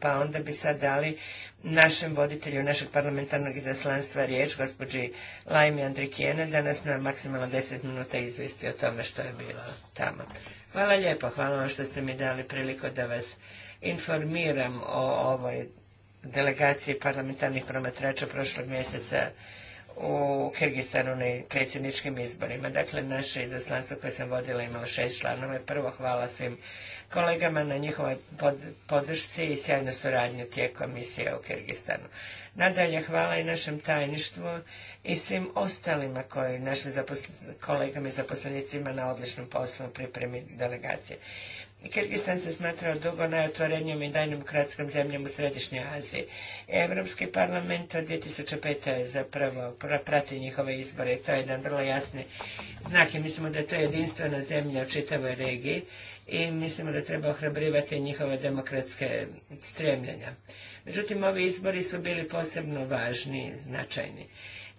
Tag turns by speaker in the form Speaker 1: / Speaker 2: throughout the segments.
Speaker 1: pa onda bi sad dali našem voditelju našeg parlamentarnog izaslanstva riječ, gospođi Lajmi Andrikijene, da nas na maksimalno 10 minuta izvisti o tome što je bilo tamo. Hvala lijepo, hvala vam što ste mi dali priliku da vas informiram o ovoj delegaciji parlamentarnih promatrača prošlog mjeseca u Kirgistanu na predsjedničkim izborima. Dakle, naše izaslanstvo koje sam vodila imalo šest članova. Prvo hvala svim kolegama na njihovoj podršci i sjajnu suradnju tijekom misije u Kirgistanu. Nadalje, hvala i našem tajništvu i svim ostalima koji našim kolegama i zaposlenicima na odličnom poslu u pripremi delegacije. Kirgistan se smatrao dugo najotvorenijom i najdemokratskom zemljom u Središnjoj Aziji. Europski parlament od 2005. je zapravo prati njihove izbore i to je jedan vrlo jasni znak i mislimo da je to jedinstvena zemlja u čitavoj regiji i mislimo da treba ohrabrivati njihove demokratske stremljenja. Međutim, ovi izbori su bili posebno važni, značajni,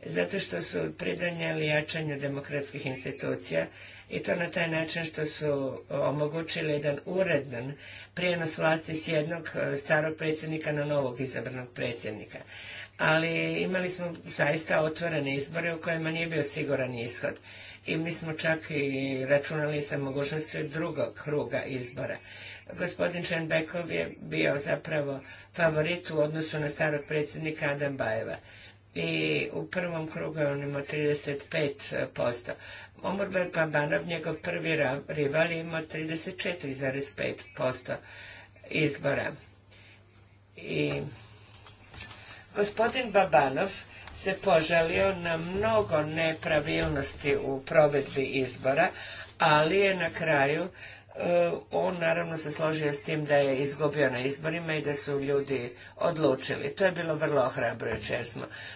Speaker 1: zato što su pridonijeli jačanju demokratskih institucija i to na taj način što su omogućili jedan uredan prijenos vlasti s jednog e, starog predsjednika na novog izabranog predsjednika. Ali imali smo zaista otvorene izbore u kojima nije bio siguran ishod. I mi smo čak i računali sa mogućnosti drugog kruga izbora. Gospodin je bio zapravo favorit u odnosu na starog predsjednika Bajeva. i u prvom krugu je on imao 35%. Omurban Babanov, njegov prvi rival, je imao 34,5% izbora. I gospodin Babanov se požalio na mnogo nepravilnosti u provedbi izbora, ali je na kraju E, on naravno se složio s tim da je izgubio na izborima i da su ljudi odlučili. To je bilo vrlo ohrabrujuće jer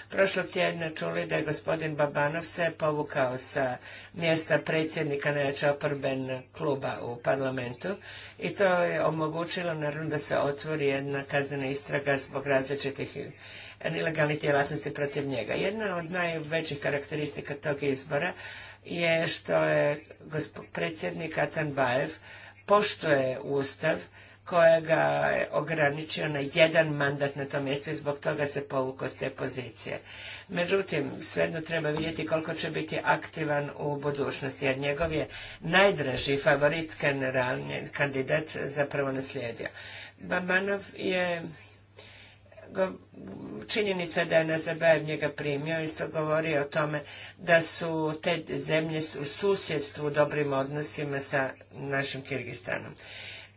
Speaker 1: prošlog tjedna čuli da je gospodin Babanov se povukao sa mjesta predsjednika najjače oporben kluba u parlamentu i to je omogućilo naravno da se otvori jedna kaznena istraga zbog različitih ilegalnih djelatnosti protiv njega. Jedna od najvećih karakteristika tog izbora je što je predsjednik Atanbajev poštuje Ustav kojega je ograničio na jedan mandat na tom mjestu i zbog toga se povukao s te pozicije. Međutim, svejedno treba vidjeti koliko će biti aktivan u budućnosti, jer njegov je najdraži favorit generalni kandidat zapravo naslijedio. Babanov je činjenica da je Nazarbajev njega primio isto govori o tome da su te zemlje u susjedstvu u dobrim odnosima sa našim Kirgistanom.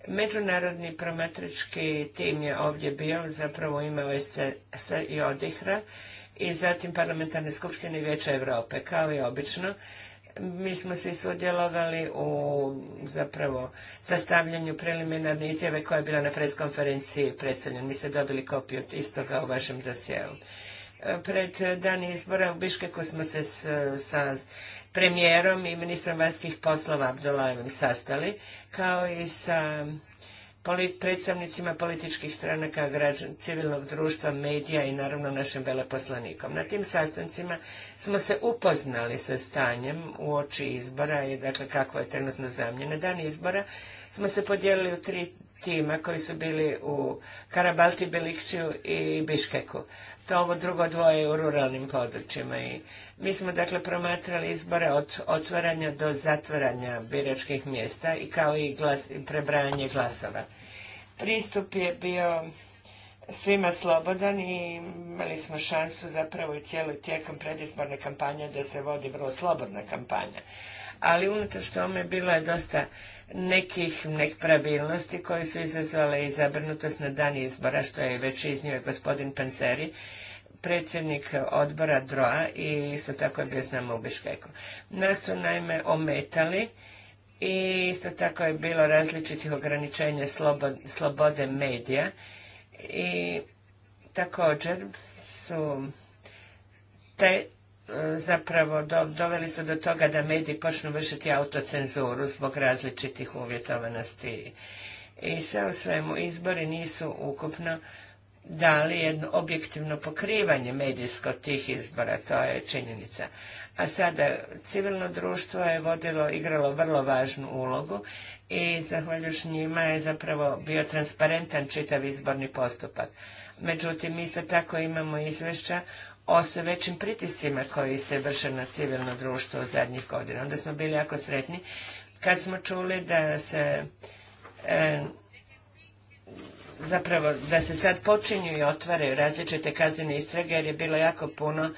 Speaker 1: Međunarodni prometrički tim je ovdje bio, zapravo imao se i Odihra i zatim Parlamentarne skupštine Vijeća Europe. Kao i obično, mi smo svi sudjelovali u zapravo sastavljanju preliminarne izjave koja je bila na konferenciji predstavljena. Mi ste dobili kopiju istoga u vašem dosjeu. Pred dan izbora u Biškeku smo se sa premijerom i ministrom vanjskih poslova Abdullajevim sastali, kao i sa predstavnicima političkih stranaka, građan, civilnog društva, medija i naravno našim veleposlanikom. Na tim sastancima smo se upoznali sa stanjem u oči izbora i dakle kako je trenutno zamlje. Na dan izbora smo se podijelili u tri tima koji su bili u Karabalti, Belikčiju i Biškeku to ovo drugo dvoje u ruralnim područjima. I mi smo dakle promatrali izbore od otvaranja do zatvaranja biračkih mjesta i kao i, glas, i prebrajanje glasova. Pristup je bio svima slobodan i imali smo šansu zapravo i tijekom predizborne kampanje da se vodi vrlo slobodna kampanja. Ali unatoč tome bilo je dosta nekih nepravilnosti koje su izazvale i zabrinutost na dan izbora, što je već iznio gospodin Panceri, predsjednik odbora DROA i isto tako je bio s nama u Biškeku. Nas su naime ometali i isto tako je bilo različitih ograničenja slobode medija i također su te e, zapravo doveli su do toga da mediji počnu vršiti autocenzuru zbog različitih uvjetovanosti i sve u svemu izbori nisu ukupno dali jedno objektivno pokrivanje medijsko tih izbora, to je činjenica. A sada civilno društvo je vodilo, igralo vrlo važnu ulogu i zahvaljujući njima je zapravo bio transparentan čitav izborni postupak. Međutim, isto tako imamo izvješća o sve većim pritiscima koji se vrše na civilno društvo u zadnjih godina. Onda smo bili jako sretni kad smo čuli da se e, zapravo da se sad počinju i otvaraju različite kaznene istrage jer je bilo jako puno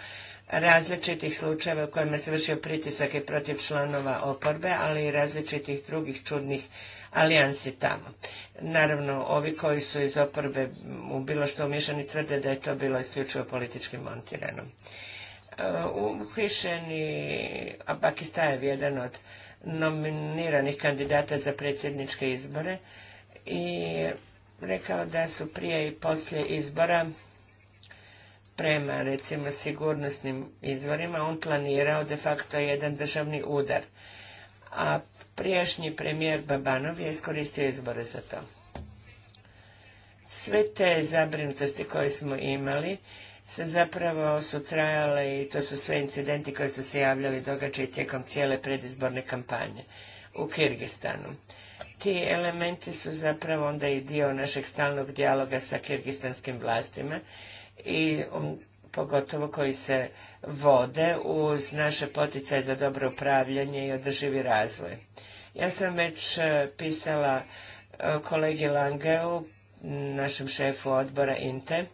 Speaker 1: različitih slučajeva u kojima se vršio pritisak i protiv članova oporbe, ali i različitih drugih čudnih alijansi tamo. Naravno, ovi koji su iz oporbe u bilo što umješani tvrde da je to bilo isključivo politički montirano. E, uhišeni Abakistajev je jedan od nominiranih kandidata za predsjedničke izbore i rekao da su prije i poslije izbora prema recimo sigurnosnim izvorima on planirao de facto jedan državni udar. A prijašnji premijer Babanov je iskoristio izbore za to. Sve te zabrinutosti koje smo imali se zapravo su trajale i to su sve incidenti koji su se javljali događaj tijekom cijele predizborne kampanje u Kirgistanu. Ti elementi su zapravo onda i dio našeg stalnog dijaloga sa kirgistanskim vlastima i um, pogotovo koji se vode uz naše poticaje za dobro upravljanje i održivi razvoj. Ja sam već e, pisala e, kolegi Langeu, našem šefu odbora INTE,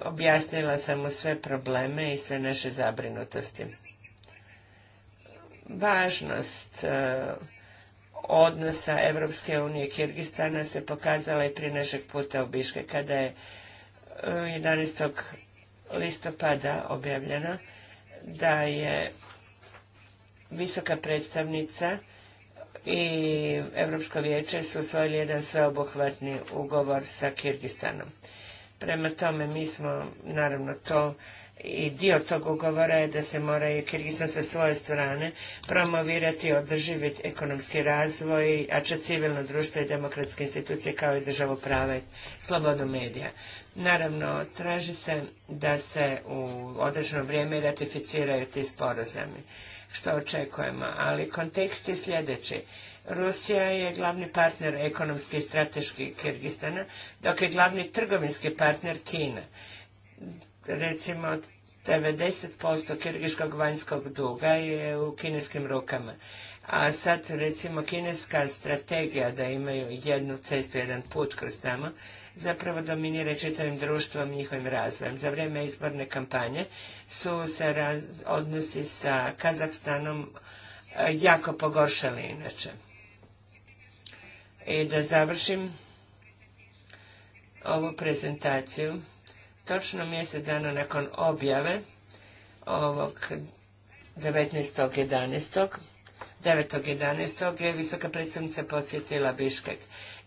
Speaker 1: objasnila sam mu sve probleme i sve naše zabrinutosti. Važnost e, odnosa Evropske unije i Kirgistana se pokazala i prije našeg puta u Biške, kada je 11. listopada objavljeno da je visoka predstavnica i Europsko vijeće su usvojili jedan sveobuhvatni ugovor sa Kirgistanom. Prema tome mi smo naravno to i dio tog ugovora je da se mora i Kirgistan sa svoje strane promovirati održivi ekonomski razvoj, će civilno društvo i demokratske institucije kao i državu prava i slobodu medija. Naravno, traži se da se u određeno vrijeme ratificiraju ti sporazumi, što očekujemo. Ali kontekst je sljedeći. Rusija je glavni partner ekonomski i strateški Kirgistana, dok je glavni trgovinski partner Kina. Recimo, 90% kirgiškog vanjskog duga je u kineskim rukama. A sad, recimo, kineska strategija da imaju jednu cestu, jedan put kroz tamo, zapravo dominira čitavim društvom i njihovim razvojem. Za vrijeme izborne kampanje su se odnosi sa Kazahstanom e, jako pogoršali inače. I da završim ovu prezentaciju. Točno mjesec dana nakon objave ovog 19.11. 9.11. je visoka predsjednica podsjetila Biškek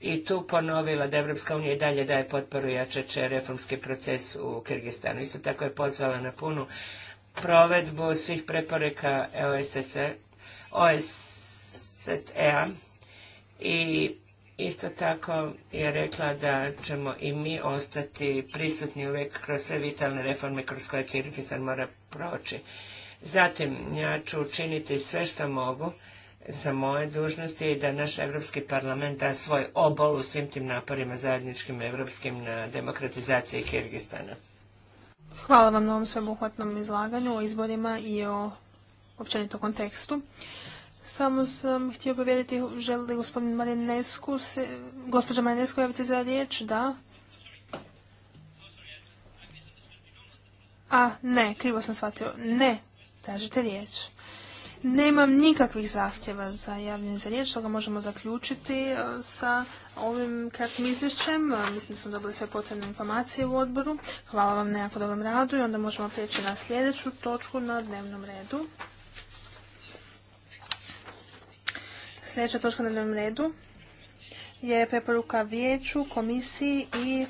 Speaker 1: i tu ponovila da Evropska unija i dalje daje potporu jačeće reformski proces u Kirgistanu. Isto tako je pozvala na punu provedbu svih preporeka e OSCE-a i isto tako je rekla da ćemo i mi ostati prisutni uvijek kroz sve vitalne reforme kroz koje Kirgistan mora proći. Zatim, ja ću učiniti sve što mogu sa moje dužnosti je da naš Europski parlament da svoj obol u svim tim naporima zajedničkim europskim na demokratizaciji Kirgistana.
Speaker 2: Hvala vam na ovom sveobuhvatnom izlaganju o izborima i o općenito kontekstu. Samo sam htio povjeriti, želi li gospodin Marinesku, gospođa Marinesku javiti za riječ? Da. A, ne, krivo sam shvatio. Ne, tražite riječ. Nemam nikakvih zahtjeva za javljanje za riječ, toga možemo zaključiti e, sa ovim kratkim izvješćem. E, mislim da smo dobili sve potrebne informacije u odboru. Hvala vam na jako dobrom radu i onda možemo prijeći na sljedeću točku na dnevnom redu. Sljedeća točka na dnevnom redu je preporuka vijeću, komisiji i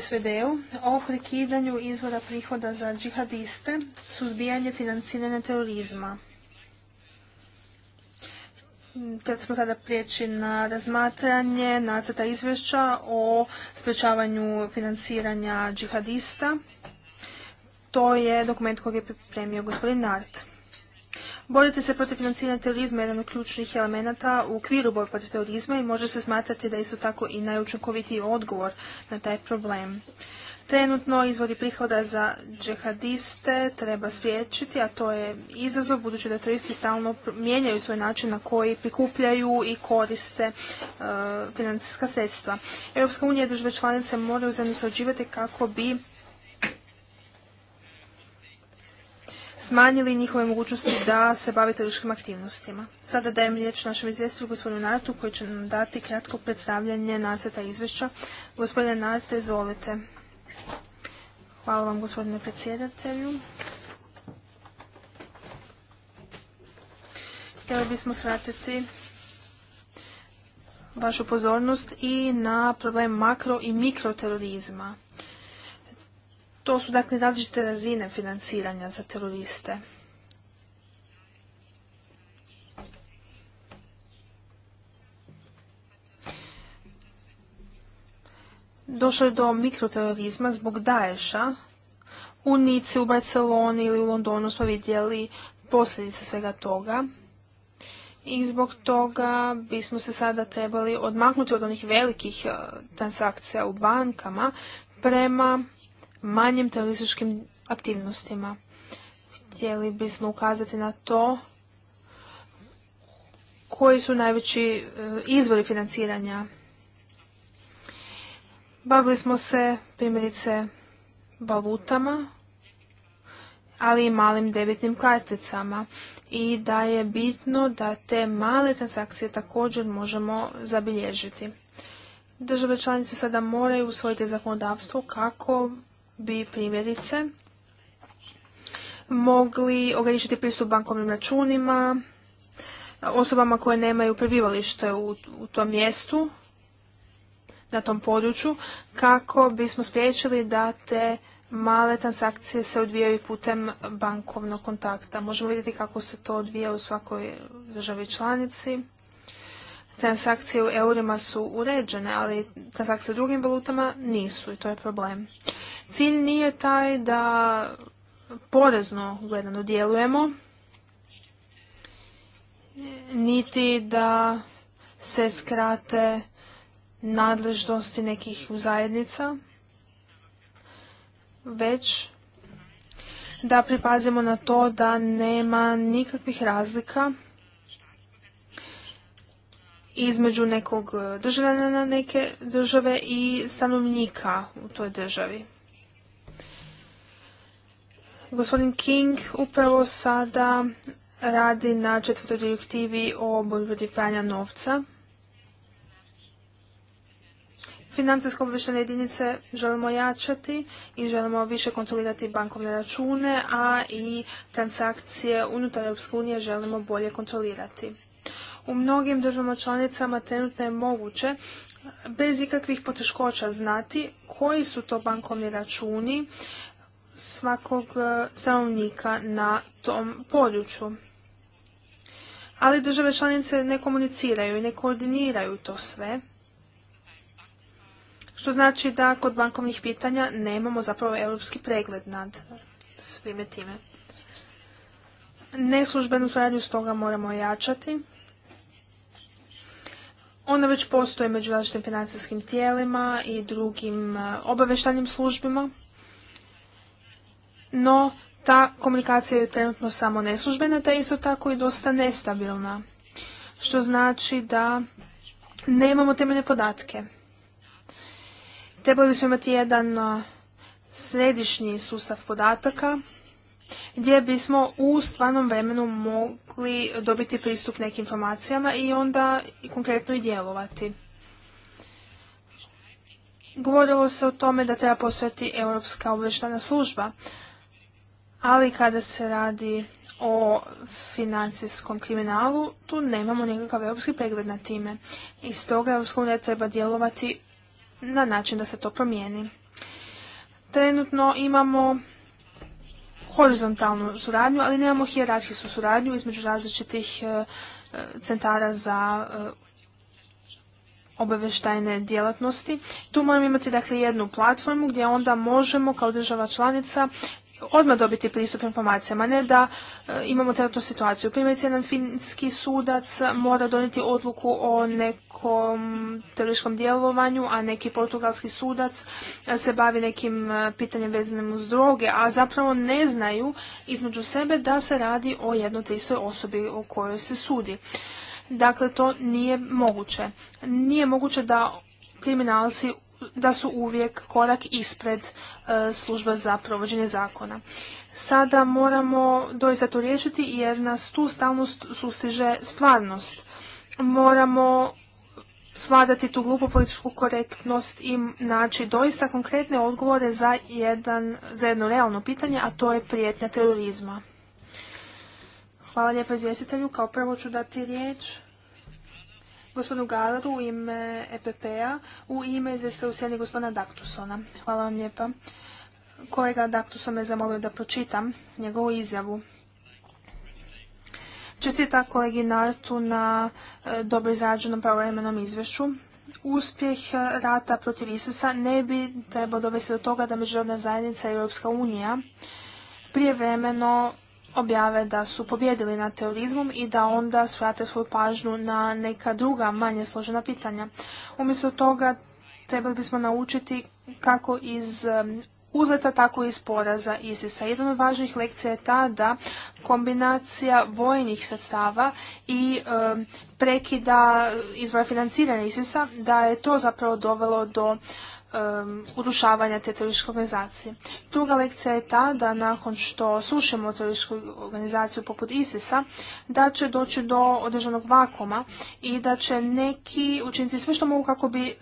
Speaker 2: SVD-u o prekidanju izvora prihoda za džihadiste, suzbijanje financiranja terorizma. Htjeli smo sada prijeći na razmatranje nacrta izvješća o sprečavanju financiranja džihadista. To je dokument koji je pripremio gospodin Nart. Boriti se protiv financiranja terorizma je jedan od ključnih elemenata u okviru borbe protiv terorizma i može se smatrati da je isto tako i najučinkovitiji odgovor na taj problem. Trenutno izvodi prihoda za džehadiste treba spriječiti, a to je izazov budući da turisti stalno mijenjaju svoj način na koji prikupljaju i koriste e, financijska sredstva. Europska unija i države članice moraju zemlju sađivati kako bi smanjili njihove mogućnosti da se bave turističkim aktivnostima. Sada dajem riječ našem izvjestitelju gospodinu Nartu koji će nam dati kratko predstavljanje nacrta izvješća. Gospodine Narte, izvolite. Hvala vam gospodine predsjedatelju. Htjeli bismo shvatiti vašu pozornost i na problem makro i mikroterorizma. To su dakle različite razine financiranja za teroriste. došlo je do mikroterorizma zbog Daesha. U Nici, u Barceloni ili u Londonu smo vidjeli posljedice svega toga. I zbog toga bismo se sada trebali odmaknuti od onih velikih e, transakcija u bankama prema manjim terorističkim aktivnostima. Htjeli bismo ukazati na to koji su najveći e, izvori financiranja Bavili smo se primjerice valutama, ali i malim debitnim karticama i da je bitno da te male transakcije također možemo zabilježiti. Države članice sada moraju usvojiti zakonodavstvo kako bi primjerice mogli ograničiti pristup bankovnim računima osobama koje nemaju prebivalište u, u tom mjestu na tom području kako bismo spriječili da te male transakcije se odvijaju putem bankovnog kontakta. Možemo vidjeti kako se to odvija u svakoj državi članici. Transakcije u eurima su uređene, ali transakcije u drugim valutama nisu i to je problem. Cilj nije taj da porezno gledano djelujemo, niti da se skrate nadležnosti nekih zajednica, već da pripazimo na to da nema nikakvih razlika između nekog državljana neke države i stanovnika u toj državi. Gospodin King upravo sada radi na četvrtoj direktivi o borbi pranja novca Financijsko obveštene jedinice želimo jačati i želimo više kontrolirati bankovne račune, a i transakcije unutar Europske unije želimo bolje kontrolirati. U mnogim državama članicama trenutno je moguće bez ikakvih poteškoća znati koji su to bankovni računi svakog e, stanovnika na tom području. Ali države članice ne komuniciraju i ne koordiniraju to sve što znači da kod bankovnih pitanja nemamo zapravo europski pregled nad svime time. Neslužbenu suradnju stoga moramo jačati. Ona već postoje među različitim financijskim tijelima i drugim e, obaveštanjim službima, no ta komunikacija je trenutno samo neslužbena, te isto tako i dosta nestabilna, što znači da nemamo temeljne podatke. Trebali bismo imati jedan središnji sustav podataka gdje bismo u stvarnom vremenu mogli dobiti pristup nekim informacijama i onda konkretno i djelovati. Govorilo se o tome da treba postojati Europska obještana služba, ali kada se radi o financijskom kriminalu, tu nemamo nikakav europski pregled na time. I stoga Europska treba djelovati na način da se to promijeni. Trenutno imamo horizontalnu suradnju, ali nemamo hijerarhijsku suradnju između različitih e, centara za e, obavještajne djelatnosti. Tu moramo imati dakle jednu platformu gdje onda možemo kao država članica odmah dobiti pristup informacijama, ne da e, imamo trenutnu situaciju. Primjerice, jedan finski sudac mora donijeti odluku o nekom teroriškom djelovanju, a neki portugalski sudac se bavi nekim e, pitanjem vezanim uz droge, a zapravo ne znaju između sebe da se radi o jednoj te istoj osobi o kojoj se sudi. Dakle, to nije moguće. Nije moguće da kriminalci da su uvijek korak ispred e, služba za provođenje zakona. Sada moramo doista to riješiti jer nas tu stalnost sustiže stvarnost. Moramo svadati tu glupu političku korektnost i naći doista konkretne odgovore za, jedan, za jedno realno pitanje, a to je prijetnja terorizma. Hvala lijepo izvjestitelju. Kao prvo ću dati riječ gospodinu Galaru u ime EPP-a, u ime izveste u sjeni gospodina Daktusona. Hvala vam lijepa. Kolega Daktuson me zamolio da pročitam njegovu izjavu. Čestita kolegi Nartu na e, dobro izrađenom pravovremenom izvješću. Uspjeh e, rata protiv Isusa ne bi trebao dovesti do toga da međunarodna zajednica i Europska unija prijevremeno objave da su pobjedili na terorizmom i da onda svrate svoju pažnju na neka druga manje složena pitanja. Umjesto toga trebali bismo naučiti kako iz um, uzleta, tako i iz poraza ISIS-a. od važnijih lekcija je ta da kombinacija vojnih sredstava i um, prekida izvora financiranja ISIS-a, da je to zapravo dovelo do urušavanja te turističke organizacije. Druga lekcija je ta da nakon što slušamo terorističku organizaciju poput ISIS-a, da će doći do određenog vakuma i da će neki učiniti sve što mogu kako bi, e,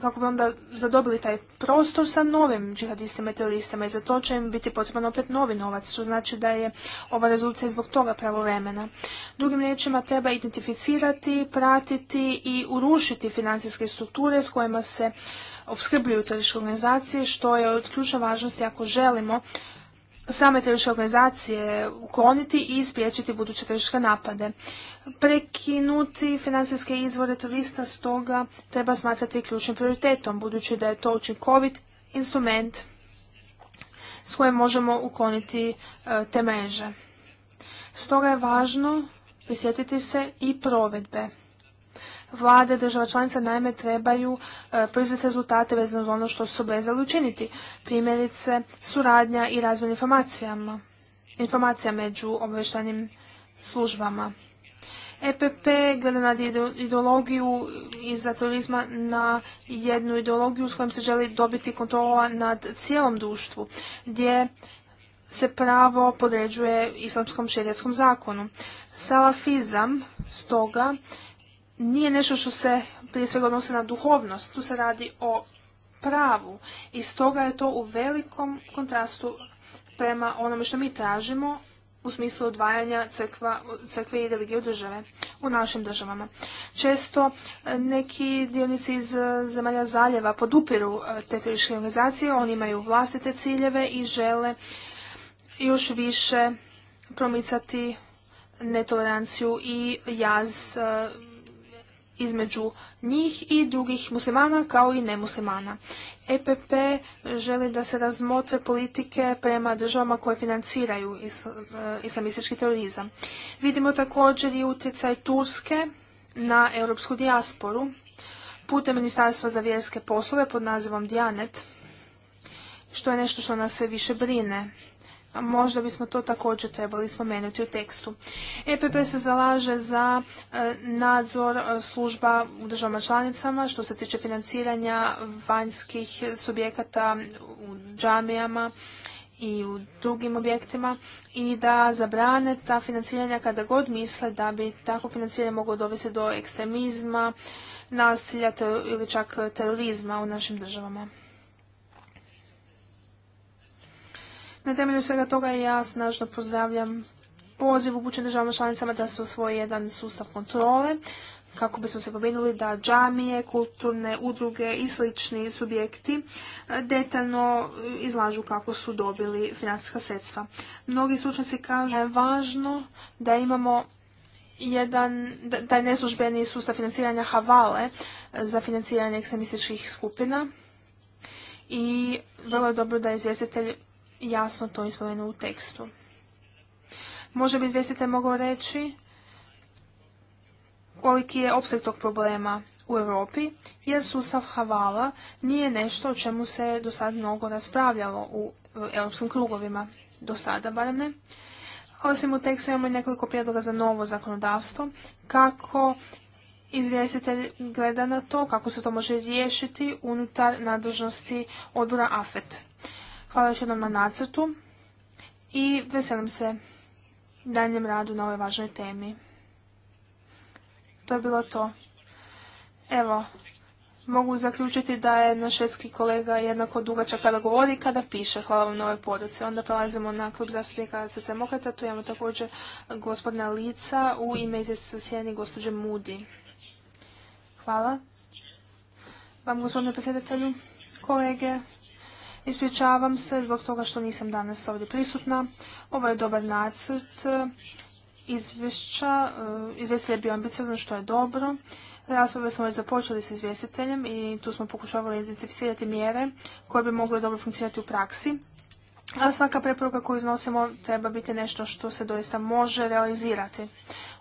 Speaker 2: kako bi onda zadobili taj prostor sa novim džihadistima i teroristima i za to će im biti potreban opet novi novac, što znači da je ova rezolucija zbog toga pravovremena. Drugim riječima treba identificirati, pratiti i urušiti financijske strukture s kojima se opskrbljuju tržiške organizacije, što je od ključne važnosti ako želimo same tržiške organizacije ukloniti i spriječiti buduće tržiške napade. Prekinuti financijske izvore turista stoga treba smatrati ključnim prioritetom, budući da je to učinkovit instrument s kojim možemo ukloniti e, te mreže. Stoga je važno prisjetiti se i provedbe vlade država članica najme trebaju e, proizvesti rezultate vezano za ono što su obvezali učiniti. Primjerice, suradnja i razvoj informacijama, informacija među obavještajnim službama. EPP gleda na ideologiju iza turizma na jednu ideologiju s kojom se želi dobiti kontrola nad cijelom društvu, gdje se pravo podređuje islamskom šerijatskom zakonu. Salafizam stoga nije nešto što se prije svega odnosi na duhovnost. Tu se radi o pravu i stoga je to u velikom kontrastu prema onome što mi tražimo u smislu odvajanja crkva, crkve i religije države u našim državama. Često e, neki dionici iz e, zemalja zaljeva podupiru e, te teoriške organizacije, oni imaju vlastite ciljeve i žele još više promicati netoleranciju i jaz između njih i drugih muslimana kao i nemuslimana. EPP želi da se razmotre politike prema državama koje financiraju e, islamistički terorizam. Vidimo također i utjecaj Turske na europsku dijasporu putem Ministarstva za vjerske poslove pod nazivom Dianet, što je nešto što nas sve više brine možda bismo to također trebali spomenuti u tekstu. EPP se zalaže za e, nadzor e, služba u državama članicama što se tiče financiranja vanjskih subjekata u džamijama i u drugim objektima i da zabrane ta financiranja kada god misle da bi takvo financiranje moglo dovesti do ekstremizma, nasilja ili čak terorizma u našim državama. Na temelju svega toga ja snažno pozdravljam poziv upućen državama članicama da se osvoji jedan sustav kontrole kako bismo se pobrinuli da džamije, kulturne udruge i slični subjekti e, detaljno izlažu kako su dobili financijska sredstva. Mnogi stručnjaci kažu da je važno da imamo jedan, taj neslužbeni sustav financiranja havale e, za financiranje ekstremističkih skupina i vrlo je dobro da je izvjestitelj jasno to ispomenuo u tekstu. Može bi izvjestitelj mogao reći koliki je opseg tog problema u Europi, jer sustav Havala nije nešto o čemu se do sad mnogo raspravljalo u europskim krugovima, do sada barem ne. Osim u tekstu imamo i nekoliko prijedloga za novo zakonodavstvo, kako izvjestitelj gleda na to, kako se to može riješiti unutar nadležnosti odbora AFET. Hvala još jednom na nacrtu i veselim se daljem radu na ovoj važnoj temi. To je bilo to. Evo, mogu zaključiti da je naš švedski kolega jednako dugačak kada govori i kada piše. Hvala vam na ovoj poruci. Onda prelazimo na klub zastupnika socijaldemokrata. Tu imamo također gospodina Lica u ime izvjestice sjeni gospođe Mudi. Hvala. Vam gospodine predsjedatelju, kolege, Ispričavam se zbog toga što nisam danas ovdje prisutna. Ovo je dobar nacrt e, izvješća. E, izvjestitelj je bio ambiciozan što je dobro. Rasprave smo već započeli s izvjestiteljem i tu smo pokušavali identificirati mjere koje bi mogle dobro funkcionirati u praksi. A svaka preporuka koju iznosimo treba biti nešto što se doista može realizirati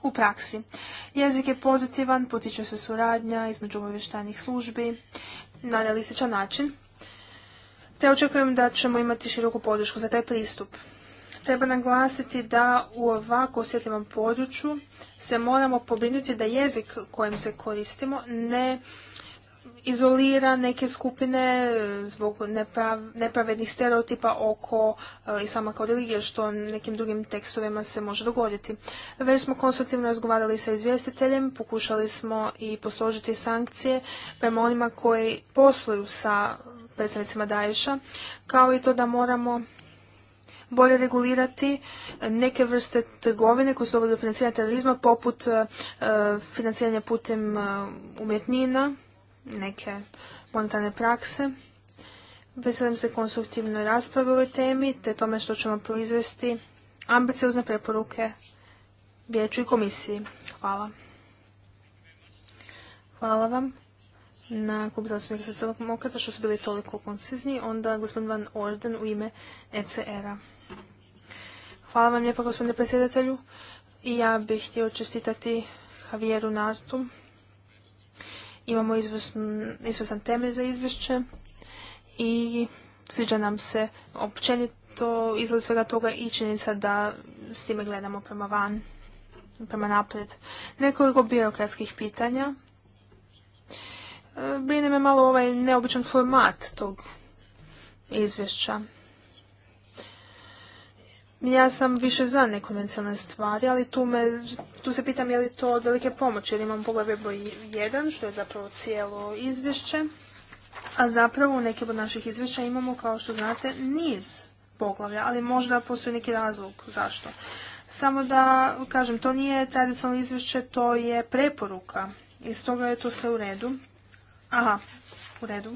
Speaker 2: u praksi. Jezik je pozitivan, potiče se suradnja između obavještajnih službi na realističan način te očekujem da ćemo imati široku podršku za taj pristup. Treba naglasiti da u ovako osjetljivom području se moramo pobrinuti da jezik kojim se koristimo ne izolira neke skupine e, zbog nepravednih stereotipa oko e, islama kao religije, što nekim drugim tekstovima se može dogoditi. Već smo konstruktivno razgovarali sa izvjestiteljem, pokušali smo i posložiti sankcije prema onima koji posluju sa predstavnicima Daješa, kao i to da moramo bolje regulirati neke vrste trgovine koje su dovoljne do financiranja terorizma, poput e, e, financiranja putem e, umjetnina, neke monetarne prakse. Veselim se konstruktivnoj raspravi o ovoj temi, te tome što ćemo proizvesti ambiciozne preporuke vijeću i komisiji. Hvala. Hvala vam na klub zastupnika socijalnog što su bili toliko koncizni, onda gospodin Van Orden u ime ECR-a. Hvala vam lijepa gospodine predsjedatelju i ja bih htio čestitati Javieru Nartu. Imamo izvrsn, izvrstan temelj za izvješće i sviđa nam se općenito izgled svega toga i činjenica da s time gledamo prema van, prema naprijed. Nekoliko birokratskih pitanja brine me malo ovaj neobičan format tog izvješća. Ja sam više za nekonvencionalne stvari, ali tu, me, tu se pitam je li to od velike pomoći, jer imam poglavlje broj 1, što je zapravo cijelo izvješće, a zapravo u nekim od naših izvješća imamo, kao što znate, niz poglavlja, ali možda postoji neki razlog zašto. Samo da kažem, to nije tradicionalno izvješće, to je preporuka i stoga je to sve u redu. Aha, u redu.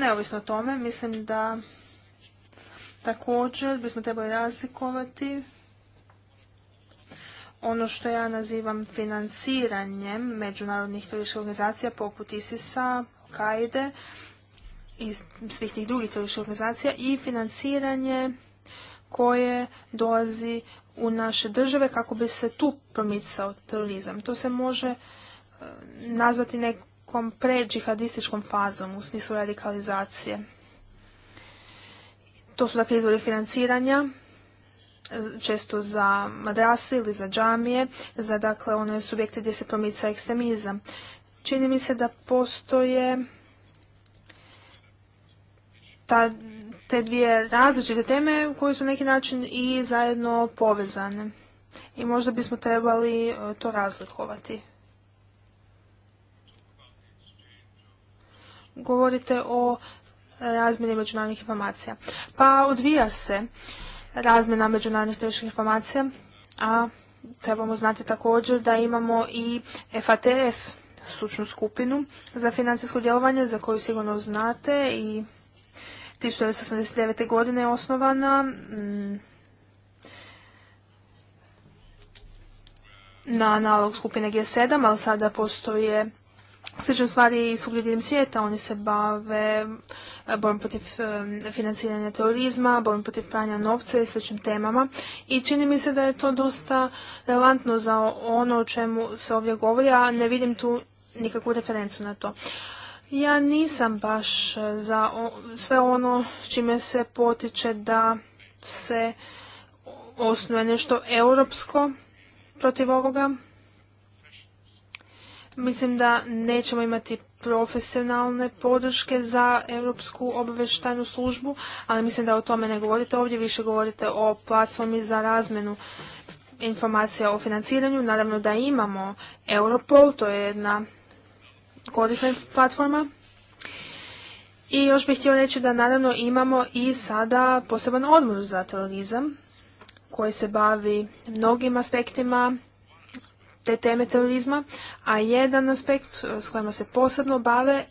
Speaker 2: Neovisno o tome, mislim da također bismo trebali razlikovati ono što ja nazivam financiranjem međunarodnih turističkih organizacija poput ISIS-a, Kaide i svih tih drugih turističkih organizacija i financiranje koje dolazi u naše države kako bi se tu promicao terorizam. To se može e, nazvati nekom pređihadističkom fazom u smislu radikalizacije. To su dakle izvori financiranja, često za madrase ili za džamije, za dakle one subjekte gdje se promica ekstremizam. Čini mi se da postoje ta te dvije različite teme koje su na neki način i zajedno povezane. I možda bismo trebali e, to razlikovati. Govorite o razmjeni međunarodnih informacija. Pa odvija se razmjena međunarodnih tržišnih informacija, a trebamo znati također da imamo i FATF, stručnu skupinu za financijsko djelovanje, za koju sigurno znate i 1989. godine je osnovana. Mm, na nalog skupine G7, ali sada postoje slične stvari i svugdje svijeta. Oni se bave e, borbom protiv e, financiranja terorizma, borbom protiv pranja novca i sličnim temama. I čini mi se da je to dosta relevantno za ono o čemu se ovdje govori, a ne vidim tu nikakvu referencu na to. Ja nisam baš e, za sve ono s čime se potiče da se osnuje nešto europsko protiv ovoga. Mislim da nećemo imati profesionalne podrške za Europsku obavještajnu službu, ali mislim da o tome ne govorite ovdje, više govorite o platformi za razmenu informacija o financiranju. Naravno da imamo Europol, to je jedna korisna platforma. I još bih htio reći da naravno imamo i sada poseban odbor za terorizam koji se bavi mnogim aspektima te teme terorizma, a jedan aspekt eh, s kojima se posebno bave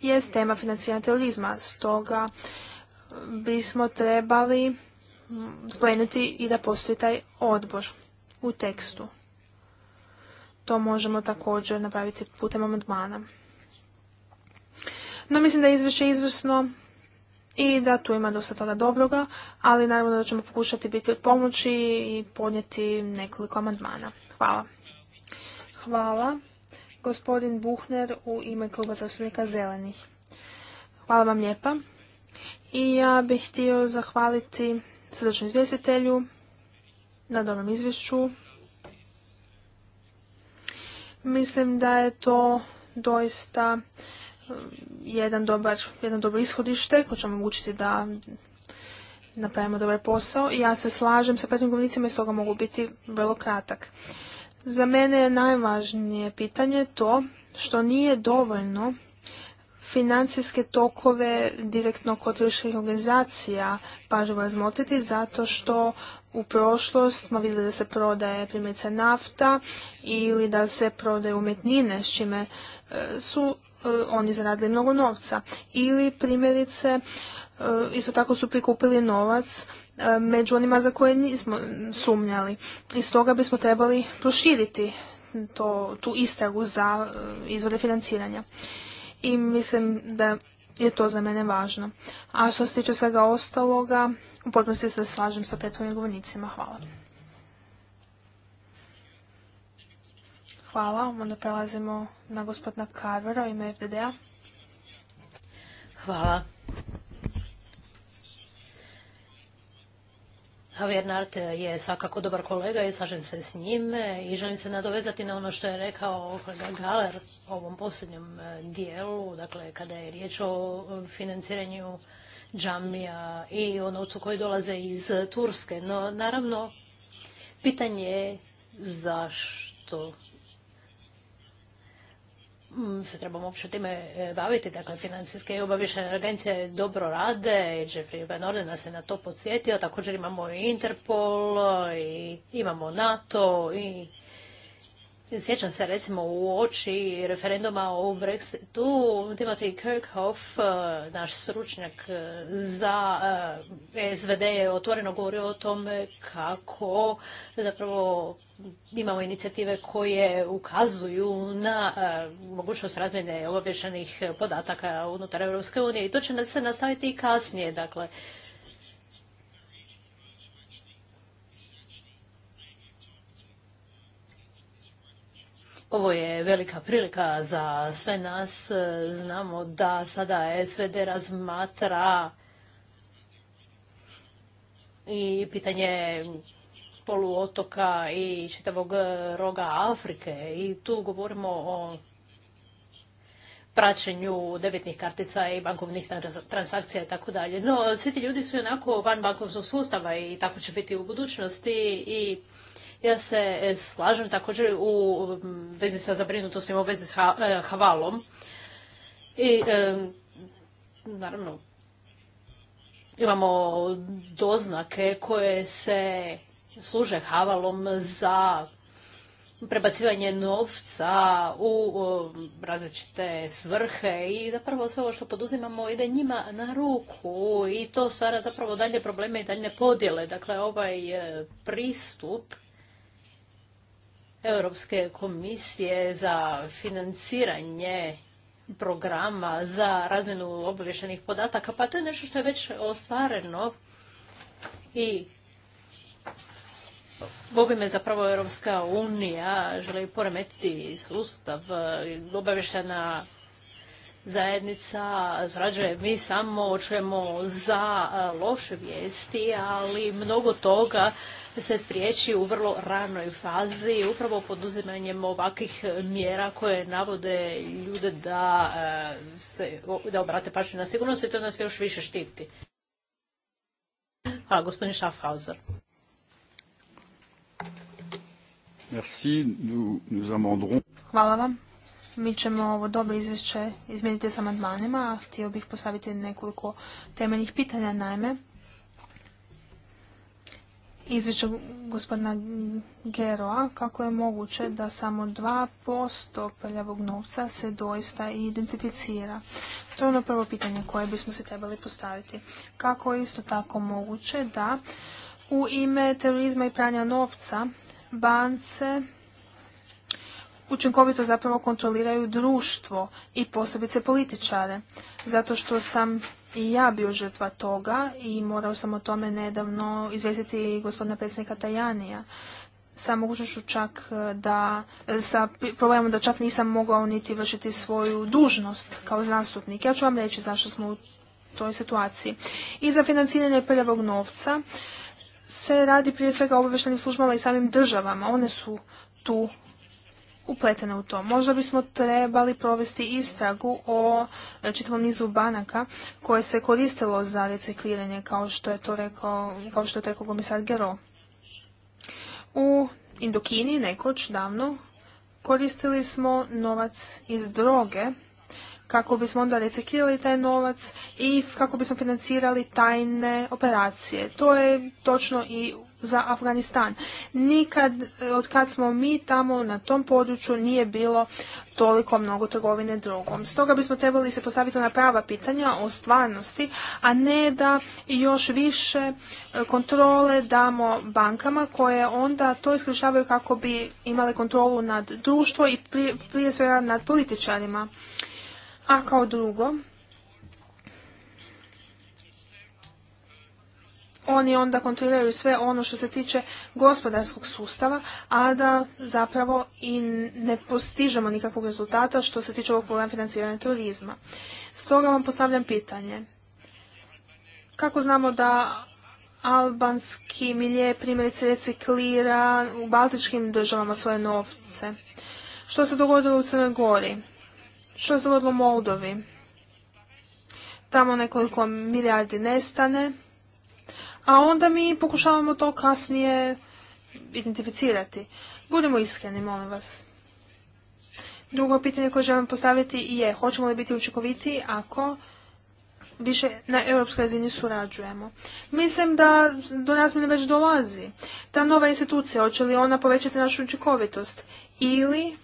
Speaker 2: je tema financiranja terorizma. Stoga eh, bismo trebali mm, spomenuti i da postoji taj odbor u tekstu to možemo također napraviti putem amandmana. No mislim da je izvješće izvrsno i da tu ima dosta toga dobroga, ali naravno da ćemo pokušati biti od pomoći i podnijeti nekoliko amandmana. Hvala. Hvala. Gospodin Buhner u ime kluba zastupnika Zelenih. Hvala vam lijepa. I ja bih htio zahvaliti sadašnjem izvjestitelju na dobrom izvješću Mislim da je to doista um, jedan dobar, jedan dobro ishodište koje će omogućiti da napravimo dobar posao. Ja se slažem sa prethodnim govornicima i stoga mogu biti vrlo kratak. Za mene je najvažnije pitanje to što nije dovoljno financijske tokove direktno kod turističkih organizacija pažljivo razmotriti zato što u prošlost smo vidjeli da se prodaje primjerice nafta ili da se prodaje umjetnine s čime e, su e, oni zaradili mnogo novca. Ili primjerice e, isto tako su prikupili novac među onima za koje nismo sumnjali. I stoga bismo trebali proširiti tu istragu za izvore financiranja. I mislim da je to za mene važno. A što se tiče svega ostaloga, u potpunosti se slažem sa prethodnim govornicima. Hvala. Hvala. Onda prelazimo na gospodina Carvera u ime FDD-a.
Speaker 3: Hvala. Javier Narte je svakako dobar kolega i slažem se s njime i želim se nadovezati na ono što je rekao kolega Galer u ovom posljednjem e, dijelu, dakle kada je riječ o e, financiranju džamija i o novcu koji dolaze iz Turske. No, naravno, pitanje je zašto Mm, se trebamo uopće time e, baviti. Dakle, financijske i obavještajne agencije dobro rade i Jeffrey Van nas se na to podsjetio. Također imamo i Interpol, i e, imamo NATO i Sjećam se recimo u oči referenduma o Brexitu, Timothy Kirkhoff, e, naš stručnjak e, za e, SVD je otvoreno govorio o tome kako zapravo imamo inicijative koje ukazuju na mogućnost razmjene obavješenih podataka unutar Europske unije i to će se nastaviti i kasnije. Dakle, Ovo je velika prilika za sve nas. Znamo da sada SVD razmatra i pitanje poluotoka i čitavog roga Afrike i tu govorimo o praćenju debitnih kartica i bankovnih transakcija i tako dalje. No, svi ti ljudi su onako van bankovnog sustava i tako će biti u budućnosti i ja se e, slažem također u vezi sa zabrinutostima u vezi s e, Havalom. I e, naravno imamo doznake koje se služe Havalom za prebacivanje novca u različite svrhe i zapravo sve ovo što poduzimamo ide njima na ruku i to stvara zapravo dalje probleme i dalje podjele. Dakle, ovaj pristup Europske komisije za financiranje programa za razmjenu obavještenih podataka, pa to je nešto što je već ostvareno i me zapravo Europska unija želi poremetiti sustav obavještena zajednica zrađuje. Mi samo čujemo za loše vijesti, ali mnogo toga se spriječi u vrlo ranoj fazi upravo poduzimanjem ovakvih e, mjera koje navode ljude da, e, se, da obrate pažnju na sigurnost i to nas još više štiti. Hvala, gospodin Schaffhauser.
Speaker 2: Merci, nous, nous Hvala vam. Mi ćemo ovo dobro izvješće izmijeniti s amandmanima, a htio bih postaviti nekoliko temeljnih pitanja. Naime, izvješća gospodina Geroa kako je moguće da samo 2% prljavog novca se doista i identificira. To je ono prvo pitanje koje bismo se trebali postaviti. Kako je isto tako moguće da u ime terorizma i pranja novca bance učinkovito zapravo kontroliraju društvo i posebice političare. Zato što sam i ja bio žrtva toga i morao sam o tome nedavno izvijestiti gospodina predsjednika Tajanija sa mogućnošću čak e, da, e, sa problemom da čak nisam mogao niti vršiti svoju dužnost kao zastupnik. Ja ću vam reći zašto smo u toj situaciji. I za financiranje prljavog novca se radi prije svega o službama i samim državama. One su tu upletene u to. Možda bismo trebali provesti istragu o e, čitavom nizu banaka koje se koristilo za recikliranje, kao što je to rekao, kao što je to rekao komisar Gero. U Indokini nekoć davno koristili smo novac iz droge kako bismo onda reciklirali taj novac i kako bismo financirali tajne operacije. To je točno i za Afganistan. Nikad, e, od kad smo mi tamo na tom području nije bilo toliko mnogo trgovine drogom. Stoga bismo trebali se postaviti na prava pitanja o stvarnosti, a ne da još više e, kontrole damo bankama koje onda to iskrišavaju kako bi imale kontrolu nad društvo i prije, prije svega nad političarima. A kao drugo, oni onda kontroliraju sve ono što se tiče gospodarskog sustava, a da zapravo i ne postižemo nikakvog rezultata što se tiče ovog problema financiranja turizma. Stoga vam postavljam pitanje. Kako znamo da albanski milje primjerice reciklira u baltičkim državama svoje novce? Što se dogodilo u Crnoj Gori? Što se dogodilo u Moldovi? Tamo nekoliko milijardi nestane a onda mi pokušavamo to kasnije identificirati. Budemo iskreni, molim vas. Drugo pitanje koje želim postaviti je hoćemo li biti učinkoviti ako više na europskoj razini surađujemo. Mislim da do razmjene već dolazi. Ta nova institucija, hoće li ona povećati našu učinkovitost ili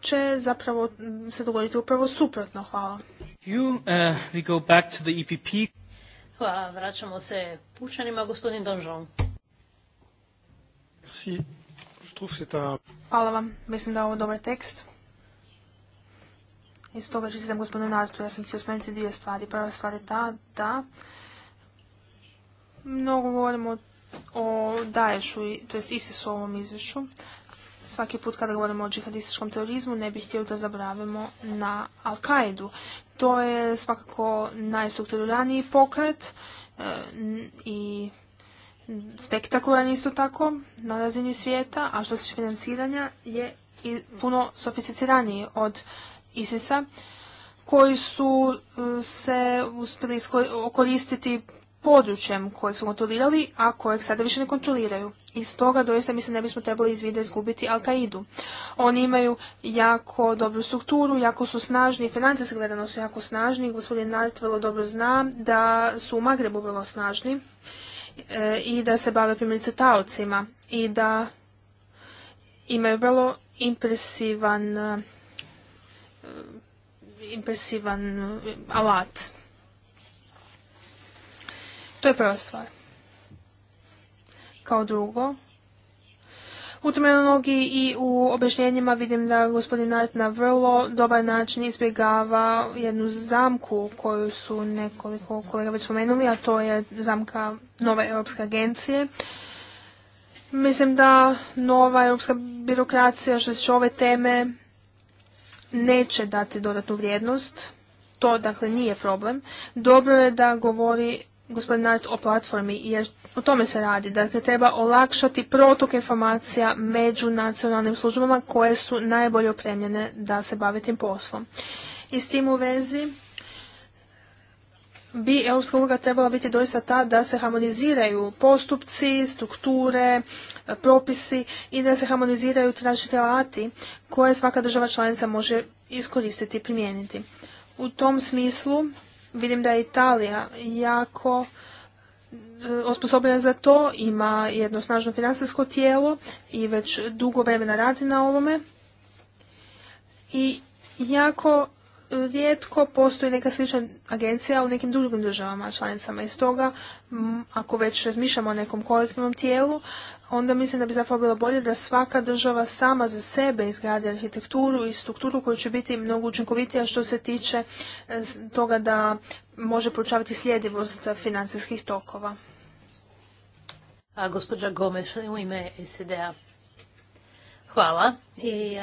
Speaker 2: će zapravo se dogoditi upravo suprotno.
Speaker 3: Hvala.
Speaker 1: You, uh, e
Speaker 3: pa vraćamo se pučanima, gospodin Donžon.
Speaker 2: Hvala vam, mislim da je ovo dobar tekst. Iz toga čestitam gospodinu Nartu, ja sam htio spomenuti dvije stvari. Prva stvar je ta da mnogo govorimo o Daješu, to jest isi u ovom izvješću, svaki put kada govorimo o džihadističkom terorizmu ne bih htio da zabravimo na Al-Kaidu. To je svakako najstrukturiraniji pokret e, i spektakularni isto tako na razini svijeta, a što se financiranja je puno sofisticiraniji od ISIS-a koji su e, se uspjeli koristiti područjem kojeg su kontrolirali, a kojeg sada više ne kontroliraju. I stoga doista mislim ne bismo trebali iz vide izgubiti al Oni imaju jako dobru strukturu, jako su snažni, financijski gledano su jako snažni. Gospodin Nart vrlo dobro zna da su u Magrebu vrlo snažni e, i da se bave primjerice taocima i da imaju vrlo impresivan e, impresivan e, alat to je prva stvar. Kao drugo, u terminologiji i u objašnjenjima vidim da gospodin Nart na vrlo dobar način izbjegava jednu zamku koju su nekoliko kolega već spomenuli, a to je zamka nove europske agencije. Mislim da nova europska birokracija što se ove teme neće dati dodatnu vrijednost. To dakle nije problem. Dobro je da govori gospodin Nart o platformi, jer o tome se radi. Dakle, treba olakšati protok informacija među nacionalnim službama koje su najbolje opremljene da se bave tim poslom. I s tim u vezi bi europska uloga trebala biti doista ta da se harmoniziraju postupci, strukture, propisi i da se harmoniziraju tražite alati koje svaka država članica može iskoristiti i primijeniti. U tom smislu Vidim da je Italija jako e, osposobljena za to, ima jedno snažno financijsko tijelo i već dugo vremena radi na ovome. I jako rijetko postoji neka slična agencija u nekim drugim državama članicama. I stoga, ako već razmišljamo o nekom kolektivnom tijelu, onda mislim da bi zapravo bilo bolje da svaka država sama za sebe izgradi arhitekturu i strukturu koja će biti mnogo učinkovitija što se tiče e, toga da može proučavati sljedivost financijskih tokova.
Speaker 3: A gospođa Gomeš u ime sed Hvala. I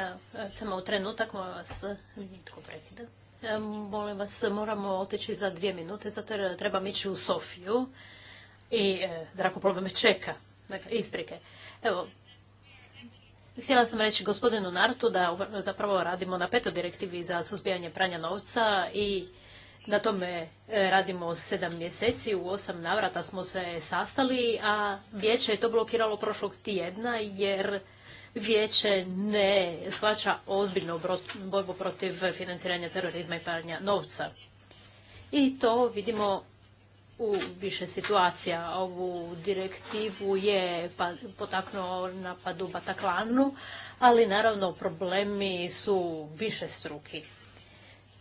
Speaker 3: samo u trenutak molim vas, nitko prekida. E, molim vas, moramo otići za dvije minute, zato jer trebam ići u Sofiju i e, zrakoplove me čeka. Dakle, isprike. Evo, Htjela sam reći gospodinu Nartu da zapravo radimo na petoj direktivi za suzbijanje pranja novca i na tome e, radimo sedam mjeseci, u osam navrata smo se sastali, a vijeće je to blokiralo prošlog tjedna jer vijeće ne shvaća ozbiljnu borbu protiv financiranja terorizma i pranja novca. I to vidimo u više situacija. Ovu direktivu je pa, potaknuo na pa u Bataklanu, ali naravno problemi su više struki.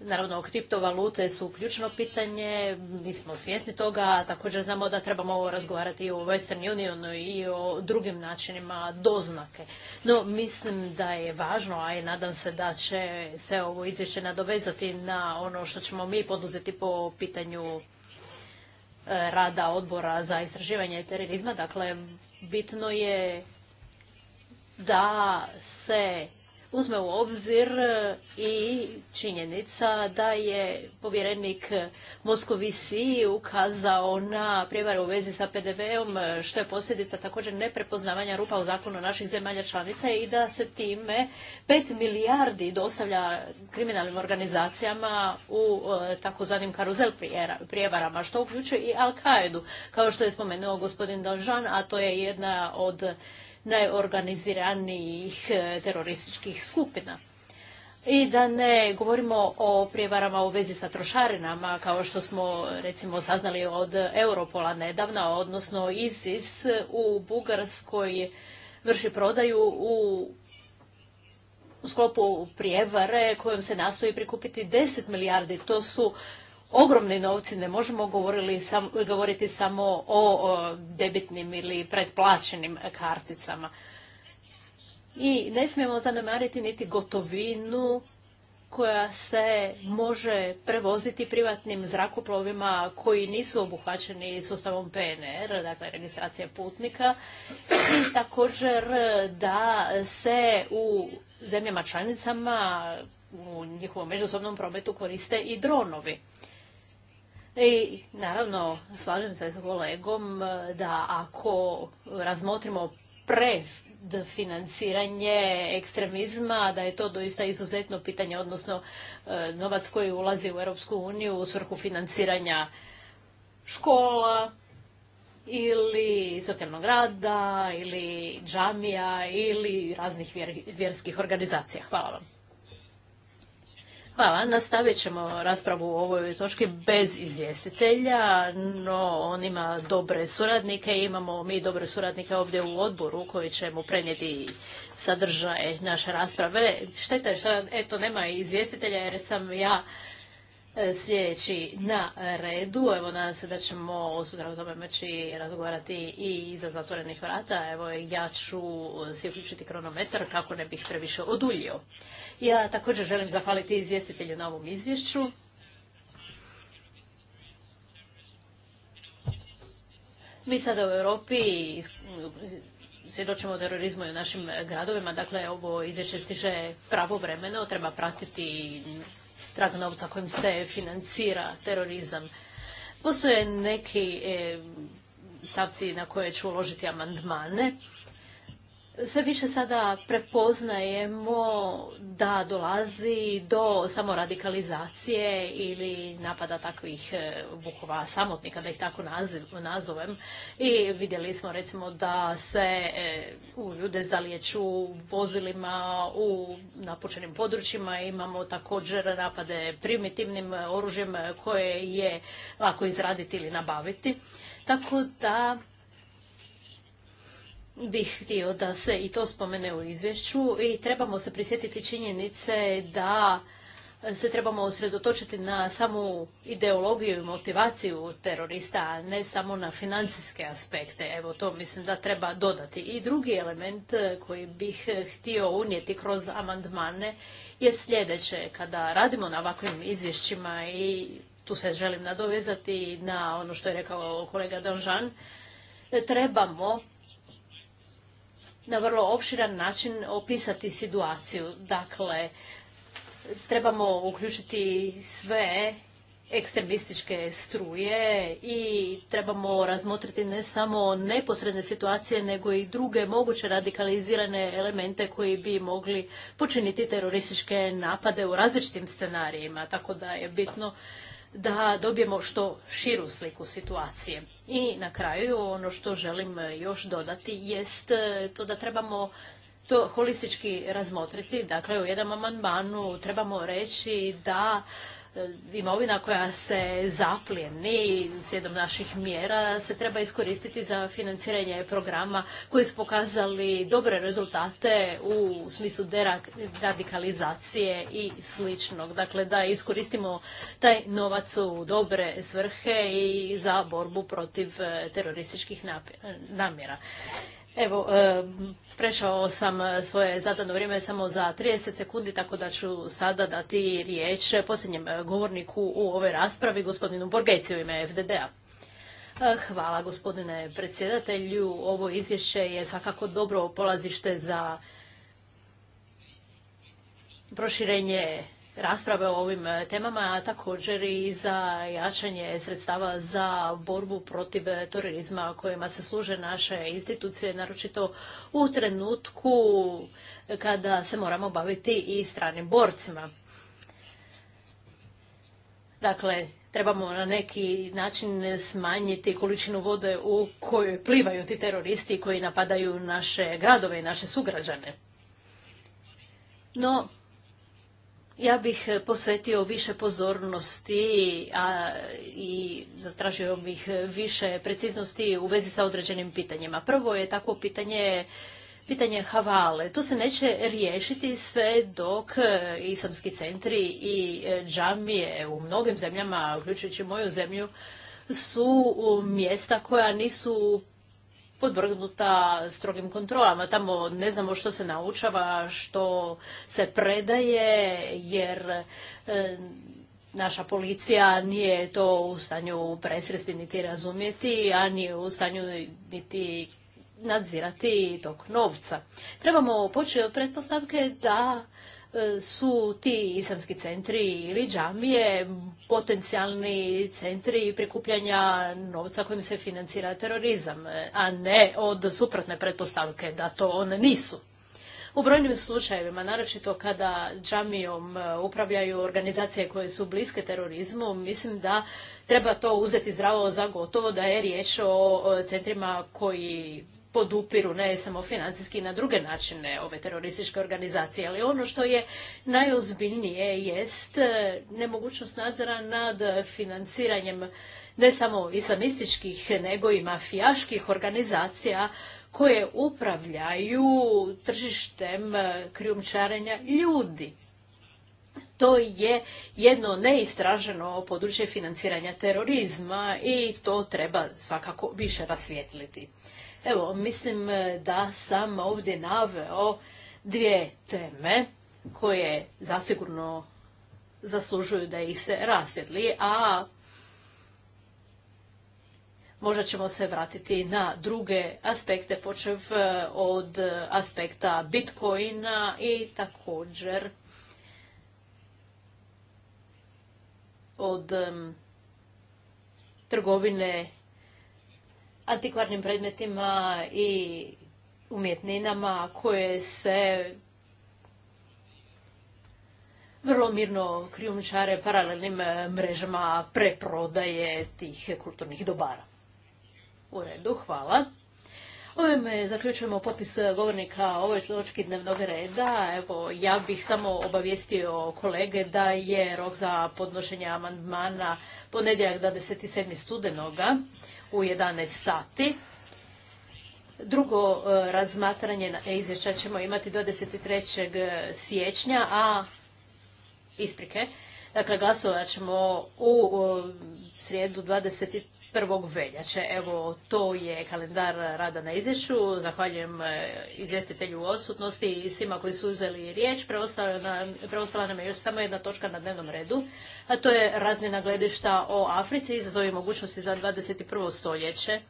Speaker 3: Naravno, kriptovalute su ključno pitanje, mi smo svjesni toga, također znamo da trebamo ovo razgovarati i o Western Unionu i o drugim načinima doznake. No, mislim da je važno, a i nadam se da će se ovo izvješće nadovezati na ono što ćemo mi poduzeti po pitanju rada odbora za istraživanje terorizma. Dakle, bitno je da se uzme u obzir e, i činjenica da je povjerenik Moskovisi ukazao na prijevare u vezi sa PDV-om, što je posljedica također neprepoznavanja rupa u zakonu naših zemalja članica i da se time 5 milijardi dostavlja kriminalnim organizacijama u e, takozvanim karuzel prijevarama, što uključuje i Al-Qaedu, kao što je spomenuo gospodin Dalžan, a to je jedna od najorganiziranijih e, terorističkih skupina. I da ne govorimo o prijevarama u vezi sa trošarinama, kao što smo recimo saznali od Europola nedavna, odnosno ISIS u Bugarskoj vrši prodaju u sklopu prijevare kojom se nastoji prikupiti 10 milijardi. To su ogromni novci, ne možemo govoriti samo o, debitnim ili pretplaćenim karticama. I ne smijemo zanemariti niti gotovinu koja se može prevoziti privatnim zrakoplovima koji nisu obuhvaćeni sustavom PNR, dakle registracije putnika, i također da se u zemljama članicama u njihovom međusobnom prometu koriste i dronovi. I naravno, slažem se s kolegom e, da ako razmotrimo pre ekstremizma, da je to doista izuzetno pitanje, odnosno e, novac koji ulazi u Europsku uniju u svrhu financiranja škola ili socijalnog rada ili džamija ili raznih vjerskih organizacija. Hvala vam. Hvala. Nastavit ćemo raspravu u ovoj točki bez izvjestitelja, no on ima dobre suradnike. Imamo mi dobre suradnike ovdje u odboru koji će mu prenijeti sadržaj naše rasprave. Šteta je što eto, nema izvjestitelja jer sam ja e, sljedeći na redu. Evo nadam se da ćemo sutra o tome moći razgovarati i iza zatvorenih vrata. Evo ja ću se uključiti kronometar kako ne bih previše oduljio. Ja također želim zahvaliti izvjestitelju na ovom izvješću. Mi sada u Europi svjedočimo terorizmu i u našim gradovima, dakle ovo izvješće stiže pravovremeno, treba pratiti trag novca kojim se financira terorizam. Postoje neki eh, stavci na koje ću uložiti amandmane sve više sada prepoznajemo da dolazi do samoradikalizacije ili napada takvih buhova e, samotnika, da ih tako nazovem. I vidjeli smo recimo da se e, u ljude zaliječu vozilima u napučenim područjima. Imamo također napade primitivnim oružjem koje je lako izraditi ili nabaviti. Tako da bih htio da se i to spomene u izvješću i trebamo se prisjetiti činjenice da se trebamo osredotočiti na samu ideologiju i motivaciju terorista, a ne samo na financijske aspekte. Evo to mislim da treba dodati. I drugi element koji bih htio unijeti kroz amandmane je sljedeće. Kada radimo na ovakvim izvješćima i tu se želim nadovezati na ono što je rekao kolega Donžan, trebamo na vrlo opširan način opisati situaciju. Dakle, trebamo uključiti sve ekstremističke struje i trebamo razmotriti ne samo neposredne situacije nego i druge moguće radikalizirane elemente koji bi mogli počiniti terorističke napade u različitim scenarijima, tako da je bitno da dobijemo što širu sliku situacije. I na kraju ono što želim e, još dodati jest e, to da trebamo to holistički razmotriti. Dakle, u jednom amandmanu trebamo reći da E, imovina koja se zapljeni slijedom naših mjera se treba iskoristiti za financiranje programa koji su pokazali dobre rezultate u smislu deradikalizacije i sličnog. Dakle, da iskoristimo taj novac u dobre svrhe i za borbu protiv e, terorističkih namjera. Evo, e, prešao sam svoje zadano vrijeme samo za 30 sekundi, tako da ću sada dati riječ posljednjem govorniku u ovoj raspravi, gospodinu u ime FDD-a. E, hvala gospodine predsjedatelju. Ovo izvješće je svakako dobro polazište za proširenje rasprave o ovim e, temama, a također i za jačanje sredstava za borbu protiv e, terorizma kojima se služe naše institucije, naročito u trenutku kada se moramo baviti i stranim borcima. Dakle, trebamo na neki način smanjiti količinu vode u kojoj plivaju ti teroristi koji napadaju naše gradove i naše sugrađane. No, ja bih eh, posvetio više pozornosti i zatražio bih eh, više preciznosti u vezi sa određenim pitanjima. Prvo je takvo pitanje pitanje havale. To se neće riješiti sve dok eh, islamski centri i džamije u mnogim zemljama, uključujući moju zemlju, su mjesta koja nisu podvrgnuta strogim kontrolama. Tamo ne znamo što se naučava, što se predaje, jer e, naša policija nije to u stanju presresti niti razumjeti, a nije u stanju niti nadzirati tog novca. Trebamo početi od pretpostavke da E, su ti islamski centri ili džamije potencijalni centri prikupljanja novca kojim se financira terorizam, a ne od suprotne pretpostavke da to one nisu. U brojnim slučajevima, naročito kada džamijom e, upravljaju organizacije koje su bliske terorizmu, mislim da treba to uzeti zdravo za gotovo da je riječ o e, centrima koji podupiru ne samo financijski na druge načine ove terorističke organizacije, ali ono što je najozbiljnije jest e, nemogućnost nadzora nad financiranjem ne samo islamističkih nego i mafijaških organizacija koje upravljaju tržištem e, krijumčarenja ljudi. To je jedno neistraženo područje financiranja terorizma i to treba svakako više rasvijetliti. Evo, mislim e, da sam ovdje naveo dvije teme koje zasigurno zaslužuju da ih se rasjedli, a možda ćemo se vratiti na druge aspekte, počev e, od aspekta bitcoina i također od trgovine antikvarnim predmetima i umjetninama koje se vrlo mirno krijumčare paralelnim eh, mrežama preprodaje tih kulturnih dobara. U redu, hvala. Ovime zaključujemo popis govornika ovoj točki dnevnog reda. Evo, ja bih samo obavijestio kolege da je rok za podnošenje amandmana ponedjeljak 27. studenoga u 11 sati. Drugo e, razmatranje e, izvješća ćemo imati do 23. siječnja, a isprike. Dakle, glasovat ćemo u e, srijedu 23. 1. veljače. Evo, to je kalendar rada na izvješću. Zahvaljujem e, izvjestitelju u odsutnosti i svima koji su uzeli riječ. Preostala nam, je još samo jedna točka na dnevnom redu, a to je razmjena gledišta o Africi, izazovi mogućnosti za 21. stoljeće.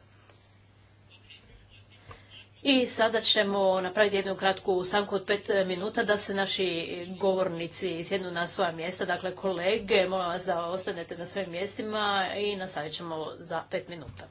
Speaker 3: I sada ćemo napraviti jednu kratku stanku od pet minuta da se naši govornici sjednu na svoja mjesta. Dakle, kolege, molim vas da ostanete na svojim mjestima i nastavit ćemo za pet minuta.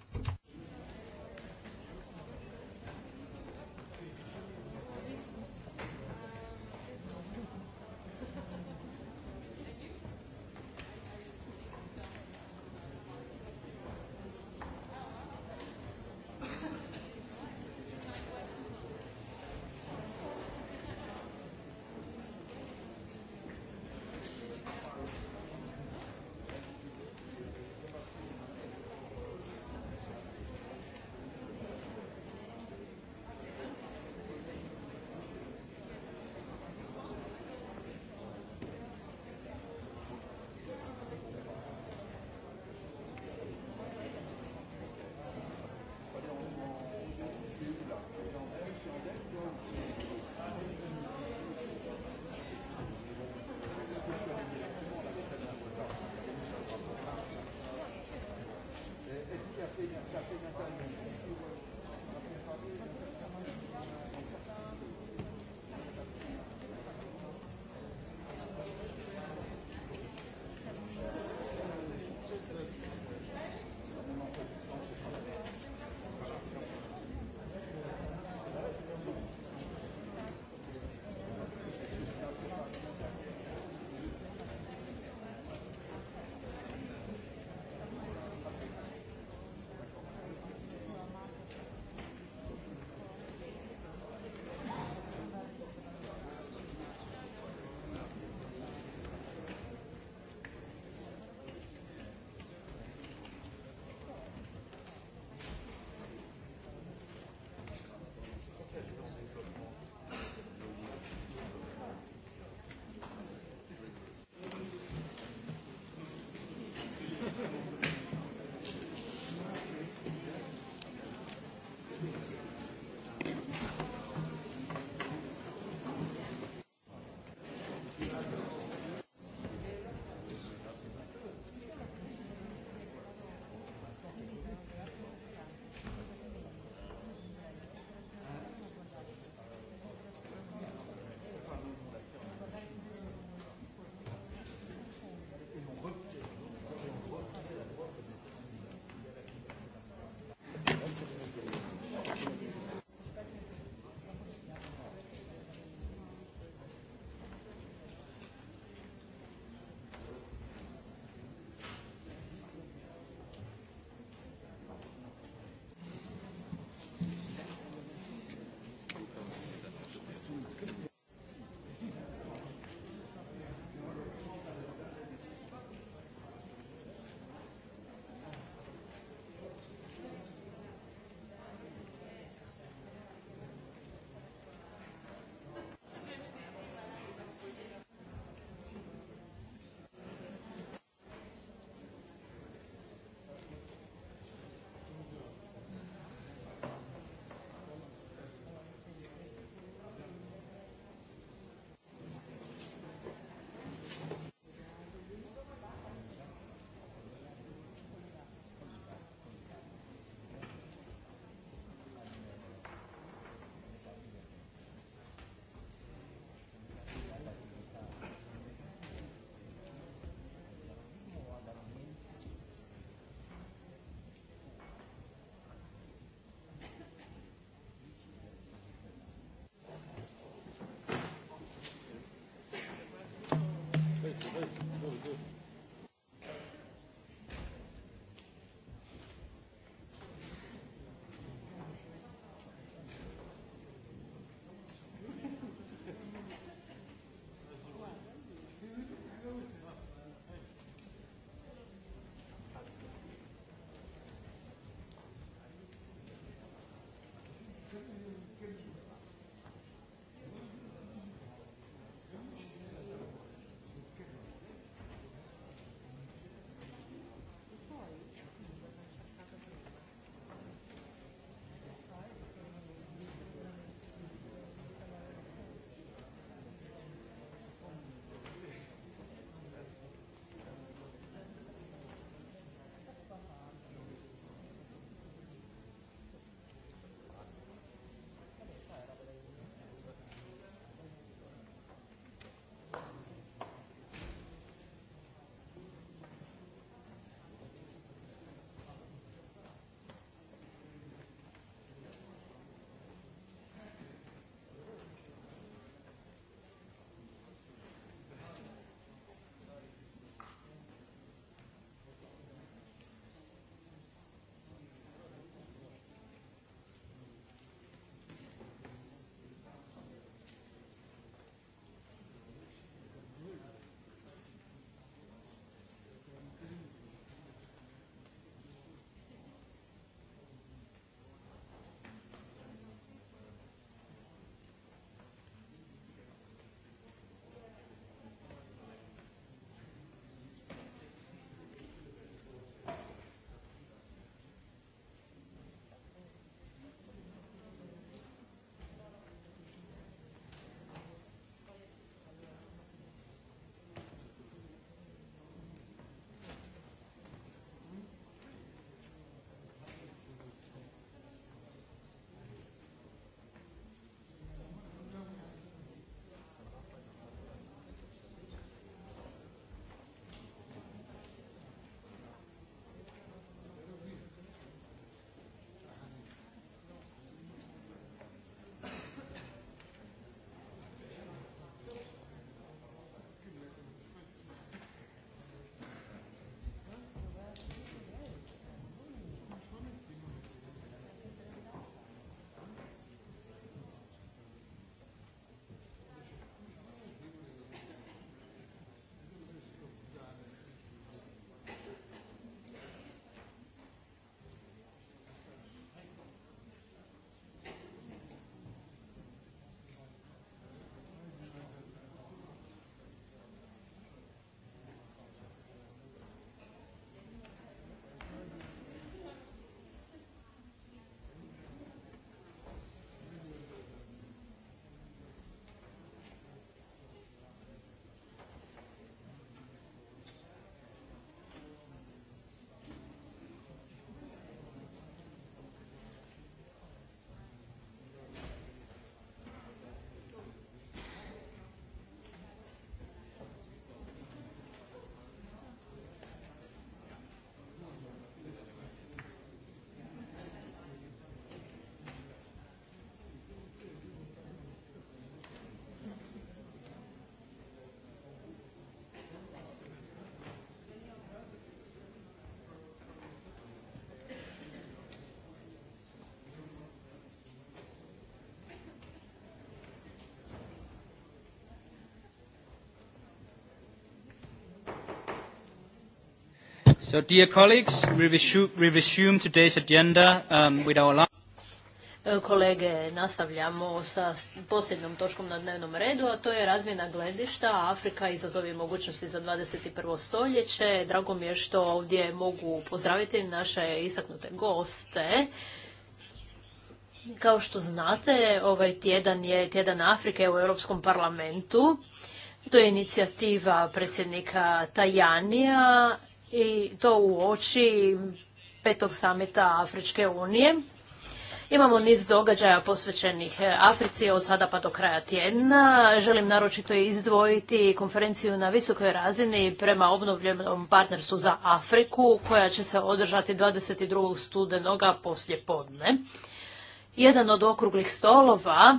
Speaker 2: Hvala So, dear colleagues, we resume, today's agenda um, with our
Speaker 3: e, Kolege, nastavljamo sa posljednjom točkom na dnevnom redu, a to je razmjena gledišta Afrika izazovi i mogućnosti za 21. stoljeće. Drago mi je što ovdje mogu pozdraviti naše isaknute goste. Kao što znate, ovaj tjedan je tjedan Afrike u Europskom parlamentu. To je inicijativa predsjednika Tajanija i to u oči petog sameta Afričke unije. Imamo niz događaja posvećenih Africi od sada pa do kraja tjedna. Želim naročito izdvojiti konferenciju na visokoj razini prema obnovljenom partnerstvu za Afriku koja će se održati 22. studenoga poslje podne. Jedan od okruglih stolova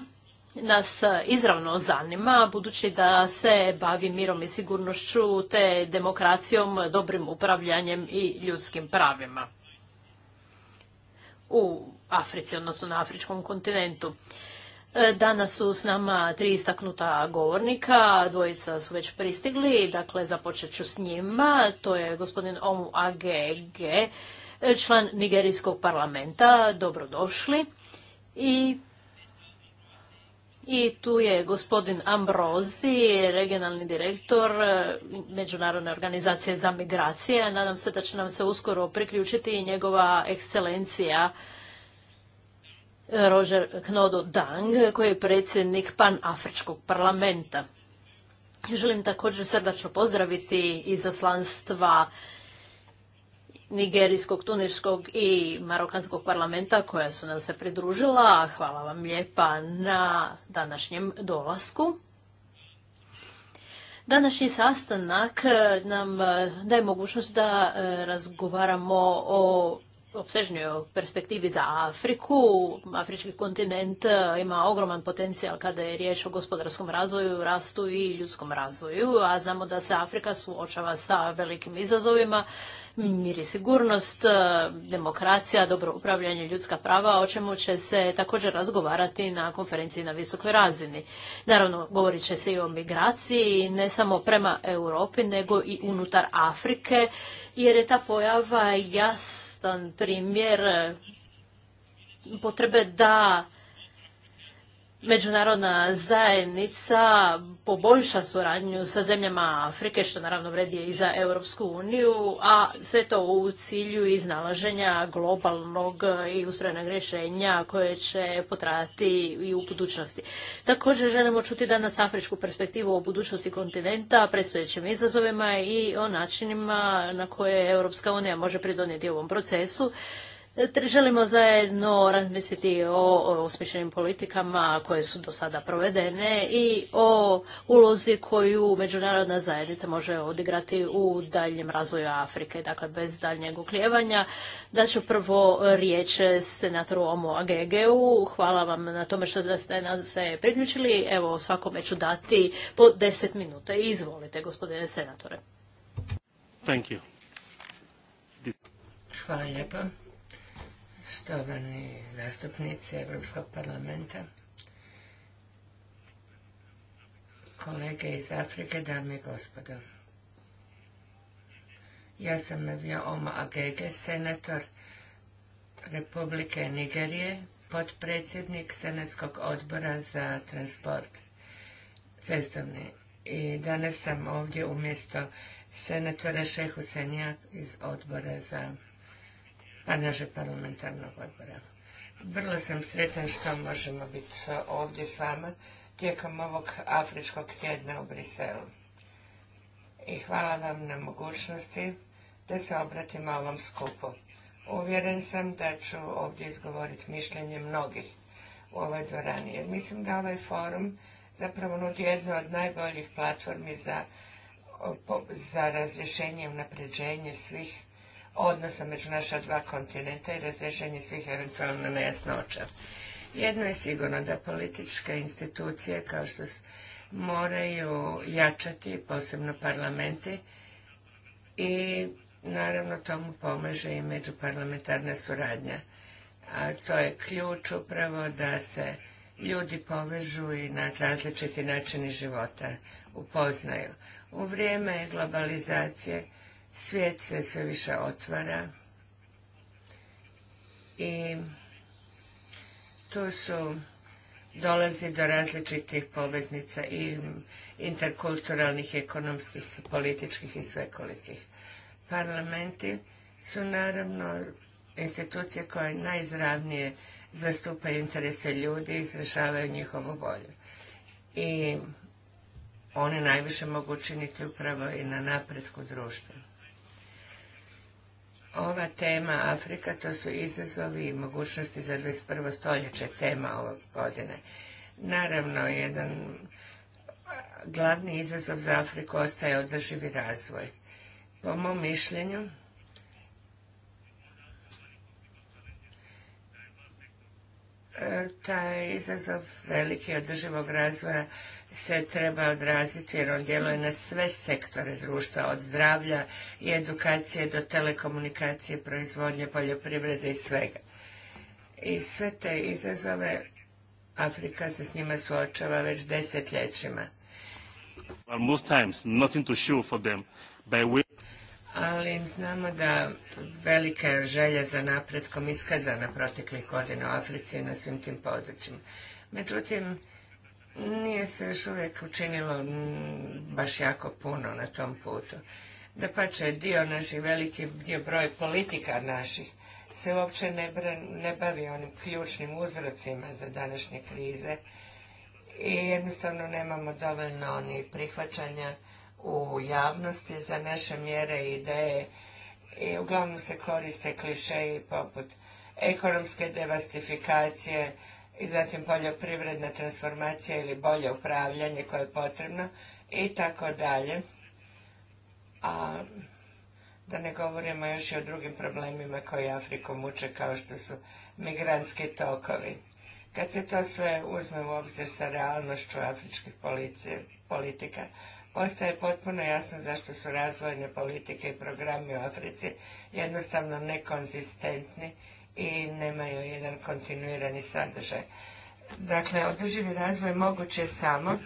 Speaker 3: nas izravno zanima, budući da se bavi mirom i sigurnošću te demokracijom, dobrim upravljanjem i ljudskim pravima u Africi, odnosno na afričkom kontinentu. E, danas su s nama tri istaknuta govornika, dvojica su već pristigli, dakle započet ću s njima. To je gospodin Omu Agege, član Nigerijskog parlamenta, dobrodošli. I i tu je gospodin Ambrozi, regionalni direktor e, Međunarodne organizacije za migracije. Nadam se da će nam se uskoro priključiti i njegova ekscelencija e, Roger Knodo Dang, koji je predsjednik Panafričkog parlamenta. Želim također srdačno pozdraviti izaslanstva nigerijskog, tuniškog i marokanskog parlamenta koja su nam se pridružila. Hvala vam lijepa na današnjem dolasku. Današnji sastanak nam eh, daje mogućnost da eh, razgovaramo o obsežnjoj perspektivi za Afriku. Afrički kontinent eh, ima ogroman potencijal kada je riječ o gospodarskom razvoju, rastu i ljudskom razvoju, a znamo da se Afrika suočava sa velikim izazovima mir i sigurnost, e, demokracija, dobro upravljanje ljudska prava, o čemu će se također razgovarati na konferenciji na visokoj razini. Naravno, govorit će se i o migraciji, ne samo prema Europi, nego i unutar Afrike, jer je ta pojava jasan primjer e, potrebe da međunarodna zajednica poboljša suradnju sa zemljama Afrike, što naravno vredi i za Europsku uniju, a sve to u cilju iznalaženja globalnog i ustrojenog rješenja koje će potrajati i u budućnosti. Također želimo čuti danas afričku perspektivu o budućnosti kontinenta, predstojećim izazovima i o načinima na koje Europska unija može pridonijeti ovom procesu Želimo zajedno razmisliti o uspješnim politikama koje su do sada provedene i o ulozi koju međunarodna zajednica može odigrati u daljem razvoju Afrike. Dakle, bez daljnjeg ukljevanja daću prvo riječ senatoru Omo Agegeu. Hvala vam na tome što ste nas priključili. Evo, svakome ću dati po deset minuta. Izvolite, gospodine senatore.
Speaker 1: Hvala lijepa poštovani zastupnici Evropskog parlamenta, kolege iz Afrike, dame i gospodo. Ja sam Mevio Oma Agege, senator Republike Nigerije, potpredsjednik Senatskog odbora za transport cestovni. I danas sam ovdje umjesto senatora Šehu Senja iz odbora za a našeg parlamentarnog odbora. Vrlo sam sretan što možemo biti ovdje s vama tijekom ovog afričkog tjedna u Briselu. I hvala vam na mogućnosti da se obratim ovom skupu. Uvjeren sam da ću ovdje izgovoriti mišljenje mnogih u ovoj dvorani, jer mislim da ovaj forum zapravo nudi jednu od najboljih platformi za, za razrješenje i unapređenje svih odnosa među naša dva kontinenta i razrešenje svih eventualno nejasnoća. Jedno je sigurno da političke institucije kao što moraju jačati, posebno parlamenti i naravno tomu pomaže i međuparlamentarna suradnja. A to je ključ upravo da se ljudi povežu i na različiti načini života upoznaju. U vrijeme globalizacije Svijet se sve više otvara i tu su dolazi do različitih poveznica i interkulturalnih, ekonomskih, političkih i svekolikih. Parlamenti su naravno institucije koje najizravnije zastupaju interese ljudi i izrašavaju njihovu volju. I one najviše mogu učiniti upravo i na napretku društva ova tema Afrika, to su izazovi i mogućnosti za 21. stoljeće tema ove godine. Naravno, jedan glavni izazov za Afriku ostaje održivi razvoj. Po mom mišljenju, e, taj izazov veliki održivog razvoja se treba odraziti jer on djeluje na sve sektore društva, od zdravlja i edukacije do telekomunikacije, proizvodnje, poljoprivrede i svega. I sve te izazove Afrika se s njima suočava već desetljećima. Ali znamo da velika je želja za napretkom iskazana proteklih godina u Africi i na svim tim područjima. Međutim, nije se još uvijek učinilo mm, baš jako puno na tom putu. Da pa dio naših veliki dio broj politika naših se uopće ne, ne bavi onim ključnim uzrocima za današnje krize i jednostavno nemamo dovoljno ni prihvaćanja u javnosti za naše mjere i ideje i uglavnom se koriste klišeji poput ekonomske devastifikacije, i zatim poljoprivredna transformacija ili bolje upravljanje koje je potrebno i tako dalje. A da ne govorimo još i o drugim problemima koji Afriku muče kao što su migrantski tokovi. Kad se to sve uzme u obzir sa realnošću afričkih politika, postaje potpuno jasno zašto su razvojne politike i programi u Africi jednostavno nekonzistentni i nemaju jedan kontinuirani sadržaj. Dakle, održivi razvoj moguće je samo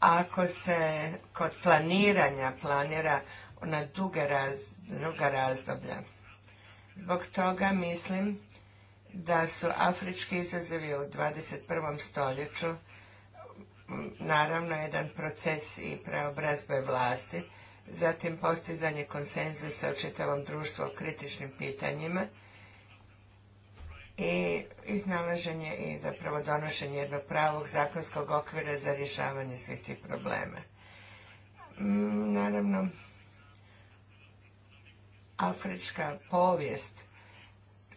Speaker 1: ako se kod planiranja planira na duge raz, druga razdoblja. Zbog toga mislim da su afrički izazovi u 21. stoljeću naravno jedan proces i preobrazbe vlasti, zatim postizanje konsenzusa u čitavom društvu o kritičnim pitanjima i iznalaženje i zapravo donošenje jednog pravog zakonskog okvira za rješavanje svih tih problema. Mm, naravno, afrička povijest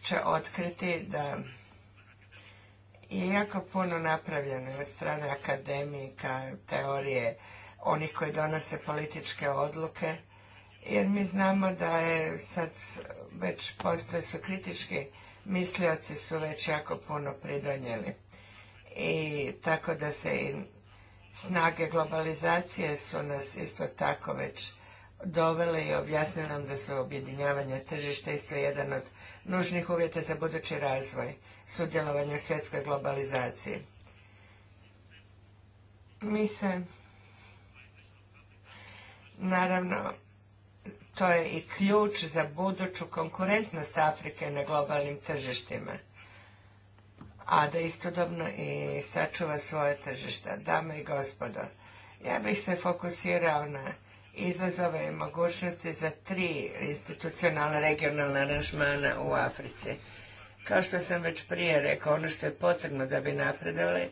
Speaker 1: će otkriti da je jako puno napravljeno od strane akademika, teorije, onih koji donose političke odluke, jer mi znamo da je sad već postoje su kritički mislioci su već jako puno pridonijeli. I tako da se i snage globalizacije su nas isto tako već dovele i objasnili nam da su objedinjavanje tržišta isto jedan od nužnih uvjeta za budući razvoj, sudjelovanja u svjetskoj globalizaciji. Mi se naravno to je i ključ za buduću konkurentnost Afrike na globalnim tržištima, a da istodobno i sačuva svoje tržišta. Dame i gospodo, ja bih se fokusirao na izazove i mogućnosti za tri institucionalna regionalna aranžmana u Africi. Kao što sam već prije rekao, ono što je potrebno da bi napredovali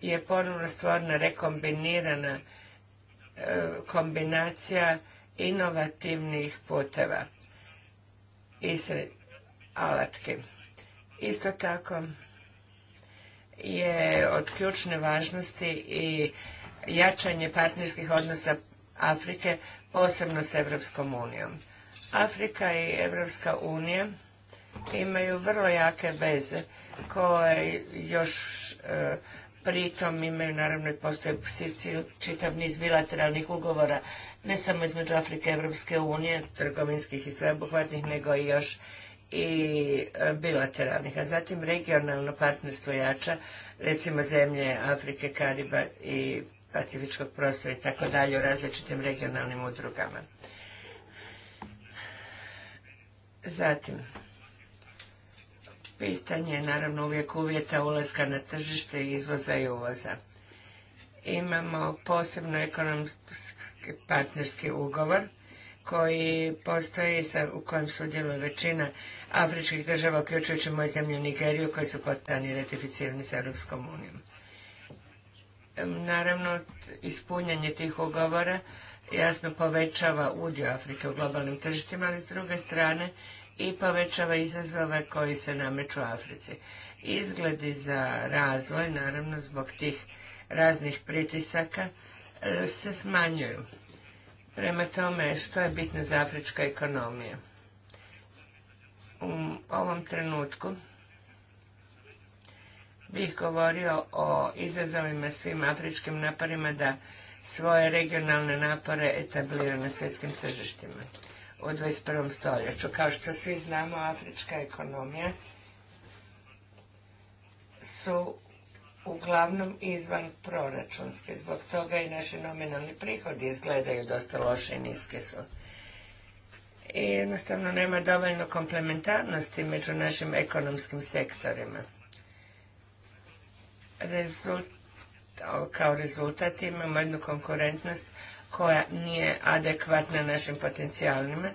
Speaker 1: je ponovno stvorna rekombinirana e, kombinacija inovativnih puteva i alatke. Isto tako je od ključne važnosti i jačanje partnerskih odnosa Afrike, posebno s Evropskom unijom. Afrika i Evropska unija imaju vrlo jake veze koje još e, pritom imaju, naravno i postoje čitav niz bilateralnih ugovora ne samo između Afrike i Evropske unije, trgovinskih i sveobuhvatnih, nego i još i e, bilateralnih, a zatim regionalno partnerstvo jača, recimo zemlje Afrike, Kariba i Pacifičkog prostora i tako dalje u različitim regionalnim udrugama. Zatim, pitanje je naravno uvijek uvjeta ulaska na tržište izvoza i uvoza. Imamo posebno ekonomsku partnerski ugovor koji postoji u kojem sudjeluje većina afričkih država, uključujući moju zemlju Nigeriju, koji su potani ratificirani sa Europskom unijom. Naravno, ispunjanje tih ugovora jasno povećava udio Afrike u globalnim tržištima, ali s druge strane i povećava izazove koji se nameću Africi. Izgledi za razvoj, naravno, zbog tih raznih pritisaka, E, se smanjuju. Prema tome, što je bitno za afrička ekonomija? U ovom trenutku bih govorio o izazovima svim afričkim naporima da svoje regionalne napore etabliraju na svjetskim tržištima u 21. stoljeću. Kao što svi znamo, afrička ekonomija su uglavnom izvan proračunske. Zbog toga i naši nominalni prihodi izgledaju dosta loše i niske su. I jednostavno nema dovoljno komplementarnosti među našim ekonomskim sektorima. kao rezultat imamo jednu konkurentnost koja nije adekvatna našim potencijalima,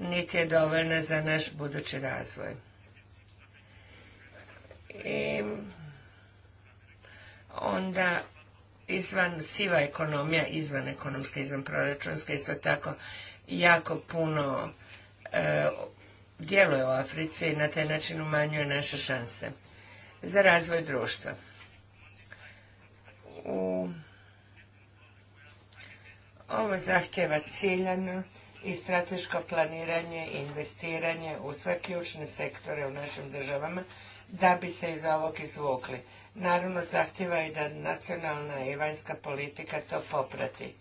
Speaker 1: niti je dovoljna za naš budući razvoj. I onda izvan siva ekonomija, izvan ekonomska, izvan proračunska, isto tako jako puno e, djeluje u Africi i na taj način umanjuje naše šanse za razvoj društva. U ovo zahtjeva ciljano i strateško planiranje i investiranje u sve ključne sektore u našim državama da bi se iz ovog izvukli naravno zahtjeva i da nacionalna i vanjska politika to poprati,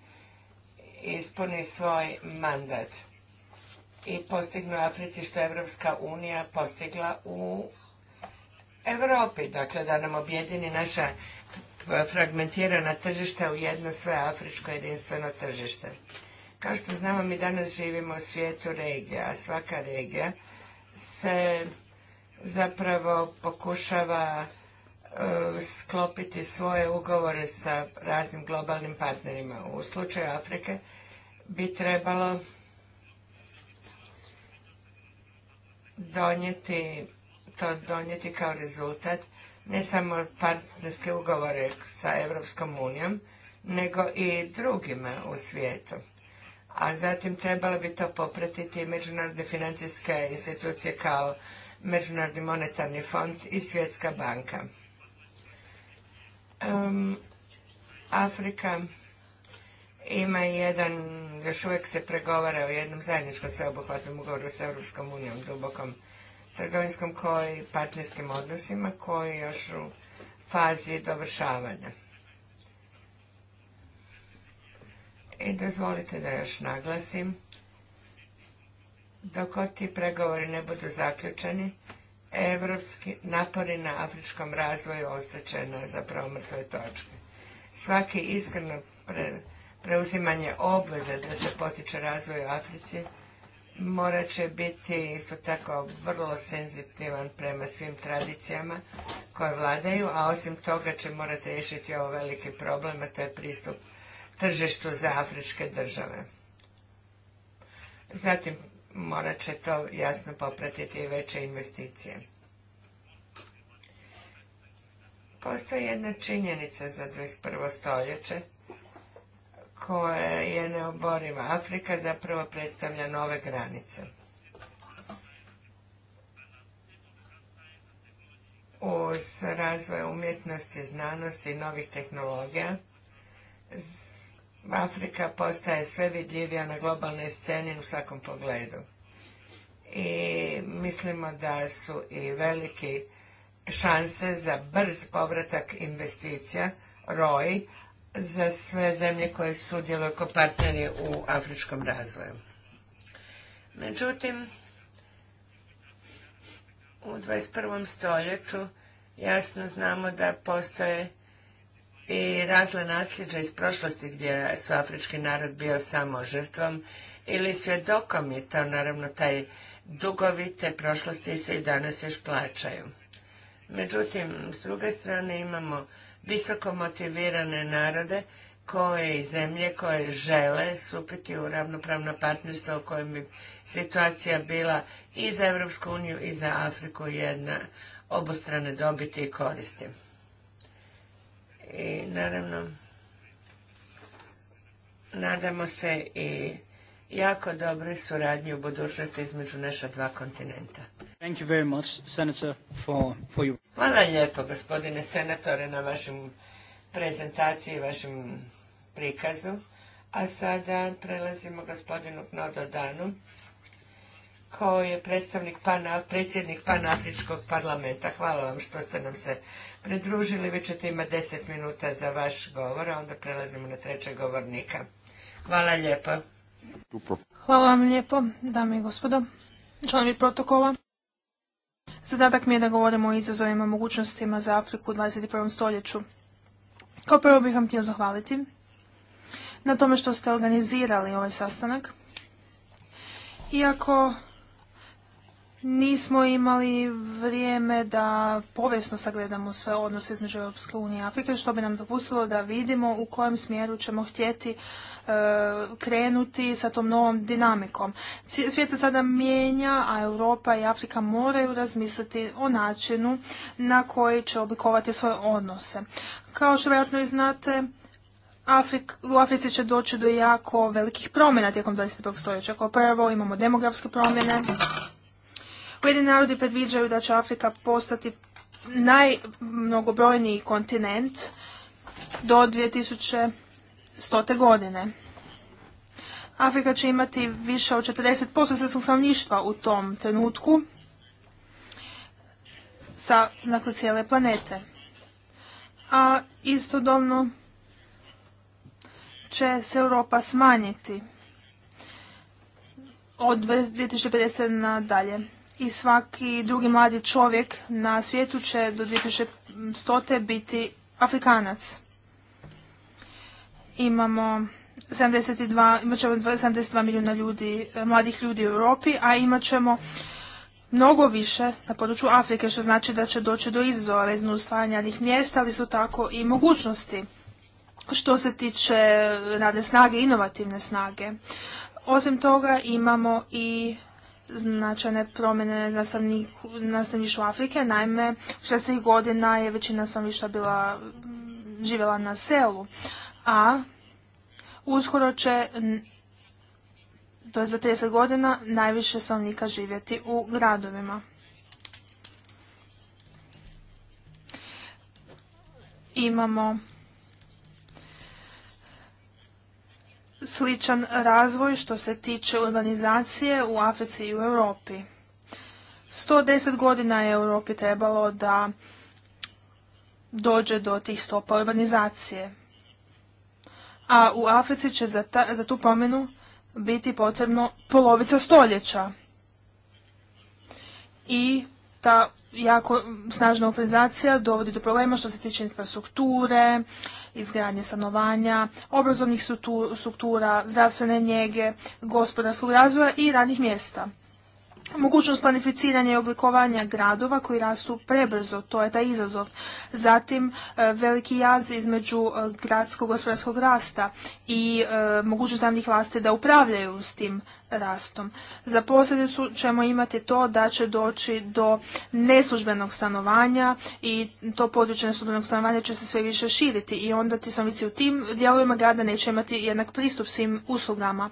Speaker 1: ispuni svoj mandat i postigne Africi što je Evropska unija postigla u Europi, dakle da nam objedini naša fragmentirana tržišta u jedno sve afričko jedinstveno tržište. Kao što znamo, mi danas živimo u svijetu regija, a svaka regija se zapravo pokušava E, sklopiti svoje ugovore sa raznim globalnim partnerima. U slučaju Afrike bi trebalo donijeti, to donijeti kao rezultat ne samo partnerske ugovore sa Europskom unijom, nego i drugima u svijetu. A zatim trebalo bi to popratiti međunarodne financijske institucije kao Međunarodni monetarni fond i Svjetska banka. Um, Afrika ima jedan, još uvijek se pregovara o jednom zajedničkom sveobuhvatnom ugovoru sa Europskom unijom, dubokom trgovinskom koji partnerskim odnosima koji još u fazi dovršavanja. I dozvolite da još naglasim, dok ti pregovori ne budu zaključeni, evropski napori na afričkom razvoju ostaće na zapravo mrtvoj točki. Svaki iskreno pre, preuzimanje obveze da se potiče razvoj Africi morat će biti isto tako vrlo senzitivan prema svim tradicijama koje vladaju, a osim toga će morati riješiti ovo veliki problem, a to je pristup tržištu za afričke države. Zatim, morat će to jasno popratiti i veće investicije. Postoji jedna činjenica za 21. stoljeće koja je neoboriva. Afrika zapravo predstavlja nove granice. Uz razvoj umjetnosti, znanosti i novih tehnologija Afrika postaje sve vidljivija na globalnoj sceni u svakom pogledu. I mislimo da su i velike šanse za brz povratak investicija, ROI, za sve zemlje koje sudjeluju su kao partneri u afričkom razvoju. Međutim, u 21. stoljeću jasno znamo da postoje i razle nasljeđa iz prošlosti gdje su afrički narod bio samo žrtvom ili svjedokom i to naravno taj dugovite prošlosti se i danas još plaćaju. Međutim, s druge strane imamo visoko motivirane narode koje i zemlje koje žele stupiti u ravnopravno partnerstvo u kojem bi situacija bila i za Europsku uniju i za Afriku jedna obostrane dobiti i koristi i naravno nadamo se i jako dobroj suradnji u budućnosti između naša dva kontinenta. Hvala lijepo, gospodine senatore, na vašem prezentaciji, vašem prikazu. A sada prelazimo gospodinu Danu koji je predstavnik pana, predsjednik Panafričkog parlamenta. Hvala vam što ste nam se pridružili. Vi ćete imati deset minuta za vaš govor, a onda prelazimo na trećeg govornika. Hvala lijepo.
Speaker 2: Hvala vam lijepo, dame i gospodo, članovi protokola. Zadatak mi je da govorimo o izazovima i mogućnostima za Afriku u 21. stoljeću. Kao prvo bih vam htio zahvaliti na tome što ste organizirali ovaj sastanak. Iako nismo imali vrijeme da povijesno sagledamo sve odnose između Europske unije i Afrike, što bi nam dopustilo da vidimo u kojem smjeru ćemo htjeti e, krenuti sa tom novom dinamikom. Svijet se sada mijenja, a Europa i Afrika moraju razmisliti o načinu na koji će oblikovati svoje odnose. Kao što vjerojatno i znate, u Africi će doći do jako velikih promjena tijekom 21. stoljeća. Kao prvo imamo demografske promjene, Ujedini narodi predviđaju da će Afrika postati najmnogobrojniji kontinent do 2100. godine. Afrika će imati više od 40% svjetskog stanovništva u tom trenutku sa dakle, cijele planete. A istodobno će se Europa smanjiti od 2050 na dalje i svaki drugi mladi čovjek na svijetu će do 2100. biti Afrikanac. Imamo 72, imat ćemo 72 milijuna ljudi, e, mladih ljudi u Europi, a imat ćemo mnogo više na području Afrike, što znači da će doći do izazova vezno usvajanja mjesta, ali su tako i mogućnosti što se tiče radne snage, inovativne snage. Osim toga imamo i značajne promjene na u Afrike. Naime, u godina je većina stanovništva bila živjela na selu, a uskoro će to je za 30 godina najviše stanovnika živjeti u gradovima. Imamo sličan razvoj što se tiče urbanizacije u Africi i u Europi. 110 godina je Europi trebalo da dođe do tih stopa urbanizacije. A u Africi će za, za tu pomenu biti potrebno polovica stoljeća. I ta jako snažna urbanizacija dovodi do problema što se tiče infrastrukture, izgradnje stanovanja, obrazovnih struktura, zdravstvene njege, gospodarskog razvoja i radnih mjesta. Mogućnost planificiranja i oblikovanja gradova koji rastu prebrzo, to je taj izazov. Zatim e, veliki jaz između e, gradskog gospodarskog rasta i e, mogućnost javnih vlasti da upravljaju s tim rastom. Za posljedicu ćemo imati to da će doći do neslužbenog stanovanja i to područje neslužbenog stanovanja će se sve više širiti i onda ti stanovnici u tim dijelovima grada neće imati jednak pristup svim uslugama.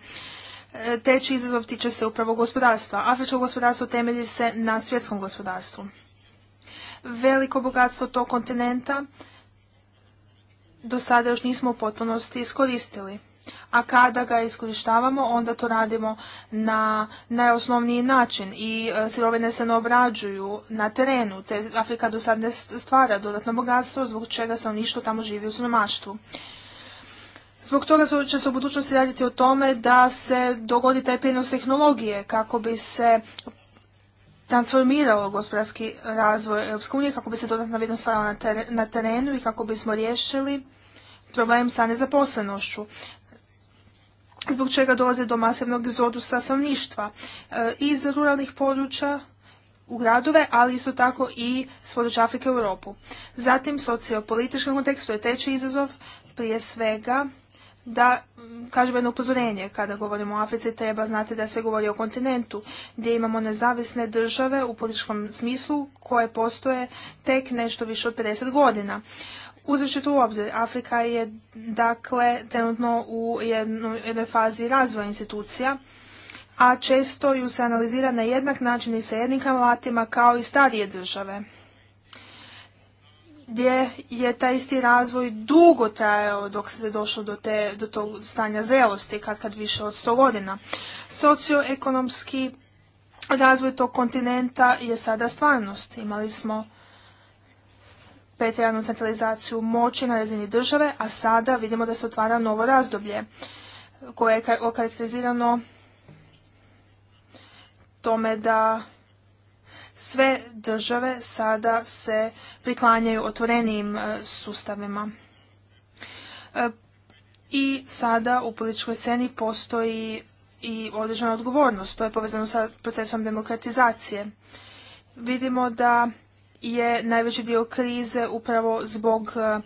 Speaker 2: Treći izazov tiče se upravo gospodarstva. Afričko gospodarstvo temelji se na svjetskom gospodarstvu. Veliko bogatstvo tog kontinenta do sada još nismo u potpunosti iskoristili. A kada ga iskorištavamo, onda to radimo na najosnovniji način i e, sirovine se ne obrađuju na terenu, te Afrika do sad ne stvara dodatno bogatstvo, zbog čega se ništa tamo živi u sromaštvu. Zbog toga će se u budućnosti raditi o tome da se dogodi taj prijenos tehnologije kako bi se transformirao gospodarski razvoj Europske unije, kako bi se dodatna vrijednost stvarala na terenu i kako bismo riješili problem sa nezaposlenošću zbog čega dolaze do masivnog egzodusa stanovništva e, iz ruralnih područja u gradove, ali isto tako i s područja Afrike u Europu. Zatim, sociopolitički kontekst, to je treći izazov, prije svega da kažem jedno upozorenje kada govorimo o Africi treba znati da se govori o kontinentu gdje imamo nezavisne države u političkom smislu koje postoje tek nešto više od 50 godina. Uzevši to u obzir, Afrika je dakle trenutno u jednoj jednoj fazi razvoja institucija, a često ju se analizira na jednak način i sa jednim kamalatima kao i starije države gdje je taj isti razvoj dugo trajao dok se došlo do, te, do tog stanja zrelosti, kad kad više od 100 godina. Socioekonomski razvoj tog kontinenta je sada stvarnost. Imali smo petrijanu centralizaciju moći na razini države, a sada vidimo da se otvara novo razdoblje koje je okarakterizirano tome da sve države sada se priklanjaju otvorenijim e, sustavima. E, I sada u političkoj sceni postoji i određena odgovornost. To je povezano sa procesom demokratizacije. Vidimo da je najveći dio krize upravo zbog e,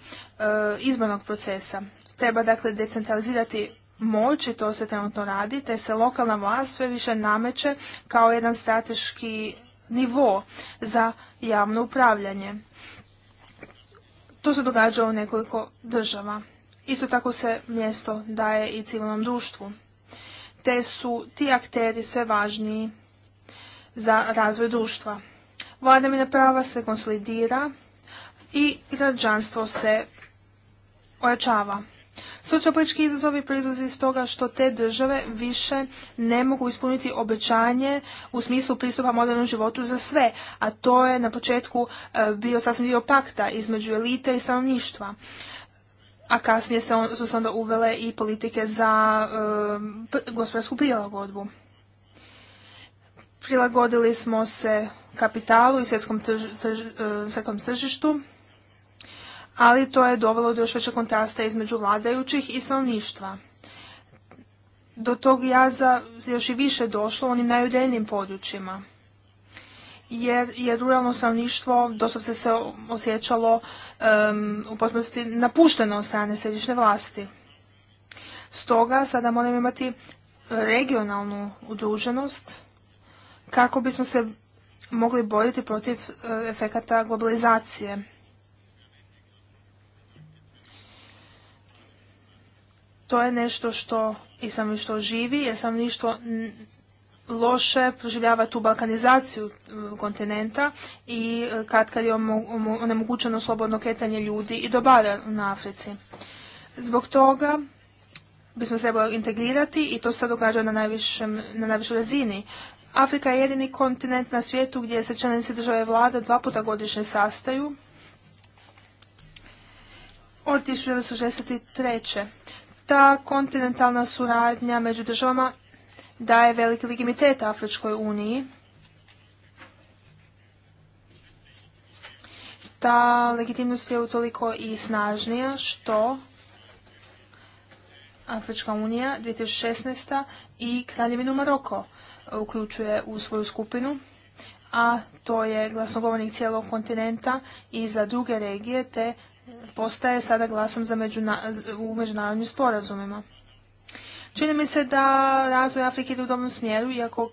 Speaker 2: izbornog procesa. Treba dakle decentralizirati moć i to se trenutno radi, te se lokalna vlast sve više nameće kao jedan strateški nivo za javno upravljanje. To se događa u nekoliko država. Isto tako se mjesto daje i civilnom društvu. Te su ti akteri sve važniji za razvoj društva. Vladavina prava se konsolidira i građanstvo se ojačava. Sociopolitički izazovi proizlaze iz toga što te države više ne mogu ispuniti obećanje u smislu pristupa modernom životu za sve, a to je na početku e, bio sasvim dio pakta između elite i stanovništva a kasnije se su se onda uvele i politike za e, gospodarsku prilagodbu. Prilagodili smo se kapitalu i svjetskom e, tržištu, ali to je dovelo do još većeg kontrasta između vladajućih i stanovništva. Do tog jaza još i više došlo u onim najudeljnim područjima, jer je ruralno stanovništvo doslovce se osjećalo um, u potpunosti napušteno od strane središnje vlasti. Stoga sada moramo imati regionalnu udruženost kako bismo se mogli boriti protiv e, efekata globalizacije to je nešto što i stanovništvo živi, jer stanovništvo loše proživljava tu balkanizaciju e, kontinenta i e, kad kad je onemogućeno slobodno kretanje ljudi i dobara na Africi. Zbog toga bismo se trebali integrirati i to se događa na, na najvišoj razini. Afrika je jedini kontinent na svijetu gdje se članice države vlada dva puta godišnje sastaju od 1963 ta kontinentalna suradnja među državama daje veliki legitimitet Afričkoj uniji. Ta legitimnost je utoliko i snažnija što Afrička unija 2016. i Kraljevinu Maroko uključuje u svoju skupinu, a to je glasnogovornik cijelog kontinenta i za druge regije te postaje sada glasom za međuna, u međunarodnim sporazumima. Čini mi se da razvoj Afrike ide u dobrom smjeru, iako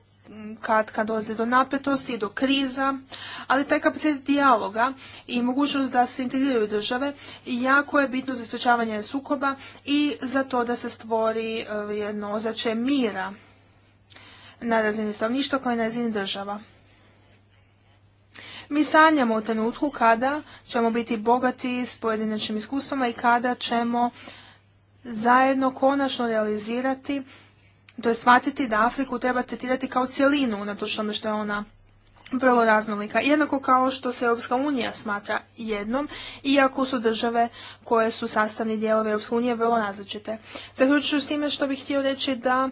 Speaker 2: kad, kad dolazi do napetosti i do kriza, ali taj kapacitet dijaloga i mogućnost da se integriraju države jako je bitno za sprečavanje sukoba i za to da se stvori e, jedno ozače mira na razini stanovništva kao i na razini država. Mi sanjamo u trenutku kada ćemo biti bogati s pojedinačnim iskustvama i kada ćemo zajedno konačno realizirati, to je shvatiti da Afriku treba tretirati kao cjelinu, unatoč tome što je ona vrlo raznolika. Jednako kao što se Europska unija smatra jednom, iako su države koje su sastavni dijelovi Europske unije vrlo različite. Zaključuju s time što bih htio reći da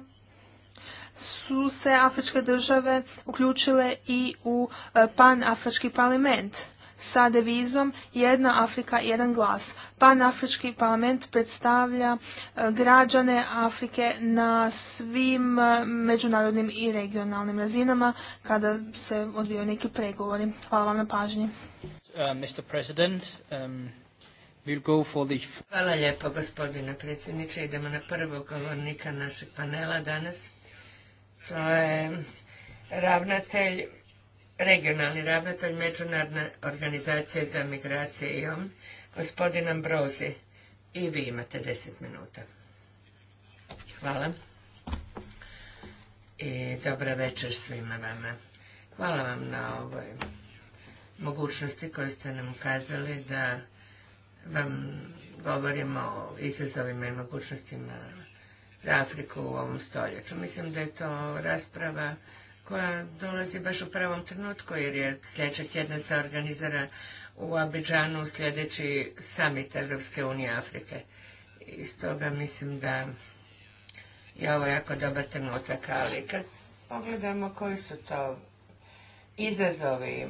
Speaker 2: su se afričke države uključile i u e, panafrički parlament sa devizom jedna Afrika, jedan glas. Panafrički parlament predstavlja e, građane Afrike na svim e, međunarodnim i regionalnim razinama kada se odvijaju neki pregovori. Hvala vam na pažnji. Uh,
Speaker 1: um, Hvala lijepo gospodine predsjedniče. Idemo na prvog govornika našeg panela danas. To je ravnatelj, regionalni ravnatelj Međunarodne organizacije za migracije i on, gospodin Ambrozi. I vi imate deset minuta. Hvala. I dobra večer svima vama. Hvala vam na ovoj mogućnosti koju ste nam ukazali da vam govorimo o izazovima i mogućnostima Afriku u ovom stoljeću. Mislim da je to rasprava koja dolazi baš u pravom trenutku jer je sljedećeg tjedna se organizira u Abidžanu sljedeći summit Evropske unije Afrike. I toga mislim da je ovo jako dobar trenutak, ali kad pogledamo koji su to izazovi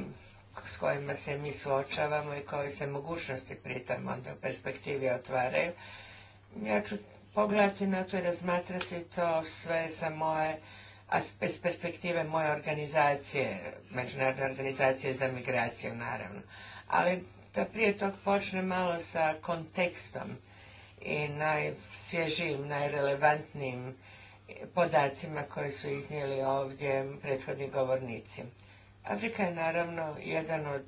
Speaker 1: s kojima se mi suočavamo i koje se mogućnosti pritom da u perspektivi otvaraju, ja ću pogledati na to i razmatrati to sve sa moje iz perspektive moje organizacije, Međunarodne organizacije za migraciju, naravno. Ali da prije tog počne malo sa kontekstom i najsvježijim, najrelevantnijim podacima koje su iznijeli ovdje prethodni govornici. Afrika je naravno jedan od,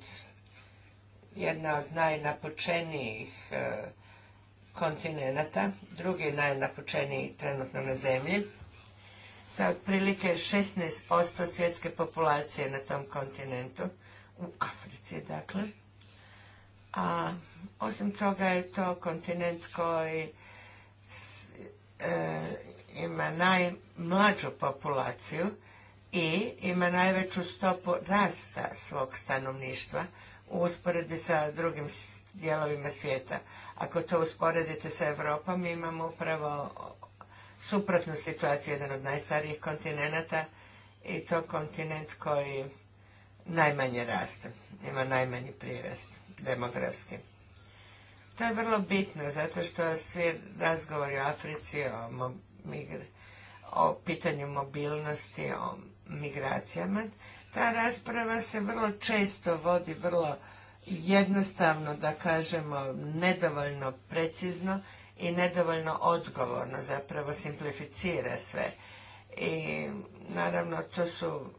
Speaker 1: jedna od najnapučenijih e, kontinenata, drugi najnapučeniji trenutno na zemlji, sa otprilike 16% svjetske populacije na tom kontinentu, u Africi dakle. A osim toga je to kontinent koji e, ima najmlađu populaciju i ima najveću stopu rasta svog stanovništva u usporedbi sa drugim dijelovima svijeta. Ako to usporedite sa Europom, mi imamo upravo suprotnu situaciju, jedan od najstarijih kontinenata i to kontinent koji najmanje raste, ima najmanji prirast demografski. To je vrlo bitno, zato što svi razgovori o Africi, o, o pitanju mobilnosti, o migracijama, ta rasprava se vrlo često vodi vrlo jednostavno da kažemo nedovoljno precizno i nedovoljno odgovorno zapravo simplificira sve. I naravno to su,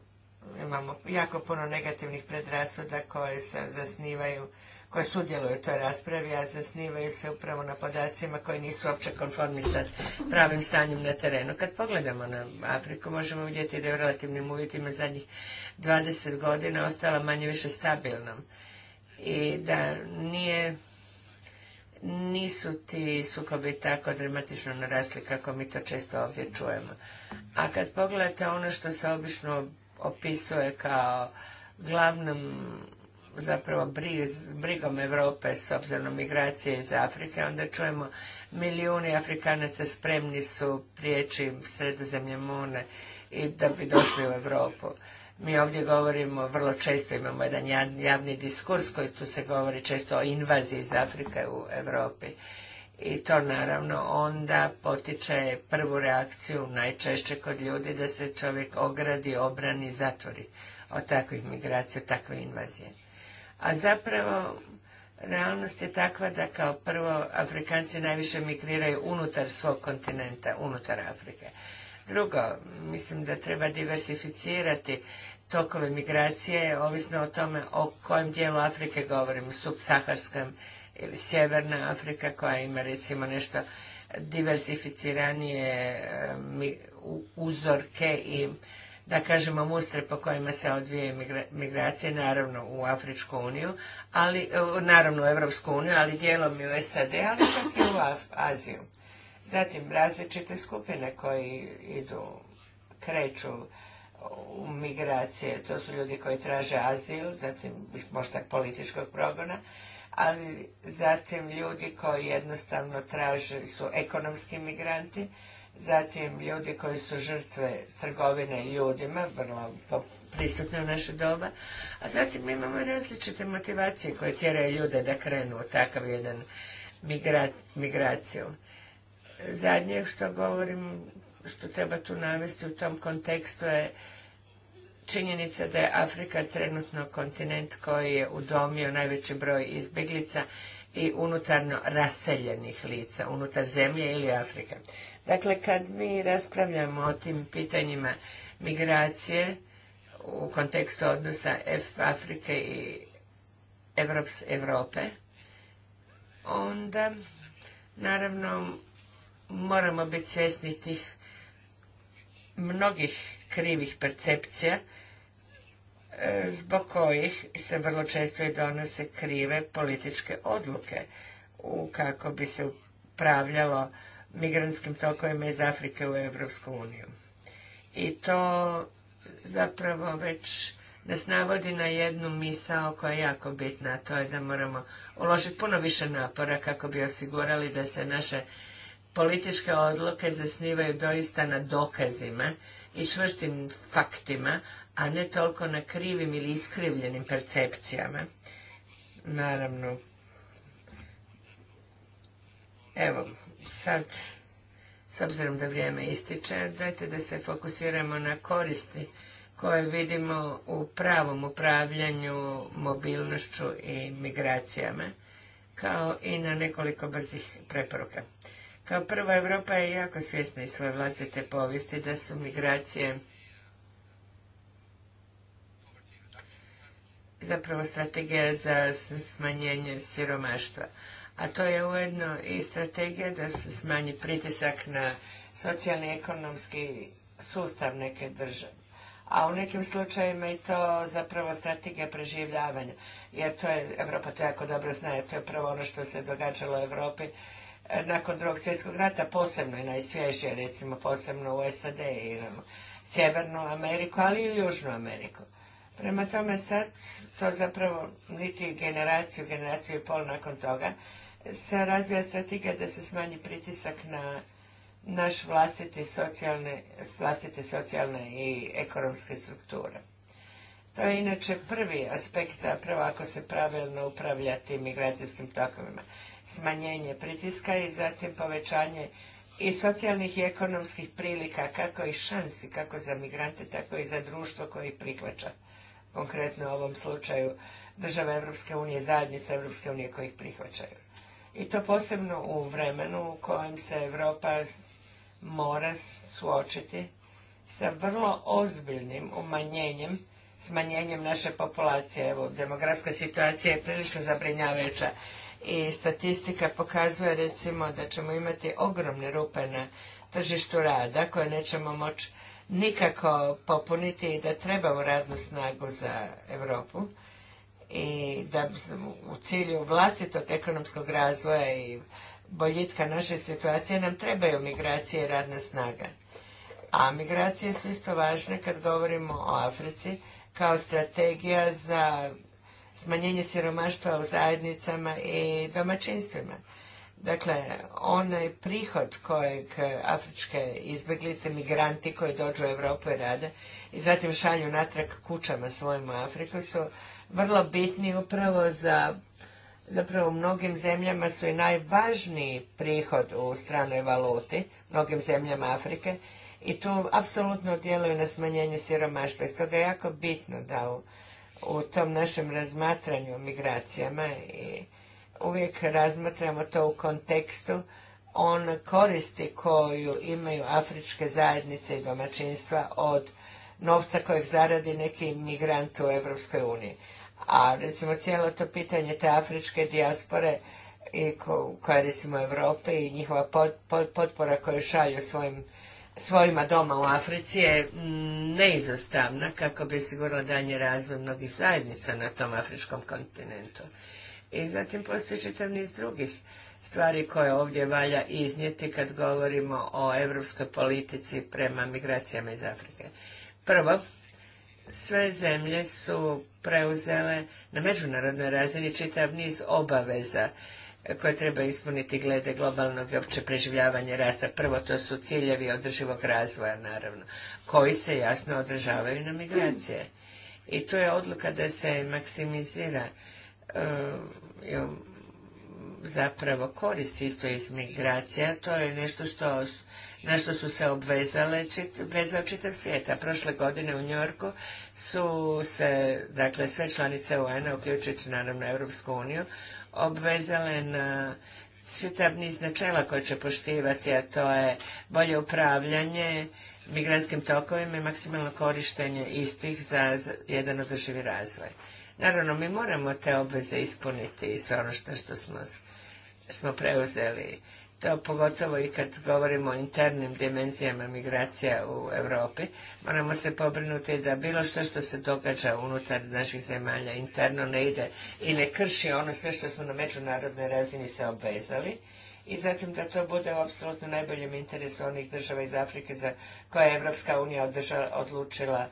Speaker 1: imamo jako puno negativnih predrasuda koje se zasnivaju, koje sudjeluju u toj raspravi, a zasnivaju se upravo na podacima koji nisu uopće konformi sa pravim stanjem na terenu. Kad pogledamo na Afriku, možemo vidjeti da je u relativnim uvjetima zadnjih 20 godina ostala manje više stabilnom i da nije nisu ti sukobi tako dramatično narasli kako mi to često ovdje čujemo. A kad pogledate ono što se obično opisuje kao glavnom zapravo brigom Europe s obzirom na migracije iz Afrike, onda čujemo milijuni Afrikanaca spremni su prijeći sredozemlje Mone i da bi došli u Europu. Mi ovdje govorimo, vrlo često imamo jedan javni diskurs koji tu se govori često o invaziji iz Afrike u Europi. I to naravno onda potiče prvu reakciju najčešće kod ljudi da se čovjek ogradi, obrani, zatvori od takvih migracija, takve invazije. A zapravo realnost je takva da kao prvo Afrikanci najviše migriraju unutar svog kontinenta, unutar Afrike. Drugo, mislim da treba diversificirati tokove migracije, ovisno o tome o kojem dijelu Afrike govorimo, subsaharskom ili sjeverna Afrika koja ima recimo nešto diversificiranije uzorke i da kažemo mustre po kojima se odvijaju migracije, naravno u Afričku uniju, ali, naravno u Evropsku uniju, ali dijelom i u SAD, ali čak i u Aziju. Zatim različite skupine koji idu, kreću u migracije, to su ljudi koji traže azil, zatim možda političkog progona, ali zatim ljudi koji jednostavno traže, su ekonomski migranti, zatim ljudi koji su žrtve trgovine ljudima, vrlo prisutne u naše doba, a zatim imamo različite motivacije koje tjeraju ljude da krenu u takav jedan migraciju zadnje što govorim, što treba tu navesti u tom kontekstu je činjenica da je Afrika trenutno kontinent koji je udomio najveći broj izbjeglica i unutarno raseljenih lica, unutar zemlje ili Afrika. Dakle, kad mi raspravljamo o tim pitanjima migracije u kontekstu odnosa Afrike i Evrops Evrope, onda naravno moramo biti svjesni tih mnogih krivih percepcija e, zbog kojih se vrlo često i donose krive političke odluke u kako bi se upravljalo migrantskim tokovima iz Afrike u Europsku uniju. I to zapravo već nas navodi na jednu misao koja je jako bitna, a to je da moramo uložiti puno više napora kako bi osigurali da se naše političke odluke zasnivaju doista na dokazima i čvrstim faktima, a ne toliko na krivim ili iskrivljenim percepcijama. Naravno. Evo, sad, s obzirom da vrijeme ističe, dajte da se fokusiramo na koristi koje vidimo u pravom upravljanju mobilnošću i migracijama, kao i na nekoliko brzih preporuka. Kao prvo, Europa je jako svjesna iz svoje vlastite povijesti da su migracije zapravo strategija za smanjenje siromaštva. A to je ujedno i strategija da se smanji pritisak na socijalni i ekonomski sustav neke države. A u nekim slučajevima i to zapravo strategija preživljavanja. Jer to je, Europa to jako dobro zna, jer to je prvo ono što se događalo u Europi Eh, nakon drugog svjetskog rata posebno je najsvježije, recimo posebno u SAD i Sjevernu Ameriku, ali i u Južnu Ameriku. Prema tome sad to zapravo niti generaciju, generaciju i pol nakon toga se razvija strategija da se smanji pritisak na naš vlastiti socijalne, vlastite socijalne i ekonomske strukture. To je inače prvi aspekt zapravo ako se pravilno upravlja tim migracijskim tokovima smanjenje pritiska i zatim povećanje i socijalnih i ekonomskih prilika, kako i šansi, kako za migrante, tako i za društvo koje ih prihvaća. Konkretno u ovom slučaju države Europske unije, zajednice Europske unije koji ih prihvaćaju. I to posebno u vremenu u kojem se Europa mora suočiti sa vrlo ozbiljnim umanjenjem, smanjenjem naše populacije. Evo, demografska situacija je prilično zabrinjavajuća i statistika pokazuje recimo da ćemo imati ogromne rupe na tržištu rada koje nećemo moći nikako popuniti i da trebamo radnu snagu za Europu i da u cilju vlastitog ekonomskog razvoja i boljitka naše situacije nam trebaju migracije i radna snaga. A migracije su isto važne kad govorimo o Africi kao strategija za smanjenje siromaštva u zajednicama i domaćinstvima. Dakle, onaj prihod kojeg afričke izbjeglice, migranti koji dođu u Europu i rade i zatim šalju natrag kućama svojim u Afriku su vrlo bitni upravo za zapravo u mnogim zemljama su i najvažniji prihod u stranoj valuti, mnogim zemljama Afrike, i tu apsolutno djeluju na smanjenje siromaštva. I stoga je jako bitno da u u tom našem razmatranju migracijama i uvijek razmatramo to u kontekstu on koristi koju imaju afričke zajednice i domaćinstva od novca kojeg zaradi neki migrant u Europskoj uniji. A recimo cijelo to pitanje te afričke dijaspore i koja recimo Europe i njihova potpora koju šalju svojim svojima doma u Africi je mm, neizostavna kako bi osigurala danje razvoj mnogih zajednica na tom afričkom kontinentu. I zatim postoji čitav niz drugih stvari koje ovdje valja iznijeti kad govorimo o europskoj politici prema migracijama iz Afrike. Prvo, sve zemlje su preuzele na međunarodnoj razini čitav niz obaveza koje treba ispuniti glede globalnog i opće preživljavanja rasta. Prvo, to su ciljevi održivog razvoja, naravno, koji se jasno održavaju na migracije. I tu je odluka da se maksimizira eh, zapravo korist isto iz migracija. To je nešto što na što su se obvezale čit, obvezao čitav svijet. A prošle godine u Njorku su se, dakle, sve članice UN-a, uključujući naravno Europsku uniju, obvezale na čitav niz načela koje će poštivati, a to je bolje upravljanje migranskim tokovima i maksimalno korištenje istih za jedan održivi razvoj. Naravno, mi moramo te obveze ispuniti i sve ono što, smo preuzeli to pogotovo i kad govorimo o internim dimenzijama migracija u Europi, moramo se pobrinuti da bilo što što se događa unutar naših zemalja interno ne ide i ne krši ono sve što smo na međunarodnoj razini se obvezali i zatim da to bude u apsolutno najboljem interesu onih država iz Afrike za koje je Evropska unija odlučila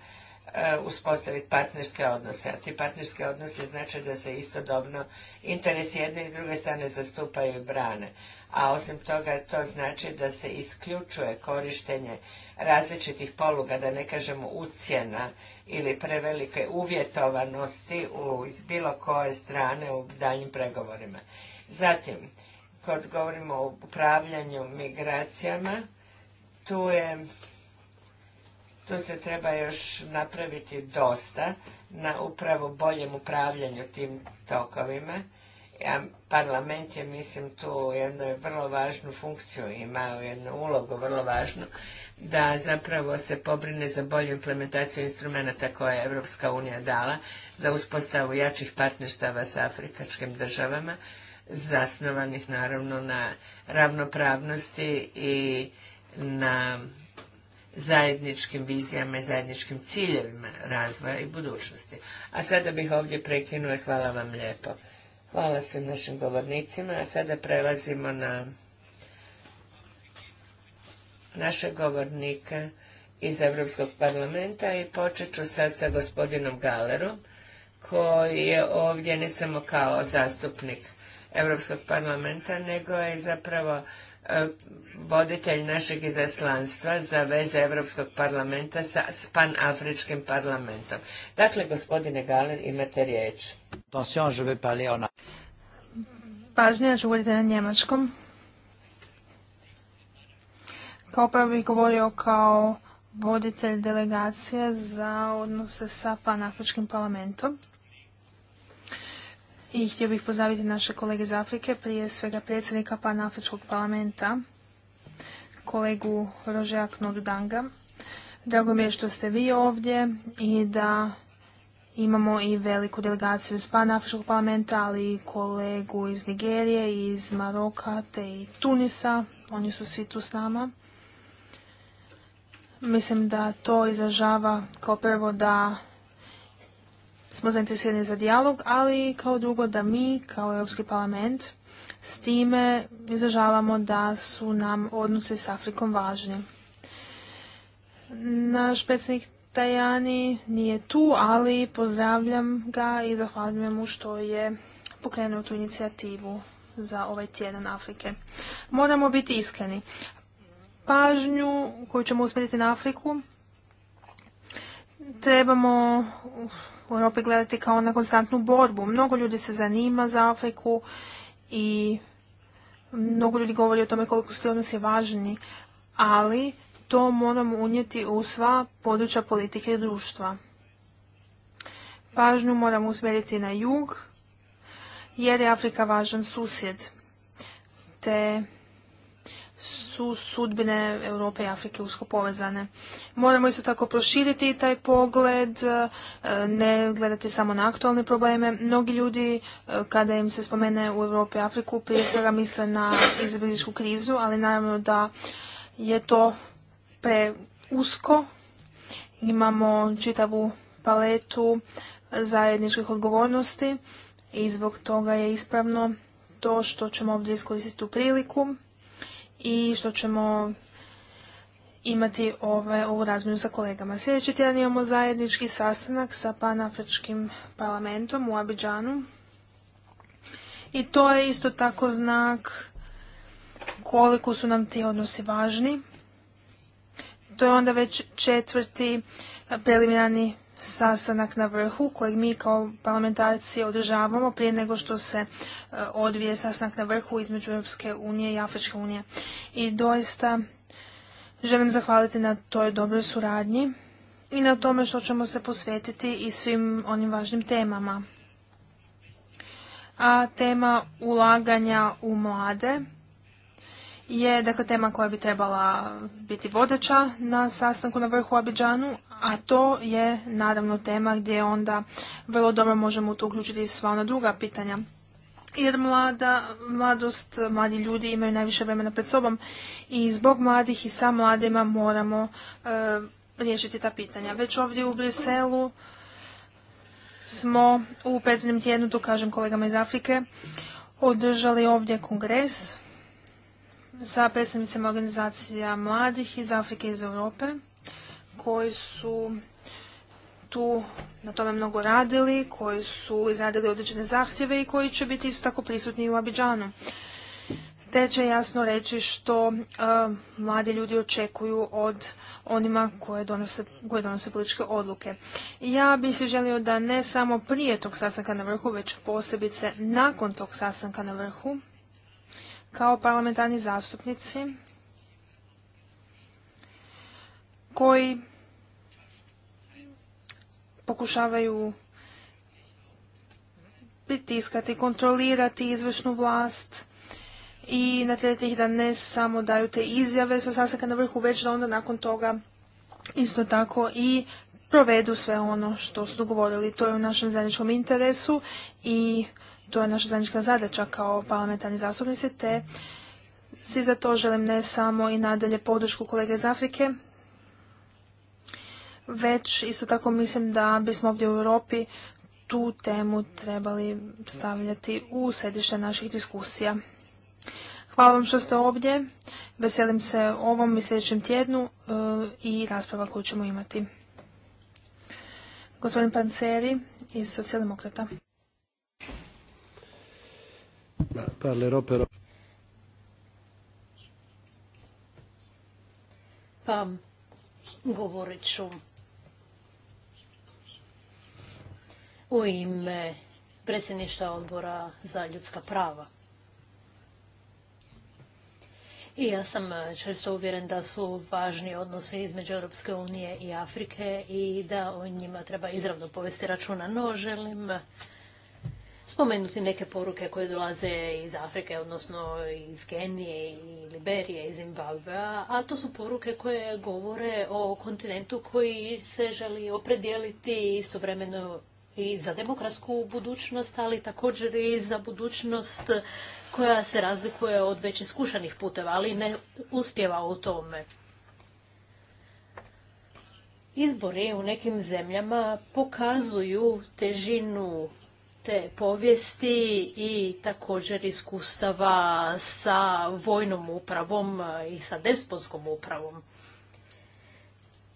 Speaker 1: E, uspostaviti partnerske odnose. A ti partnerski odnosi znači da se istodobno interes jedne i druge strane zastupaju i brane. A osim toga to znači da se isključuje korištenje različitih poluga, da ne kažemo ucjena ili prevelike uvjetovanosti u bilo koje strane u daljnjim pregovorima. Zatim, kad govorimo o upravljanju migracijama, tu je tu se treba još napraviti dosta na upravo boljem upravljanju tim tokovima. Ja, parlament je, mislim, tu jednu vrlo važnu funkciju imao, jednu ulogu vrlo važnu, da zapravo se pobrine za bolju implementaciju instrumenta koje je Evropska unija dala za uspostavu jačih partnerstava sa afrikačkim državama, zasnovanih naravno na ravnopravnosti i na zajedničkim vizijama i zajedničkim ciljevima razvoja i budućnosti. A sada bih ovdje prekinula. i hvala vam lijepo. Hvala svim našim govornicima, a sada prelazimo na naše govornike iz Europskog parlamenta i počet ću sad sa gospodinom Galerom koji je ovdje ne samo kao zastupnik Europskog parlamenta, nego je zapravo voditelj našeg izaslanstva za veze Europskog parlamenta sa panafričkim parlamentom. Dakle, gospodine Galen, imate riječ.
Speaker 2: Attention, je vais parler en... Pažnja, ću na njemačkom. Kao prvo bih govorio kao voditelj delegacije za odnose sa panafričkim parlamentom i htio bih pozdraviti naše kolege iz Afrike, prije svega predsjednika Panafričkog parlamenta, kolegu Rožea Knodudanga. Drago mi je što ste vi ovdje i da imamo i veliku delegaciju iz Panafričkog parlamenta, ali i kolegu iz Nigerije, iz Maroka te i Tunisa. Oni su svi tu s nama. Mislim da to izražava kao prvo da smo zainteresirani za dijalog, ali kao drugo da mi kao Europski parlament s time izražavamo da su nam odnosi s Afrikom važni. Naš predsjednik Tajani nije tu, ali pozdravljam ga i zahvaljujem mu što je pokrenuo tu inicijativu za ovaj tjedan Afrike. Moramo biti iskreni. Pažnju koju ćemo usmjeriti na Afriku trebamo u Europi gledati kao na konstantnu borbu. Mnogo ljudi se zanima za Afriku i mnogo ljudi govori o tome koliko su ti odnosi važni, ali to moramo unijeti u sva područja politike i društva. Pažnju moramo usmjeriti na jug, jer je Afrika važan susjed, te su sudbine Europe i Afrike usko povezane. Moramo isto tako proširiti taj pogled, e, ne gledati samo na aktualne probleme. Mnogi ljudi, e, kada im se spomene u Europi i Afriku, prije svega misle na izbjegličku krizu, ali naravno da je to preusko. Imamo čitavu paletu zajedničkih odgovornosti i zbog toga je ispravno to što ćemo ovdje iskoristiti u priliku i što ćemo imati ovu razmjenu sa kolegama. Sljedeći tjedan imamo zajednički sastanak sa panafričkim parlamentom u Abidžanu. I to je isto tako znak koliko su nam ti odnosi važni. To je onda već četvrti preliminarni sastanak na vrhu kojeg mi kao parlamentarci održavamo prije nego što se e, odvije sastanak na vrhu između Europske unije i Afričke unije. I doista želim zahvaliti na toj dobroj suradnji i na tome što ćemo se posvetiti i svim onim važnim temama. A tema ulaganja u mlade je dakle tema koja bi trebala biti vodeća na sastanku na vrhu Abidžanu, a to je naravno tema gdje onda vrlo dobro možemo tu uključiti i sva ona druga pitanja. Jer mlada, mladost, mladi ljudi imaju najviše vremena pred sobom i zbog mladih i sa mladima moramo e, riješiti ta pitanja. Već ovdje u Briselu smo u predsjednjem tjednu, to kažem kolegama iz Afrike, održali ovdje kongres sa predstavnicima organizacija mladih iz Afrike i iz Europe koji su tu na tome mnogo radili, koji su izradili određene zahtjeve i koji će biti isto tako prisutni u Abidžanu. Te će jasno reći što e, mladi ljudi očekuju od onima koji donose, koje donose političke odluke. Ja bih se želio da ne samo prije tog sastanka na vrhu, već posebice nakon tog sastanka na vrhu, kao parlamentarni zastupnici koji pokušavaju pritiskati, kontrolirati izvršnu vlast i natjerati ih da ne samo daju te izjave sa sastanka na vrhu, već da onda nakon toga isto tako i provedu sve ono što su dogovorili. To je u našem zajedničkom interesu i to je naša zajednička zadaća kao parlamentarni zastupnici, te svi za to želim ne samo i nadalje podršku kolege iz Afrike, već isto tako mislim da bismo ovdje u Europi tu temu trebali stavljati u središte naših diskusija. Hvala vam što ste ovdje. Veselim se ovom i sljedećem tjednu e, i rasprava koju ćemo imati. Gospodin Panceri iz socijaldemokrata.
Speaker 3: Pa, govorit ću u ime predsjedništva odbora za ljudska prava. I ja sam e, često uvjeren da su važni odnosi između Europske unije i Afrike i da o njima treba izravno povesti računa. No, želim e, spomenuti neke poruke koje dolaze iz Afrike, odnosno iz Genije i Liberije i Zimbabwe, a to su poruke koje govore o kontinentu koji se želi opredijeliti istovremeno i za demokratsku budućnost, ali također i za budućnost koja se razlikuje od već iskušanih puteva, ali ne uspjeva u tome. Izbori u nekim zemljama pokazuju težinu te povijesti i također iskustava sa vojnom upravom i sa despotskom upravom.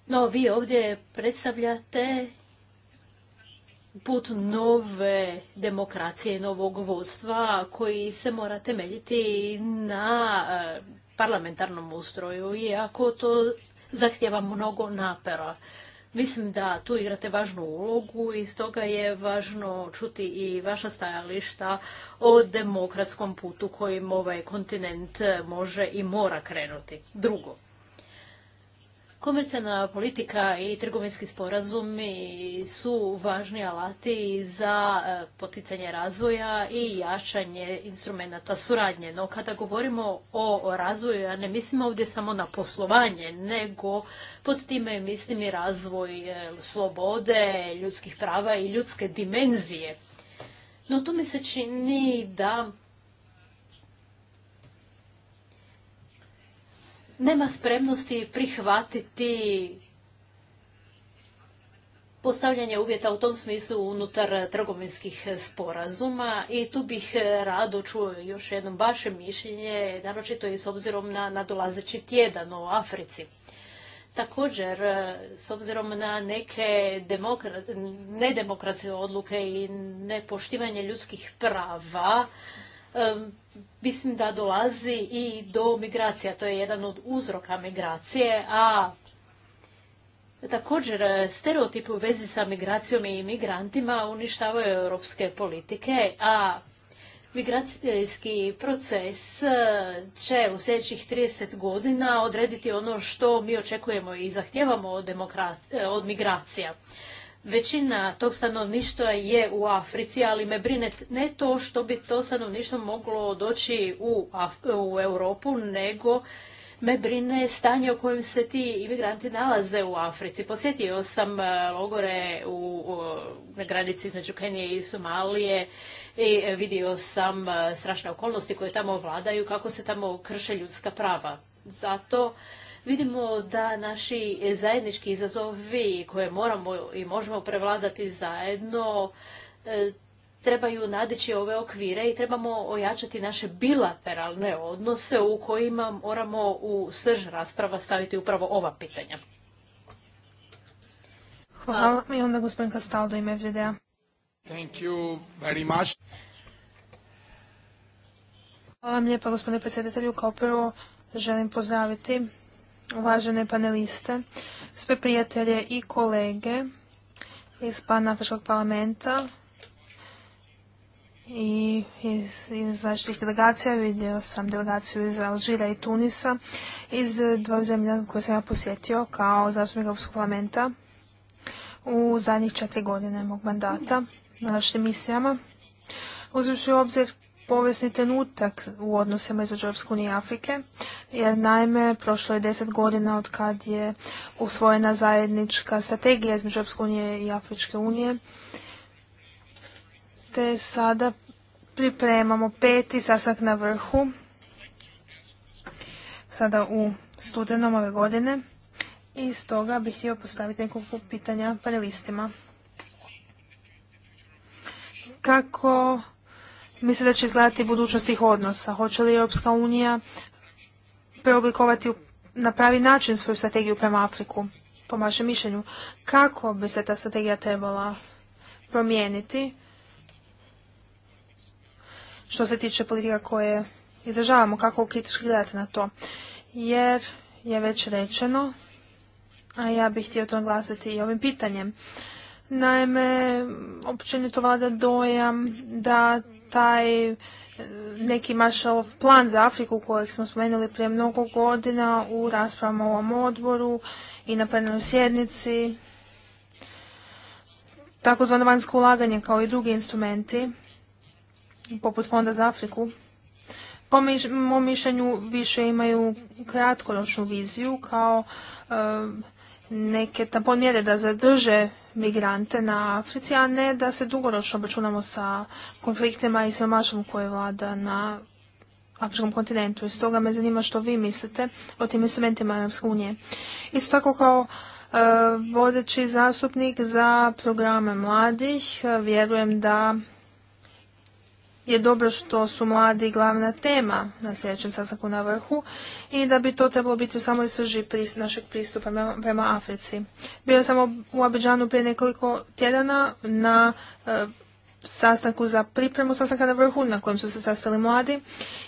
Speaker 3: No, vi ovdje predstavljate put nove demokracije i novog vodstva koji se mora temeljiti na e, parlamentarnom ustroju, iako to zahtjeva mnogo napera. Mislim da tu igrate važnu ulogu i stoga je važno čuti i vaša stajališta o demokratskom putu kojim ovaj kontinent može i mora krenuti. Drugo, Komercijalna politika i trgovinski sporazumi su važni alati za e, poticanje razvoja i jačanje instrumenta suradnje. No kada govorimo o razvoju, ja ne mislim ovdje samo na poslovanje, nego pod time mislim i razvoj e, slobode, ljudskih prava i ljudske dimenzije. No tu mi se čini da nema spremnosti prihvatiti postavljanje uvjeta u tom smislu unutar trgovinskih sporazuma i tu bih rado čuo još jednom vaše mišljenje, naročito i s obzirom na nadolazeći tjedan u Africi. Također, s obzirom na neke nedemokratske odluke i nepoštivanje ljudskih prava, mislim da dolazi i do migracija. To je jedan od uzroka migracije, a Također, stereotipi u vezi sa migracijom i migrantima uništavaju europske politike, a migracijski proces eh, će u sljedećih 30 godina odrediti ono što mi očekujemo i zahtijevamo od eh, migracija. Većina tog stanovništva je u Africi, ali me brine ne to što bi to stanovništvo moglo doći u, u Europu, nego me brine stanje u kojem se ti imigranti nalaze u Africi. Posjetio sam e, logore u, u na granici između Kenije i Somalije i e, vidio sam e, strašne okolnosti koje tamo vladaju, kako se tamo krše ljudska prava. Zato vidimo da naši zajednički izazovi koje moramo i možemo prevladati zajedno e, trebaju nadići ove okvire i trebamo ojačati naše bilateralne odnose u kojima moramo u srž rasprava staviti upravo ova pitanja.
Speaker 2: Hvala. I onda gospodin Kastaldo ime
Speaker 3: Thank you very much.
Speaker 2: Hvala vam lijepa gospodine predsjedatelju. Kao prvo želim pozdraviti uvažene paneliste, sve prijatelje i kolege iz Panafričkog parlamenta i iz, naših delegacija. Vidio sam delegaciju iz Alžira i Tunisa, iz dva zemlja koje sam ja posjetio kao zastupnik Europskog parlamenta u zadnjih četiri godine mog mandata na našim misijama. Uzvrši u obzir povijesni trenutak u odnosima između Europske unije i Afrike, jer naime prošlo je deset godina od kad je usvojena zajednička strategija između Europske unije i Afričke unije, te sada pripremamo peti sasak na vrhu, sada u studenom ove godine, i stoga bih htio postaviti nekoliko pitanja panelistima. Kako Mislim da će izgledati budućnost tih odnosa? Hoće li Europska unija preoblikovati na pravi način svoju strategiju prema Afriku? Po vašem mišljenju, kako bi se ta strategija trebala promijeniti što se tiče politika koje izražavamo, kako kritički gledate na to? Jer je već rečeno, a ja bih htio to naglasiti i ovim pitanjem, Naime, općenito vlada dojam da taj e, neki Marshallov plan za Afriku kojeg smo spomenuli prije mnogo godina u raspravama u ovom odboru i na plenarnoj sjednici, zvano vanjsko ulaganje kao i drugi instrumenti, poput Fonda za Afriku, po mom mišljenju više imaju kratkoročnu viziju kao e, neke tampon mjere da zadrže migrante na Africi, a ne da se dugoročno obračunamo sa konfliktima i siromašom koje vlada na afričkom kontinentu. I stoga me zanima što vi mislite o tim instrumentima Europske unije. Isto tako kao e, vodeći zastupnik za programe mladih, e, vjerujem da je dobro što su mladi glavna tema na sljedećem sastanku na vrhu i da bi to trebalo biti u samoj srži našeg pristupa prema Africi. Bio sam u Abidžanu prije nekoliko tjedana na e, sastanku za pripremu sastanka na vrhu na kojem su se sastali mladi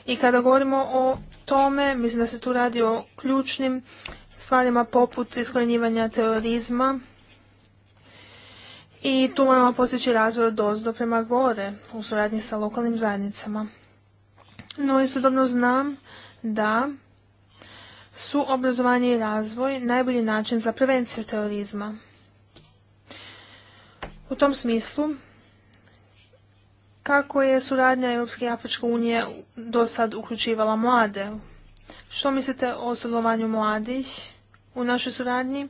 Speaker 2: i kada govorimo o tome, mislim da se tu radi o ključnim stvarima poput iskorjenjivanja terorizma, i tu moramo postići razvoj od ozdo prema gore u suradnji sa lokalnim zajednicama. No istodobno znam da su obrazovanje i razvoj najbolji način za prevenciju terorizma. U tom smislu, kako je suradnja Europske i Afričke unije do sad uključivala mlade? Što mislite o sudjelovanju mladih u našoj suradnji?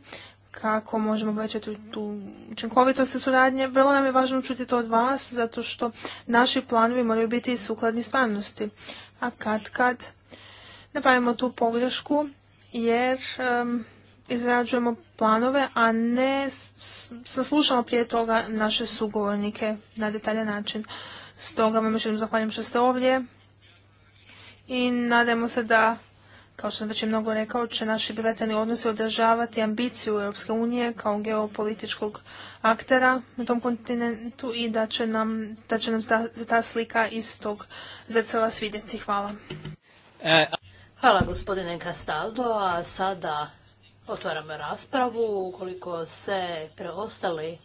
Speaker 2: kako možemo gledati tu učinkovitost suradnje. Vrlo nam je važno čuti to od vas, zato što naši planovi moraju biti sukladni stvarnosti. A kad kad napravimo tu pogrešku, jer izrađujemo planove, a ne saslušamo prije toga naše sugovornike na detaljan način. Stoga vam još jednom zahvaljujem što ste ovdje i nadajmo se da kao što sam već i mnogo rekao, će naši bilateralni odnosi održavati ambiciju Europske unije kao geopolitičkog aktera na tom kontinentu i da će nam, da će nam ta, ta slika iz tog zrcala svidjeti. Hvala.
Speaker 3: Hvala gospodine Castaldo, a sada otvaramo raspravu. Ukoliko se preostali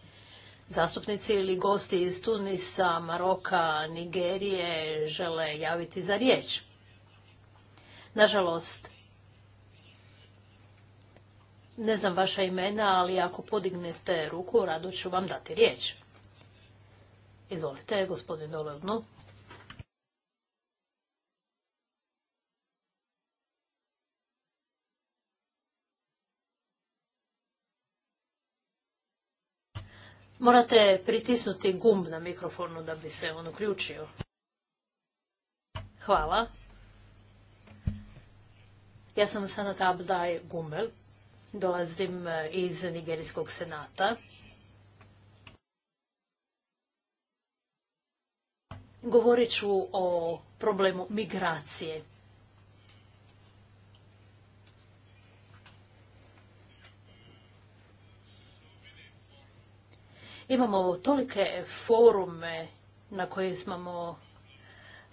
Speaker 3: zastupnici ili gosti iz Tunisa, Maroka, Nigerije žele javiti za riječ. Nažalost, ne znam vaša imena, ali ako podignete ruku, rado ću vam dati riječ. Izvolite, gospodin Dolevnu. Morate pritisnuti gumb na mikrofonu da bi se on uključio. Hvala. Ja sam Sanat Abdaj Gumel, dolazim e, iz Nigerijskog senata. Govorit ću o problemu migracije. Imamo tolike forume na koje smo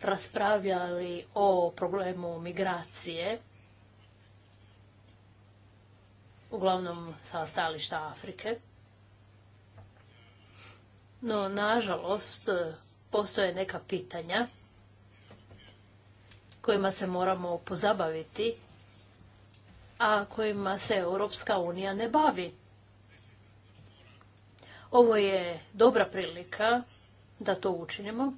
Speaker 3: raspravljali o problemu migracije uglavnom sa stajališta Afrike. No, nažalost, postoje neka pitanja kojima se moramo pozabaviti, a kojima se Europska unija ne bavi. Ovo je dobra prilika da to učinimo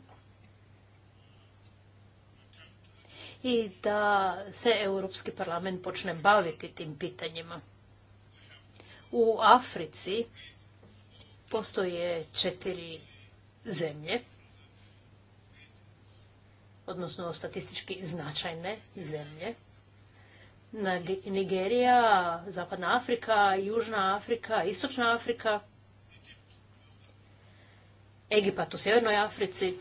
Speaker 3: i da se Europski parlament počne baviti tim pitanjima. U Africi postoje četiri zemlje, odnosno statistički značajne zemlje. Nigerija, Zapadna Afrika, Južna Afrika, Istočna Afrika, Egipat u Sjevernoj Africi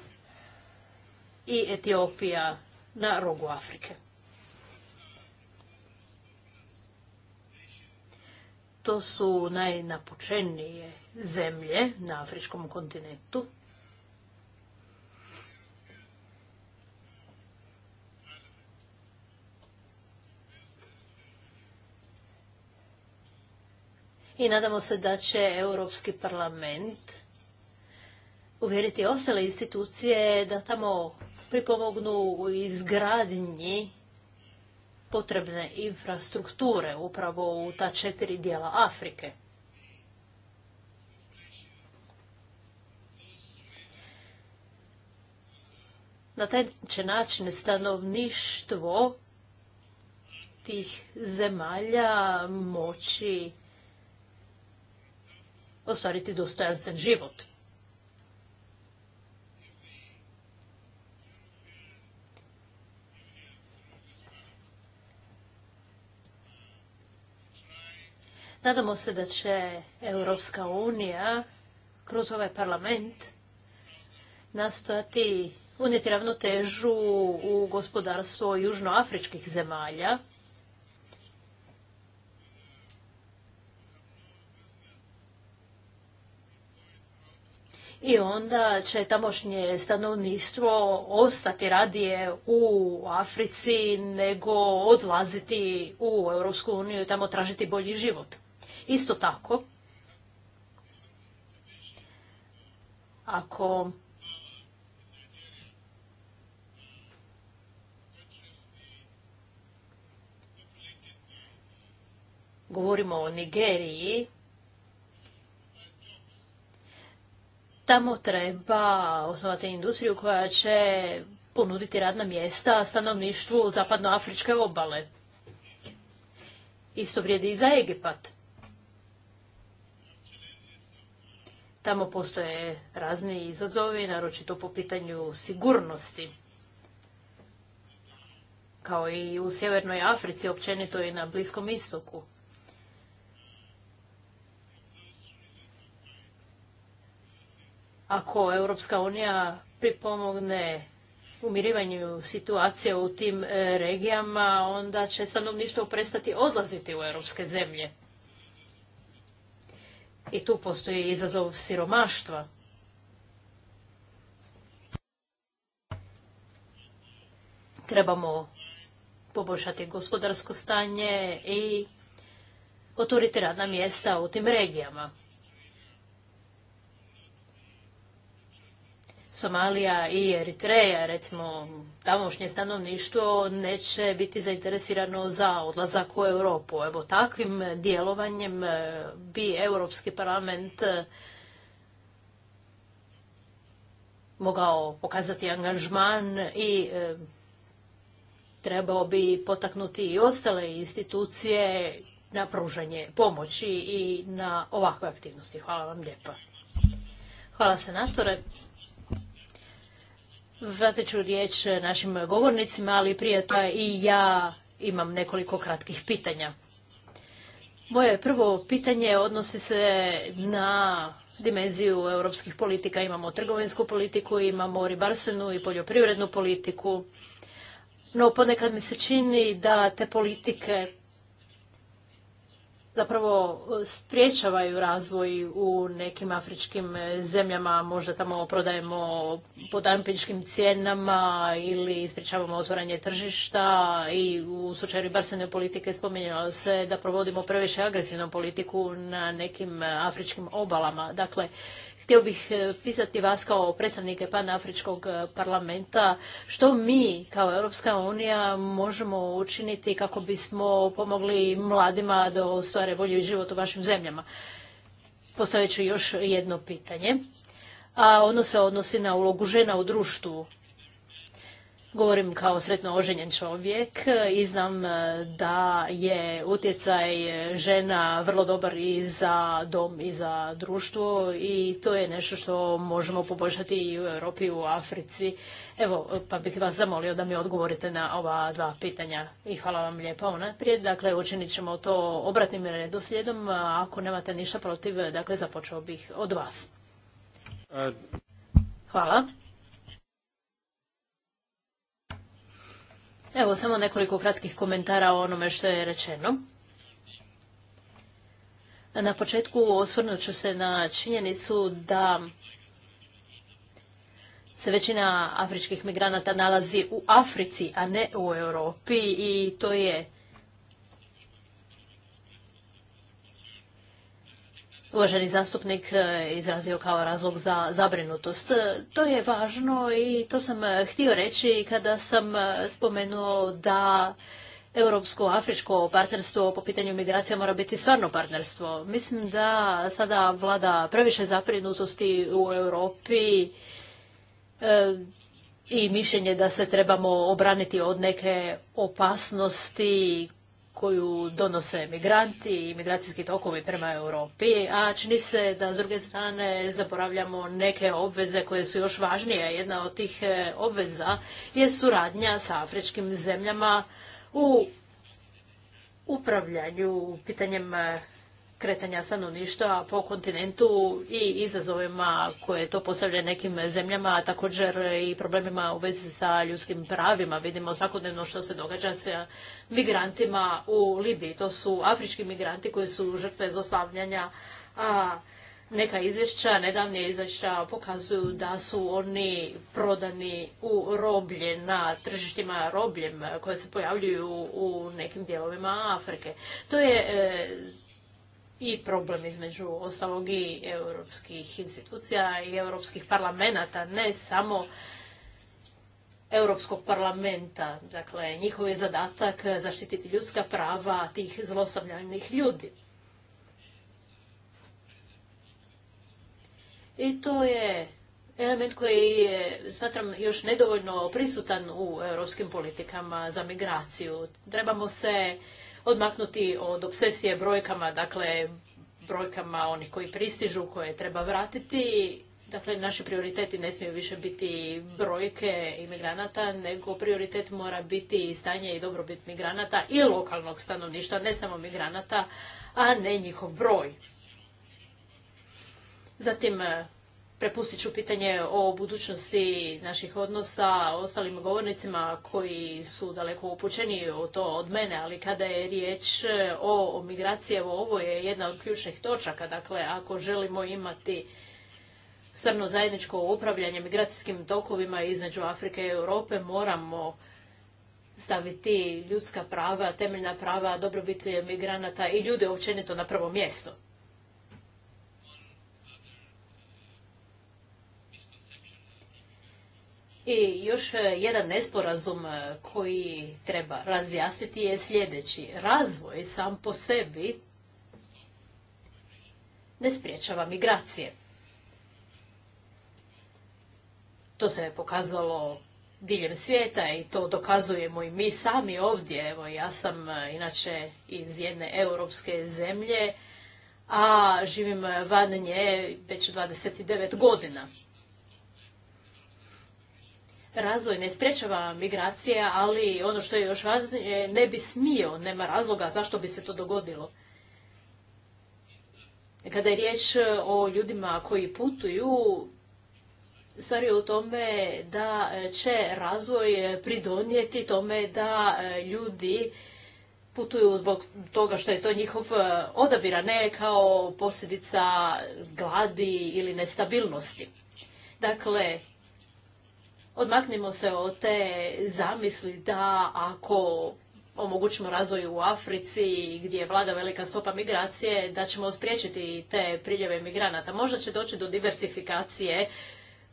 Speaker 3: i Etiopija na rogu Afrike. to su najnapučenije zemlje na afričkom kontinentu. I nadamo se da će Europski parlament uvjeriti ostale institucije da tamo pripomognu u izgradnji potrebne infrastrukture upravo u ta četiri dijela Afrike. Na taj će način stanovništvo tih zemalja moći ostvariti dostojanstven život. Nadamo se da će Europska unija kroz ovaj parlament nastojati unijeti ravnotežu u gospodarstvo južnoafričkih zemalja. I onda će tamošnje stanovništvo ostati radije u Africi nego odlaziti u Europsku uniju i tamo tražiti bolji život. Isto tako, ako govorimo o Nigeriji, tamo treba osnovati industriju koja će ponuditi radna mjesta stanovništvu zapadnoafričke obale. Isto vrijedi i za Egipat. Tamo postoje razni izazovi, naročito po pitanju sigurnosti. Kao i u Sjevernoj Africi, općenito i na Bliskom istoku. Ako Europska unija pripomogne umirivanju situacije u tim regijama, onda će stanovništvo prestati odlaziti u europske zemlje. I tu postoji izazov siromaštva. Trebamo poboljšati gospodarsko stanje i otvoriti radna mjesta u tim regijama. Somalija i Eritreja, recimo tamošnje stanovništvo, neće biti zainteresirano za odlazak u Europu. Evo takvim djelovanjem e, bi Europski parlament e, mogao pokazati angažman i e, trebao bi potaknuti i ostale institucije na pružanje pomoći i na ovakve aktivnosti. Hvala vam lijepa. Hvala senatore. Vratit ću riječ našim govornicima, ali prije toga i ja imam nekoliko kratkih pitanja. Moje prvo pitanje odnosi se na dimenziju europskih politika. Imamo trgovinsku politiku, imamo ribarsenu i poljoprivrednu politiku. No ponekad mi se čini da te politike zapravo e, spriječavaju razvoj u nekim afričkim e, zemljama, možda tamo prodajemo po dampičkim cijenama ili spriječavamo otvaranje tržišta i u slučaju ribarstvene politike spominjalo se da provodimo previše agresivnu politiku na nekim e, afričkim obalama. Dakle, Htio bih e, pisati vas kao predstavnike Panafričkog e, parlamenta što mi kao Europska unija možemo učiniti kako bismo pomogli mladima da ostvare bolji život u vašim zemljama. Postavit ću još jedno pitanje, a ono se odnosi na ulogu žena u društvu. Govorim kao sretno oženjen čovjek e, i znam e, da je utjecaj e, žena vrlo dobar i za dom i za društvo i to je nešto što možemo poboljšati i u Europi i u Africi. Evo, pa bih vas zamolio da mi odgovorite na ova dva pitanja i hvala vam lijepa unaprijed. Dakle, učinit ćemo to obratnim redoslijedom. Ako nemate ništa protiv, dakle, započeo bih od vas. Hvala. Evo, samo nekoliko kratkih komentara o onome što je rečeno. Na početku osvrnut ću se na činjenicu da se većina afričkih migranata nalazi u Africi, a ne u Europi i to je uvaženi zastupnik e, izrazio kao razlog za zabrinutost. E, to je važno i to sam e, htio reći kada sam spomenuo da europsko-afričko partnerstvo po pitanju migracija mora biti stvarno partnerstvo. Mislim da sada vlada previše zabrinutosti u Europi i mišljenje da se trebamo obraniti od neke opasnosti koju donose migranti i migracijski tokovi prema Europi, a čini se da s druge strane zaboravljamo neke obveze koje su još važnije. Jedna od tih e, obveza je suradnja sa afričkim zemljama u upravljanju pitanjem e, kretanja stanovništva po kontinentu i izazovima koje to postavlja nekim zemljama, a također i problemima u vezi sa ljudskim pravima. Vidimo svakodnevno što se događa sa migrantima u Libiji. To su afrički migranti koji su žrtve zlostavljanja, a neka izvješća, nedavnije izvješća pokazuju da su oni prodani u roblje na tržištima robljem koje se pojavljuju u nekim dijelovima Afrike. To je e, i problem između ostalog i europskih institucija i europskih parlamenta, ne samo Europskog parlamenta. Dakle, njihov je zadatak zaštititi ljudska prava tih zlostavljanih ljudi. I to je element koji je, smatram, još nedovoljno prisutan u europskim politikama za migraciju. Trebamo se odmaknuti od obsesije brojkama, dakle brojkama onih koji pristižu, koje treba vratiti. Dakle, naši prioriteti ne smiju više biti brojke imigranata, nego prioritet mora biti i stanje i dobrobit migranata i lokalnog stanovništva, ne samo migranata, a ne njihov broj. Zatim, prepustit ću pitanje o budućnosti naših odnosa ostalim govornicima koji su daleko upućeni o to od mene, ali kada je riječ eh, o, migraciji, evo ovo je jedna od ključnih točaka. Dakle, ako želimo imati stvarno zajedničko upravljanje migracijskim tokovima između Afrike i Europe, moramo staviti ljudska prava, temeljna prava, dobrobit migranata i ljude općenito na prvo mjesto. I još e, jedan nesporazum e, koji treba razjasniti je sljedeći. Razvoj sam po sebi ne spriječava migracije. To se je pokazalo diljem svijeta i to dokazujemo i mi sami ovdje. Evo, ja sam e, inače iz jedne europske zemlje, a živim van nje već 29 godina razvoj ne sprečava migracije, ali ono što je još važnije, ne bi smio, nema razloga zašto bi se to dogodilo. Kada je riječ e, o ljudima koji putuju, stvar je u tome da e, će razvoj pridonijeti tome da e, ljudi putuju zbog toga što je to njihov odabir, a ne kao posljedica gladi ili nestabilnosti. Dakle, Odmaknimo se od te zamisli da ako omogućimo razvoj u Africi gdje je vlada velika stopa migracije, da ćemo spriječiti te priljeve migranata. Možda će doći do diversifikacije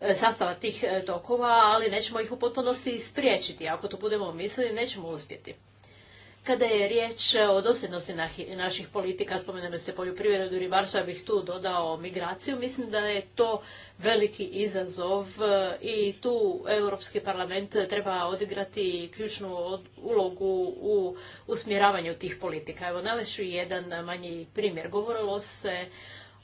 Speaker 3: e, sastava tih e, tokova, ali nećemo ih u potpunosti spriječiti. Ako to budemo mislili, nećemo uspjeti. Kada je riječ e, o dosljednosti naših politika, spomenuli ste poljoprivredu i ribarstvo, ja bih tu dodao migraciju. Mislim da je to veliki izazov e, i tu Europski parlament treba odigrati ključnu ulogu u usmjeravanju tih politika. Evo, navešu jedan manji primjer. Govorilo se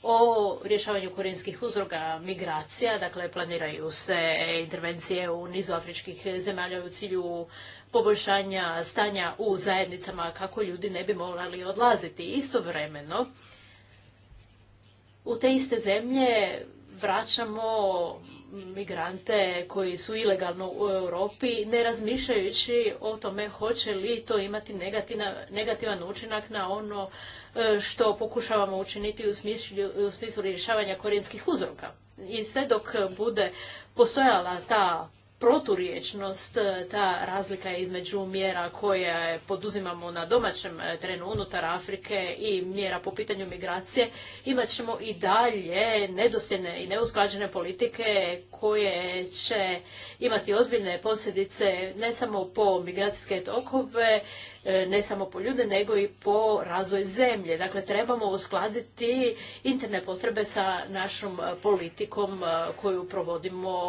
Speaker 3: o rješavanju korinskih uzroga migracija, dakle planiraju se intervencije u nizu afričkih zemalja u cilju poboljšanja stanja u zajednicama kako ljudi ne bi morali odlaziti. Istovremeno, u te iste zemlje vraćamo migrante koji su ilegalno u Europi, ne razmišljajući o tome hoće li to imati negativan učinak na ono e, što pokušavamo učiniti u, u smislu rješavanja korijenskih uzroka. I sve dok bude postojala ta proturječnost, e, ta razlika između mjera koje poduzimamo na domaćem e, terenu unutar Afrike i mjera po pitanju migracije, imat ćemo i dalje nedosljedne i neusklađene politike koje će imati ozbiljne posljedice ne samo po migracijske tokove, e, ne samo po ljude, nego i po razvoj zemlje. Dakle, trebamo uskladiti interne potrebe sa našom politikom koju provodimo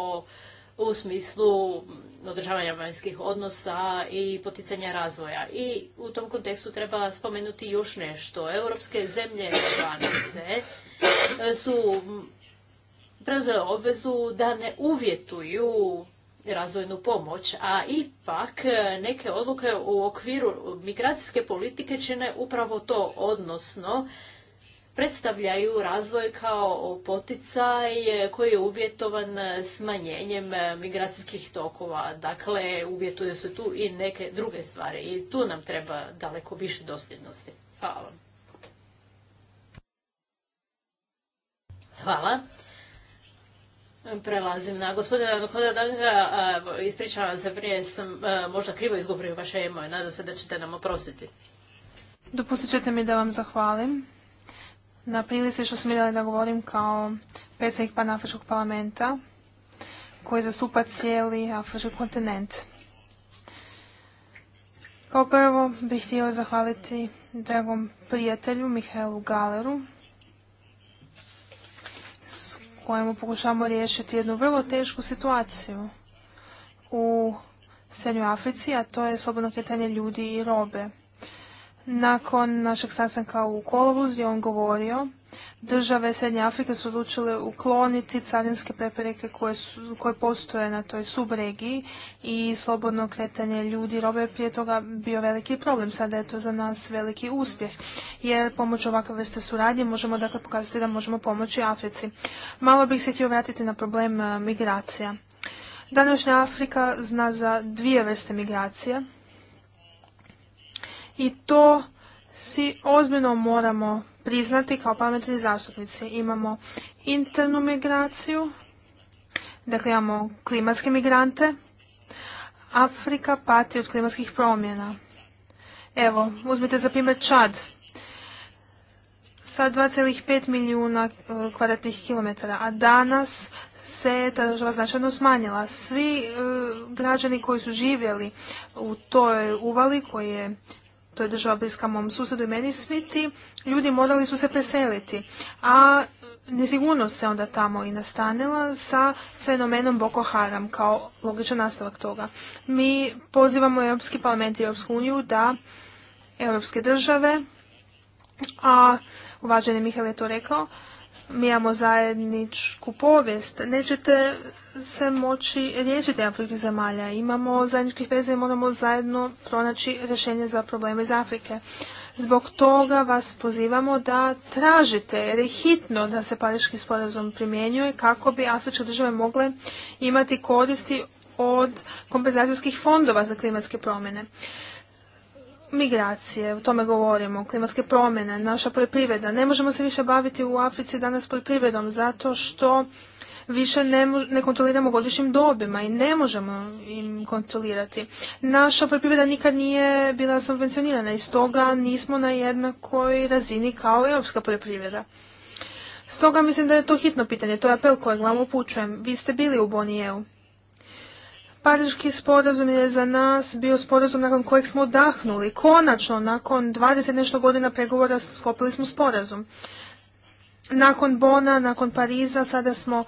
Speaker 3: u smislu održavanja vanjskih odnosa i poticanja razvoja. I u tom kontekstu treba spomenuti još nešto. Europske zemlje članice e, su preuzele obvezu da ne uvjetuju razvojnu pomoć, a ipak neke odluke u okviru migracijske politike čine upravo to, odnosno predstavljaju razvoj kao poticaj koji je uvjetovan smanjenjem eh, migracijskih tokova. Dakle, uvjetuju se tu i neke druge stvari i tu nam treba daleko više dosljednosti. Hvala vam. Hvala. Prelazim na gospodina Kodadanga. Ispričavam se, prije sam eh, možda krivo izgovorio vaše emoje. Nadam se da ćete nam oprostiti.
Speaker 2: Dopustit ćete mi da vam zahvalim na prilici što sam vidjela da govorim kao predsjednik Panafričkog parlamenta koji zastupa cijeli Afrički kontinent. Kao prvo bih htio zahvaliti dragom prijatelju Mihaelu Galeru s kojemu pokušavamo riješiti jednu vrlo tešku situaciju u Srednjoj Africi, a to je slobodno kretanje ljudi i robe. Nakon našeg sastanka u Kolovu gdje on govorio, države Srednje Afrike su odlučile ukloniti carinske prepreke koje, su, koje postoje na toj subregiji i slobodno kretanje ljudi robe prije toga bio veliki problem. Sada je to za nas veliki uspjeh jer pomoć ovakve vrste suradnje možemo dakle pokazati da možemo pomoći Africi. Malo bih se htio vratiti na problem e, migracija. Današnja Afrika zna za dvije vrste migracija i to si ozbiljno moramo priznati kao pametni zastupnici. Imamo internu migraciju, dakle imamo klimatske migrante, Afrika pati od klimatskih promjena. Evo, uzmite za primjer Čad. Sa 2,5 milijuna e, kvadratnih kilometara, a danas se ta država značajno smanjila. Svi e, građani koji su živjeli u toj uvali koji je to je država bliska mom i meni, sviti, ljudi morali su se preseliti. A nesigurnost se onda tamo i nastanila sa fenomenom Boko Haram kao logičan nastavak toga. Mi pozivamo Europski parlament i Europsku uniju da europske države, a uvaženi Mihael je to rekao, mi imamo zajedničku povijest. Nećete se moći riješiti Afrike zemalja. Imamo zajedničkih veze i moramo zajedno pronaći rješenje za probleme iz Afrike. Zbog toga vas pozivamo da tražite, jer je hitno da se Pariški sporazum primjenjuje kako bi afričke države mogle imati koristi od kompenzacijskih fondova za klimatske promjene. Migracije, o tome govorimo, klimatske promjene, naša poljoprivreda. Ne možemo se više baviti u Africi danas poljoprivredom zato što više ne, ne kontroliramo godišnjim dobima i ne možemo im kontrolirati. Naša poljoprivreda nikad nije bila subvencionirana i stoga nismo na jednakoj razini kao europska poljoprivreda. Stoga mislim da je to hitno pitanje, to je apel kojeg vam upućujem. Vi ste bili u Bonijevu. Pariški sporazum je za nas bio sporazum nakon kojeg smo odahnuli. Konačno, nakon 20 nešto godina pregovora sklopili smo sporazum. Nakon Bona, nakon Pariza, sada smo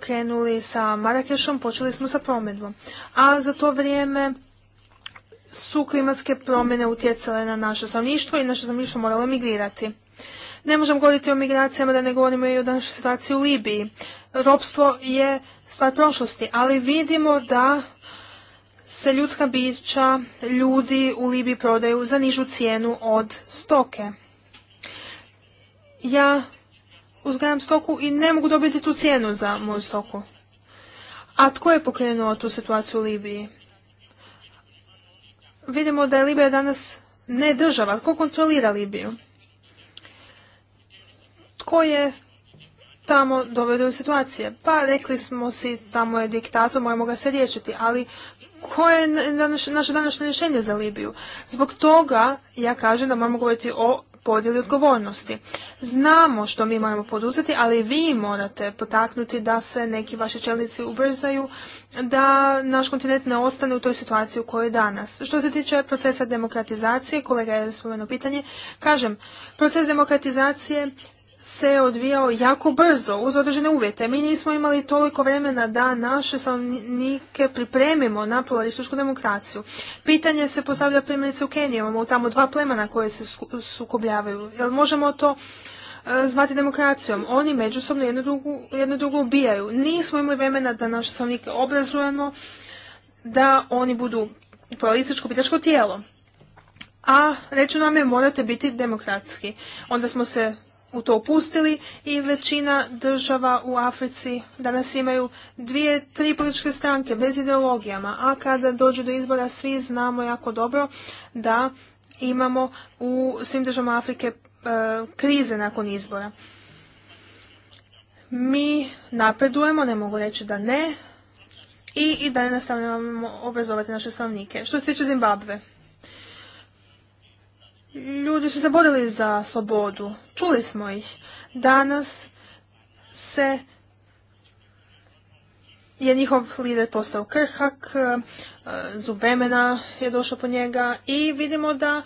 Speaker 2: krenuli sa Marakešom, počeli smo sa promjedbom. A za to vrijeme su klimatske promjene utjecale na naše stanovništvo i naše stanovništvo moralo emigrirati. Ne možemo govoriti o migracijama da ne govorimo i o današnjoj situaciji u Libiji. Ropstvo je stvar prošlosti, ali vidimo da se ljudska bića ljudi u Libiji prodaju za nižu cijenu od stoke. Ja uzgajam stoku i ne mogu dobiti tu cijenu za moju stoku. A tko je pokrenuo tu situaciju u Libiji? Vidimo da je Libija danas ne država. Tko kontrolira Libiju? Tko je tamo dovedio u situacije? Pa rekli smo si tamo je diktator, mojemo ga se riječiti, ali koje je naše današnje rješenje za Libiju? Zbog toga ja kažem da moramo govoriti o podijeli odgovornosti. Znamo što mi moramo poduzeti, ali vi morate potaknuti da se neki vaši čelnici ubrzaju, da naš kontinent ne ostane u toj situaciji u kojoj je danas. Što se tiče procesa demokratizacije, kolega je spomenuo pitanje, kažem, proces demokratizacije se odvijao jako brzo, uz određene uvjete. Mi nismo imali toliko vremena da naše stanovnike pripremimo na polarističku demokraciju. Pitanje se postavlja primjerice u Keniji, imamo tamo dva plemena koje se sukobljavaju. Jel možemo to e, zvati demokracijom? Oni međusobno jedno drugo, ubijaju. Nismo imali vremena da naše stanovnike obrazujemo, da oni budu polarističko pitačko tijelo a reći nam je morate biti demokratski. Onda smo se u to upustili i većina država u Africi danas imaju dvije, tri političke stranke bez ideologijama, a kada dođe do izbora svi znamo jako dobro da imamo u svim državama Afrike e, krize nakon izbora. Mi napredujemo, ne mogu reći da ne, i, i dalje nastavljamo obrazovati naše stanovnike. Što se tiče Zimbabve, ljudi su se borili za slobodu. Čuli smo ih. Danas se je njihov lider postao krhak, e, zubemena je došao po njega i vidimo da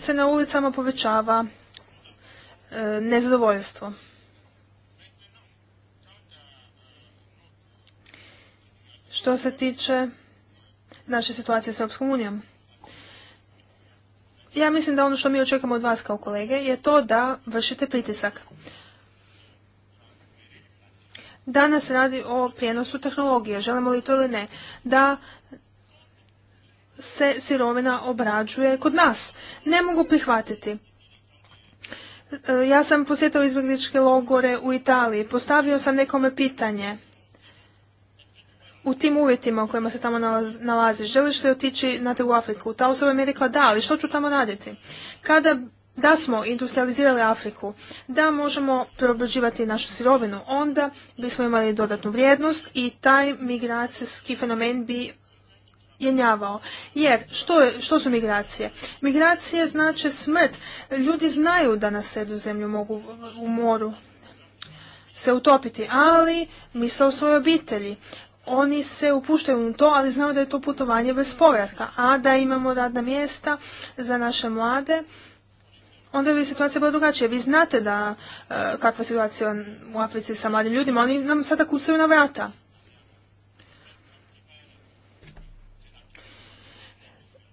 Speaker 2: se na ulicama povećava e, nezadovoljstvo. Što se tiče naše situacije s Europskom unijom ja mislim da ono što mi očekamo od vas kao kolege je to da vršite pritisak. Danas radi o prijenosu tehnologije, želimo li to ili ne, da se sirovina obrađuje kod nas. Ne mogu prihvatiti. E, ja sam posjetao izbjegličke logore u Italiji. Postavio sam nekome pitanje u tim uvjetima u kojima se tamo nalazi, želiš li otići na te u Afriku? Ta osoba mi je rekla da, ali što ću tamo raditi? Kada da smo industrializirali Afriku, da možemo preobrađivati našu sirovinu, onda bismo imali dodatnu vrijednost i taj migracijski fenomen bi jenjavao. Jer, što, je, što su migracije? Migracije znači smrt. Ljudi znaju da na sedu zemlju mogu u moru se utopiti, ali misle o svojoj obitelji oni se upuštaju u to, ali znaju da je to putovanje bez povratka, a da imamo radna mjesta za naše mlade, onda bi situacija bila drugačija. Vi znate da e, kakva je situacija u Africi sa mladim ljudima, oni nam sada kucaju na vrata.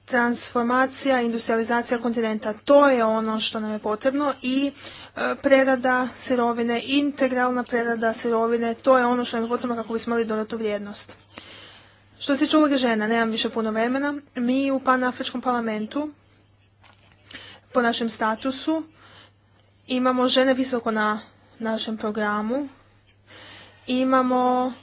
Speaker 2: Transformacija, industrializacija kontinenta, to je ono što nam je potrebno i E, prerada sirovine, integralna prerada sirovine, to je ono što nam je potrebno kako bismo imali dodatnu vrijednost. Što se tiče uloge žena, nemam više puno vremena, mi u Panafričkom parlamentu po našem statusu imamo žene visoko na našem programu, imamo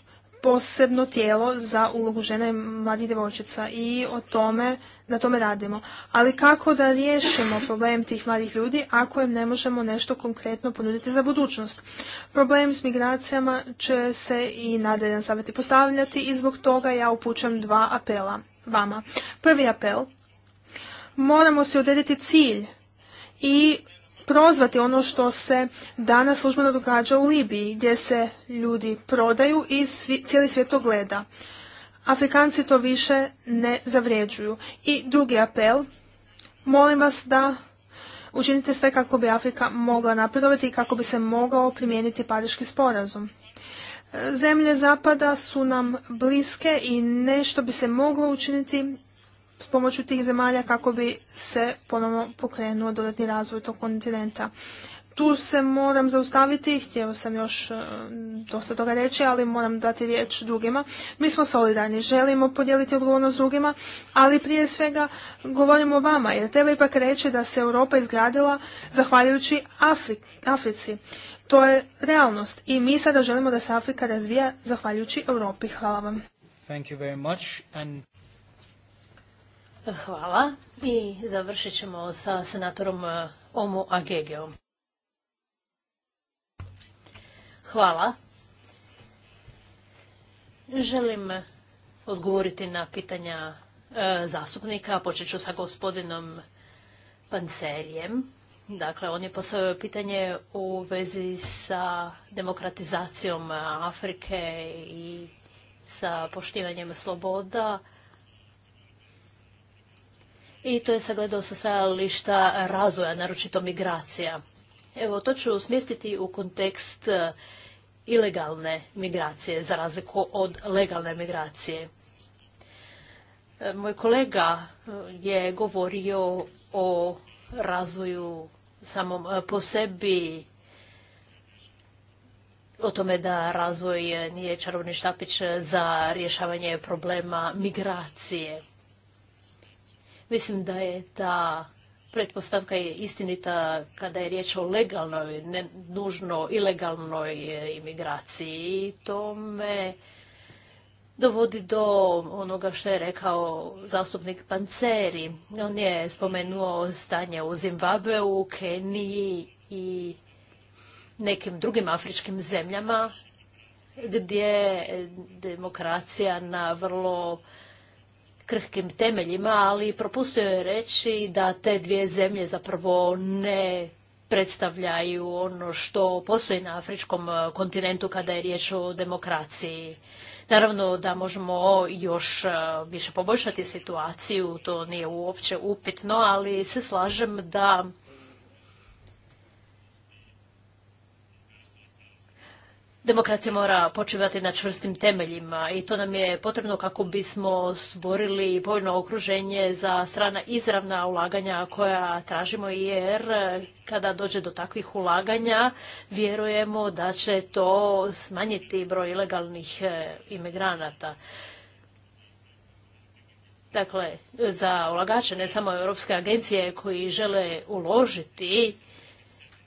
Speaker 2: posebno tijelo za ulogu žena i mladih djevojčica i o tome, na tome radimo. Ali kako da riješimo problem tih mladih ljudi ako im ne možemo nešto konkretno ponuditi za budućnost? Problem s migracijama će se i nadalje nastaviti postavljati i zbog toga ja upućam dva apela vama. Prvi apel. Moramo se odrediti cilj i prozvati ono što se danas službeno događa u Libiji, gdje se ljudi prodaju i cijeli svijet to gleda. Afrikanci to više ne zavređuju. I drugi apel, molim vas da učinite sve kako bi Afrika mogla napredovati i kako bi se mogao primijeniti Pariški sporazum. Zemlje Zapada su nam bliske i nešto bi se moglo učiniti s pomoću tih zemalja kako bi se ponovno pokrenuo dodatni razvoj tog kontinenta. Tu se moram zaustaviti, htjeo sam još e, dosta toga reći, ali moram dati riječ drugima. Mi smo solidarni, želimo podijeliti odgovornost drugima, ali prije svega govorimo o vama, jer treba ipak reći da se Europa izgradila zahvaljujući Africi. To je realnost i mi sada želimo da se Afrika razvija zahvaljujući Europi. Hvala vam.
Speaker 3: Hvala i završit ćemo sa senatorom e, Omu Agegeom. Hvala. Želim odgovoriti na pitanja e, zastupnika. Počet ću sa gospodinom Panserijem. Dakle, on je postavio pitanje u vezi sa demokratizacijom Afrike i sa poštivanjem sloboda i to je sagledao sa stajališta razvoja, naročito migracija. Evo, to ću smjestiti u kontekst e, ilegalne migracije, za razliku od legalne migracije. E, moj kolega e, je govorio o razvoju samom po sebi, o tome da razvoj nije čarobni štapić za rješavanje problema migracije. Mislim da je ta pretpostavka je istinita kada je riječ o legalnoj, ne nužno ilegalnoj e, imigraciji i to me dovodi do onoga što je rekao zastupnik Panceri. On je spomenuo stanje u Zimbabveu, u Keniji i nekim drugim afričkim zemljama gdje demokracija na vrlo krhkim temeljima, ali propustio je reći da te dvije zemlje zapravo ne predstavljaju ono što postoji na afričkom e, kontinentu kada je riječ o demokraciji. Naravno da možemo još e, više poboljšati situaciju, to nije uopće upitno, ali se slažem da Demokracija mora počivati na čvrstim temeljima i to nam je potrebno kako bismo stvorili povoljno okruženje za strana izravna ulaganja koja tražimo jer kada dođe do takvih ulaganja vjerujemo da će to smanjiti broj ilegalnih e, imigranata. Dakle, za ulagače ne samo europske agencije koji žele uložiti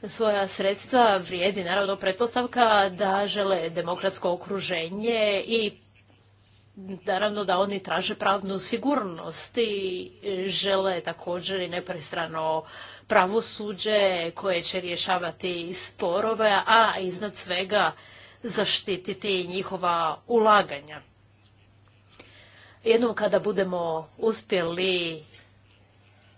Speaker 3: svoja sredstva vrijedi naravno pretpostavka da žele demokratsko okruženje i naravno da oni traže pravnu sigurnost i žele također i nepristrano pravosuđe koje će rješavati sporove, a iznad svega zaštititi njihova ulaganja. Jednom kada budemo uspjeli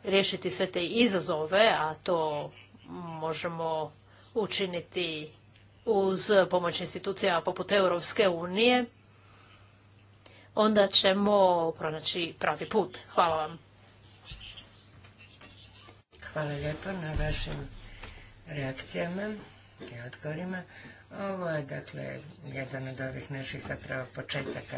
Speaker 3: riješiti sve te izazove, a to možemo učiniti uz pomoć institucija poput Europske unije, onda ćemo pronaći pravi put. Hvala vam.
Speaker 1: Hvala lijepo na vašim reakcijama i odgovorima. Ovo je dakle jedan od ovih naših zapravo početaka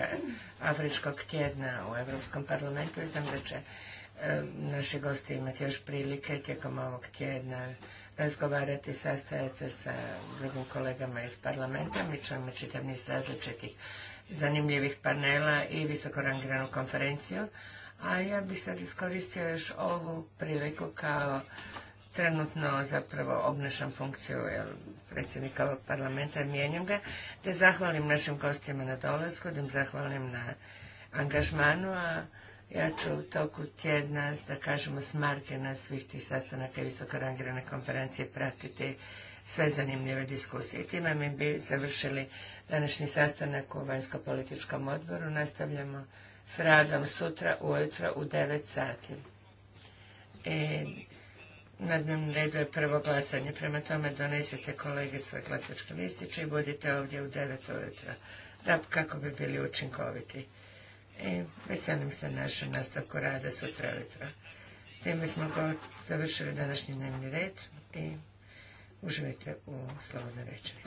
Speaker 1: Afričkog tjedna u Evropskom parlamentu i znam da će e, naši gosti imati još prilike tijekom ovog tjedna razgovarati, sastajati se sa drugim kolegama iz parlamenta. Mi ćemo čitav niz različitih zanimljivih panela i visokorangiranu konferenciju. A ja bih sad iskoristio još ovu priliku kao trenutno zapravo obnašam funkciju predsjednika ovog parlamenta, mijenjam ga, da zahvalim našim gostima na dolasku, da im zahvalim na angažmanu, a ja ću u toku tjedna, da kažemo, s na svih tih sastanaka i visoko rangirane konferencije pratiti sve zanimljive diskusije. time mi bi završili današnji sastanak u vanjsko-političkom odboru. Nastavljamo s radom sutra ujutro u 9 sati. E, na dnevnom redu je prvo glasanje. Prema tome donesite kolege svoje glasačke listiće i budite ovdje u 9 ujutro. Da, kako bi bili učinkoviti i e, veselim se našem nastavku rada sutra ujutro. Time smo to završili današnji dnevni red i uživajte u slobodnoj večeri.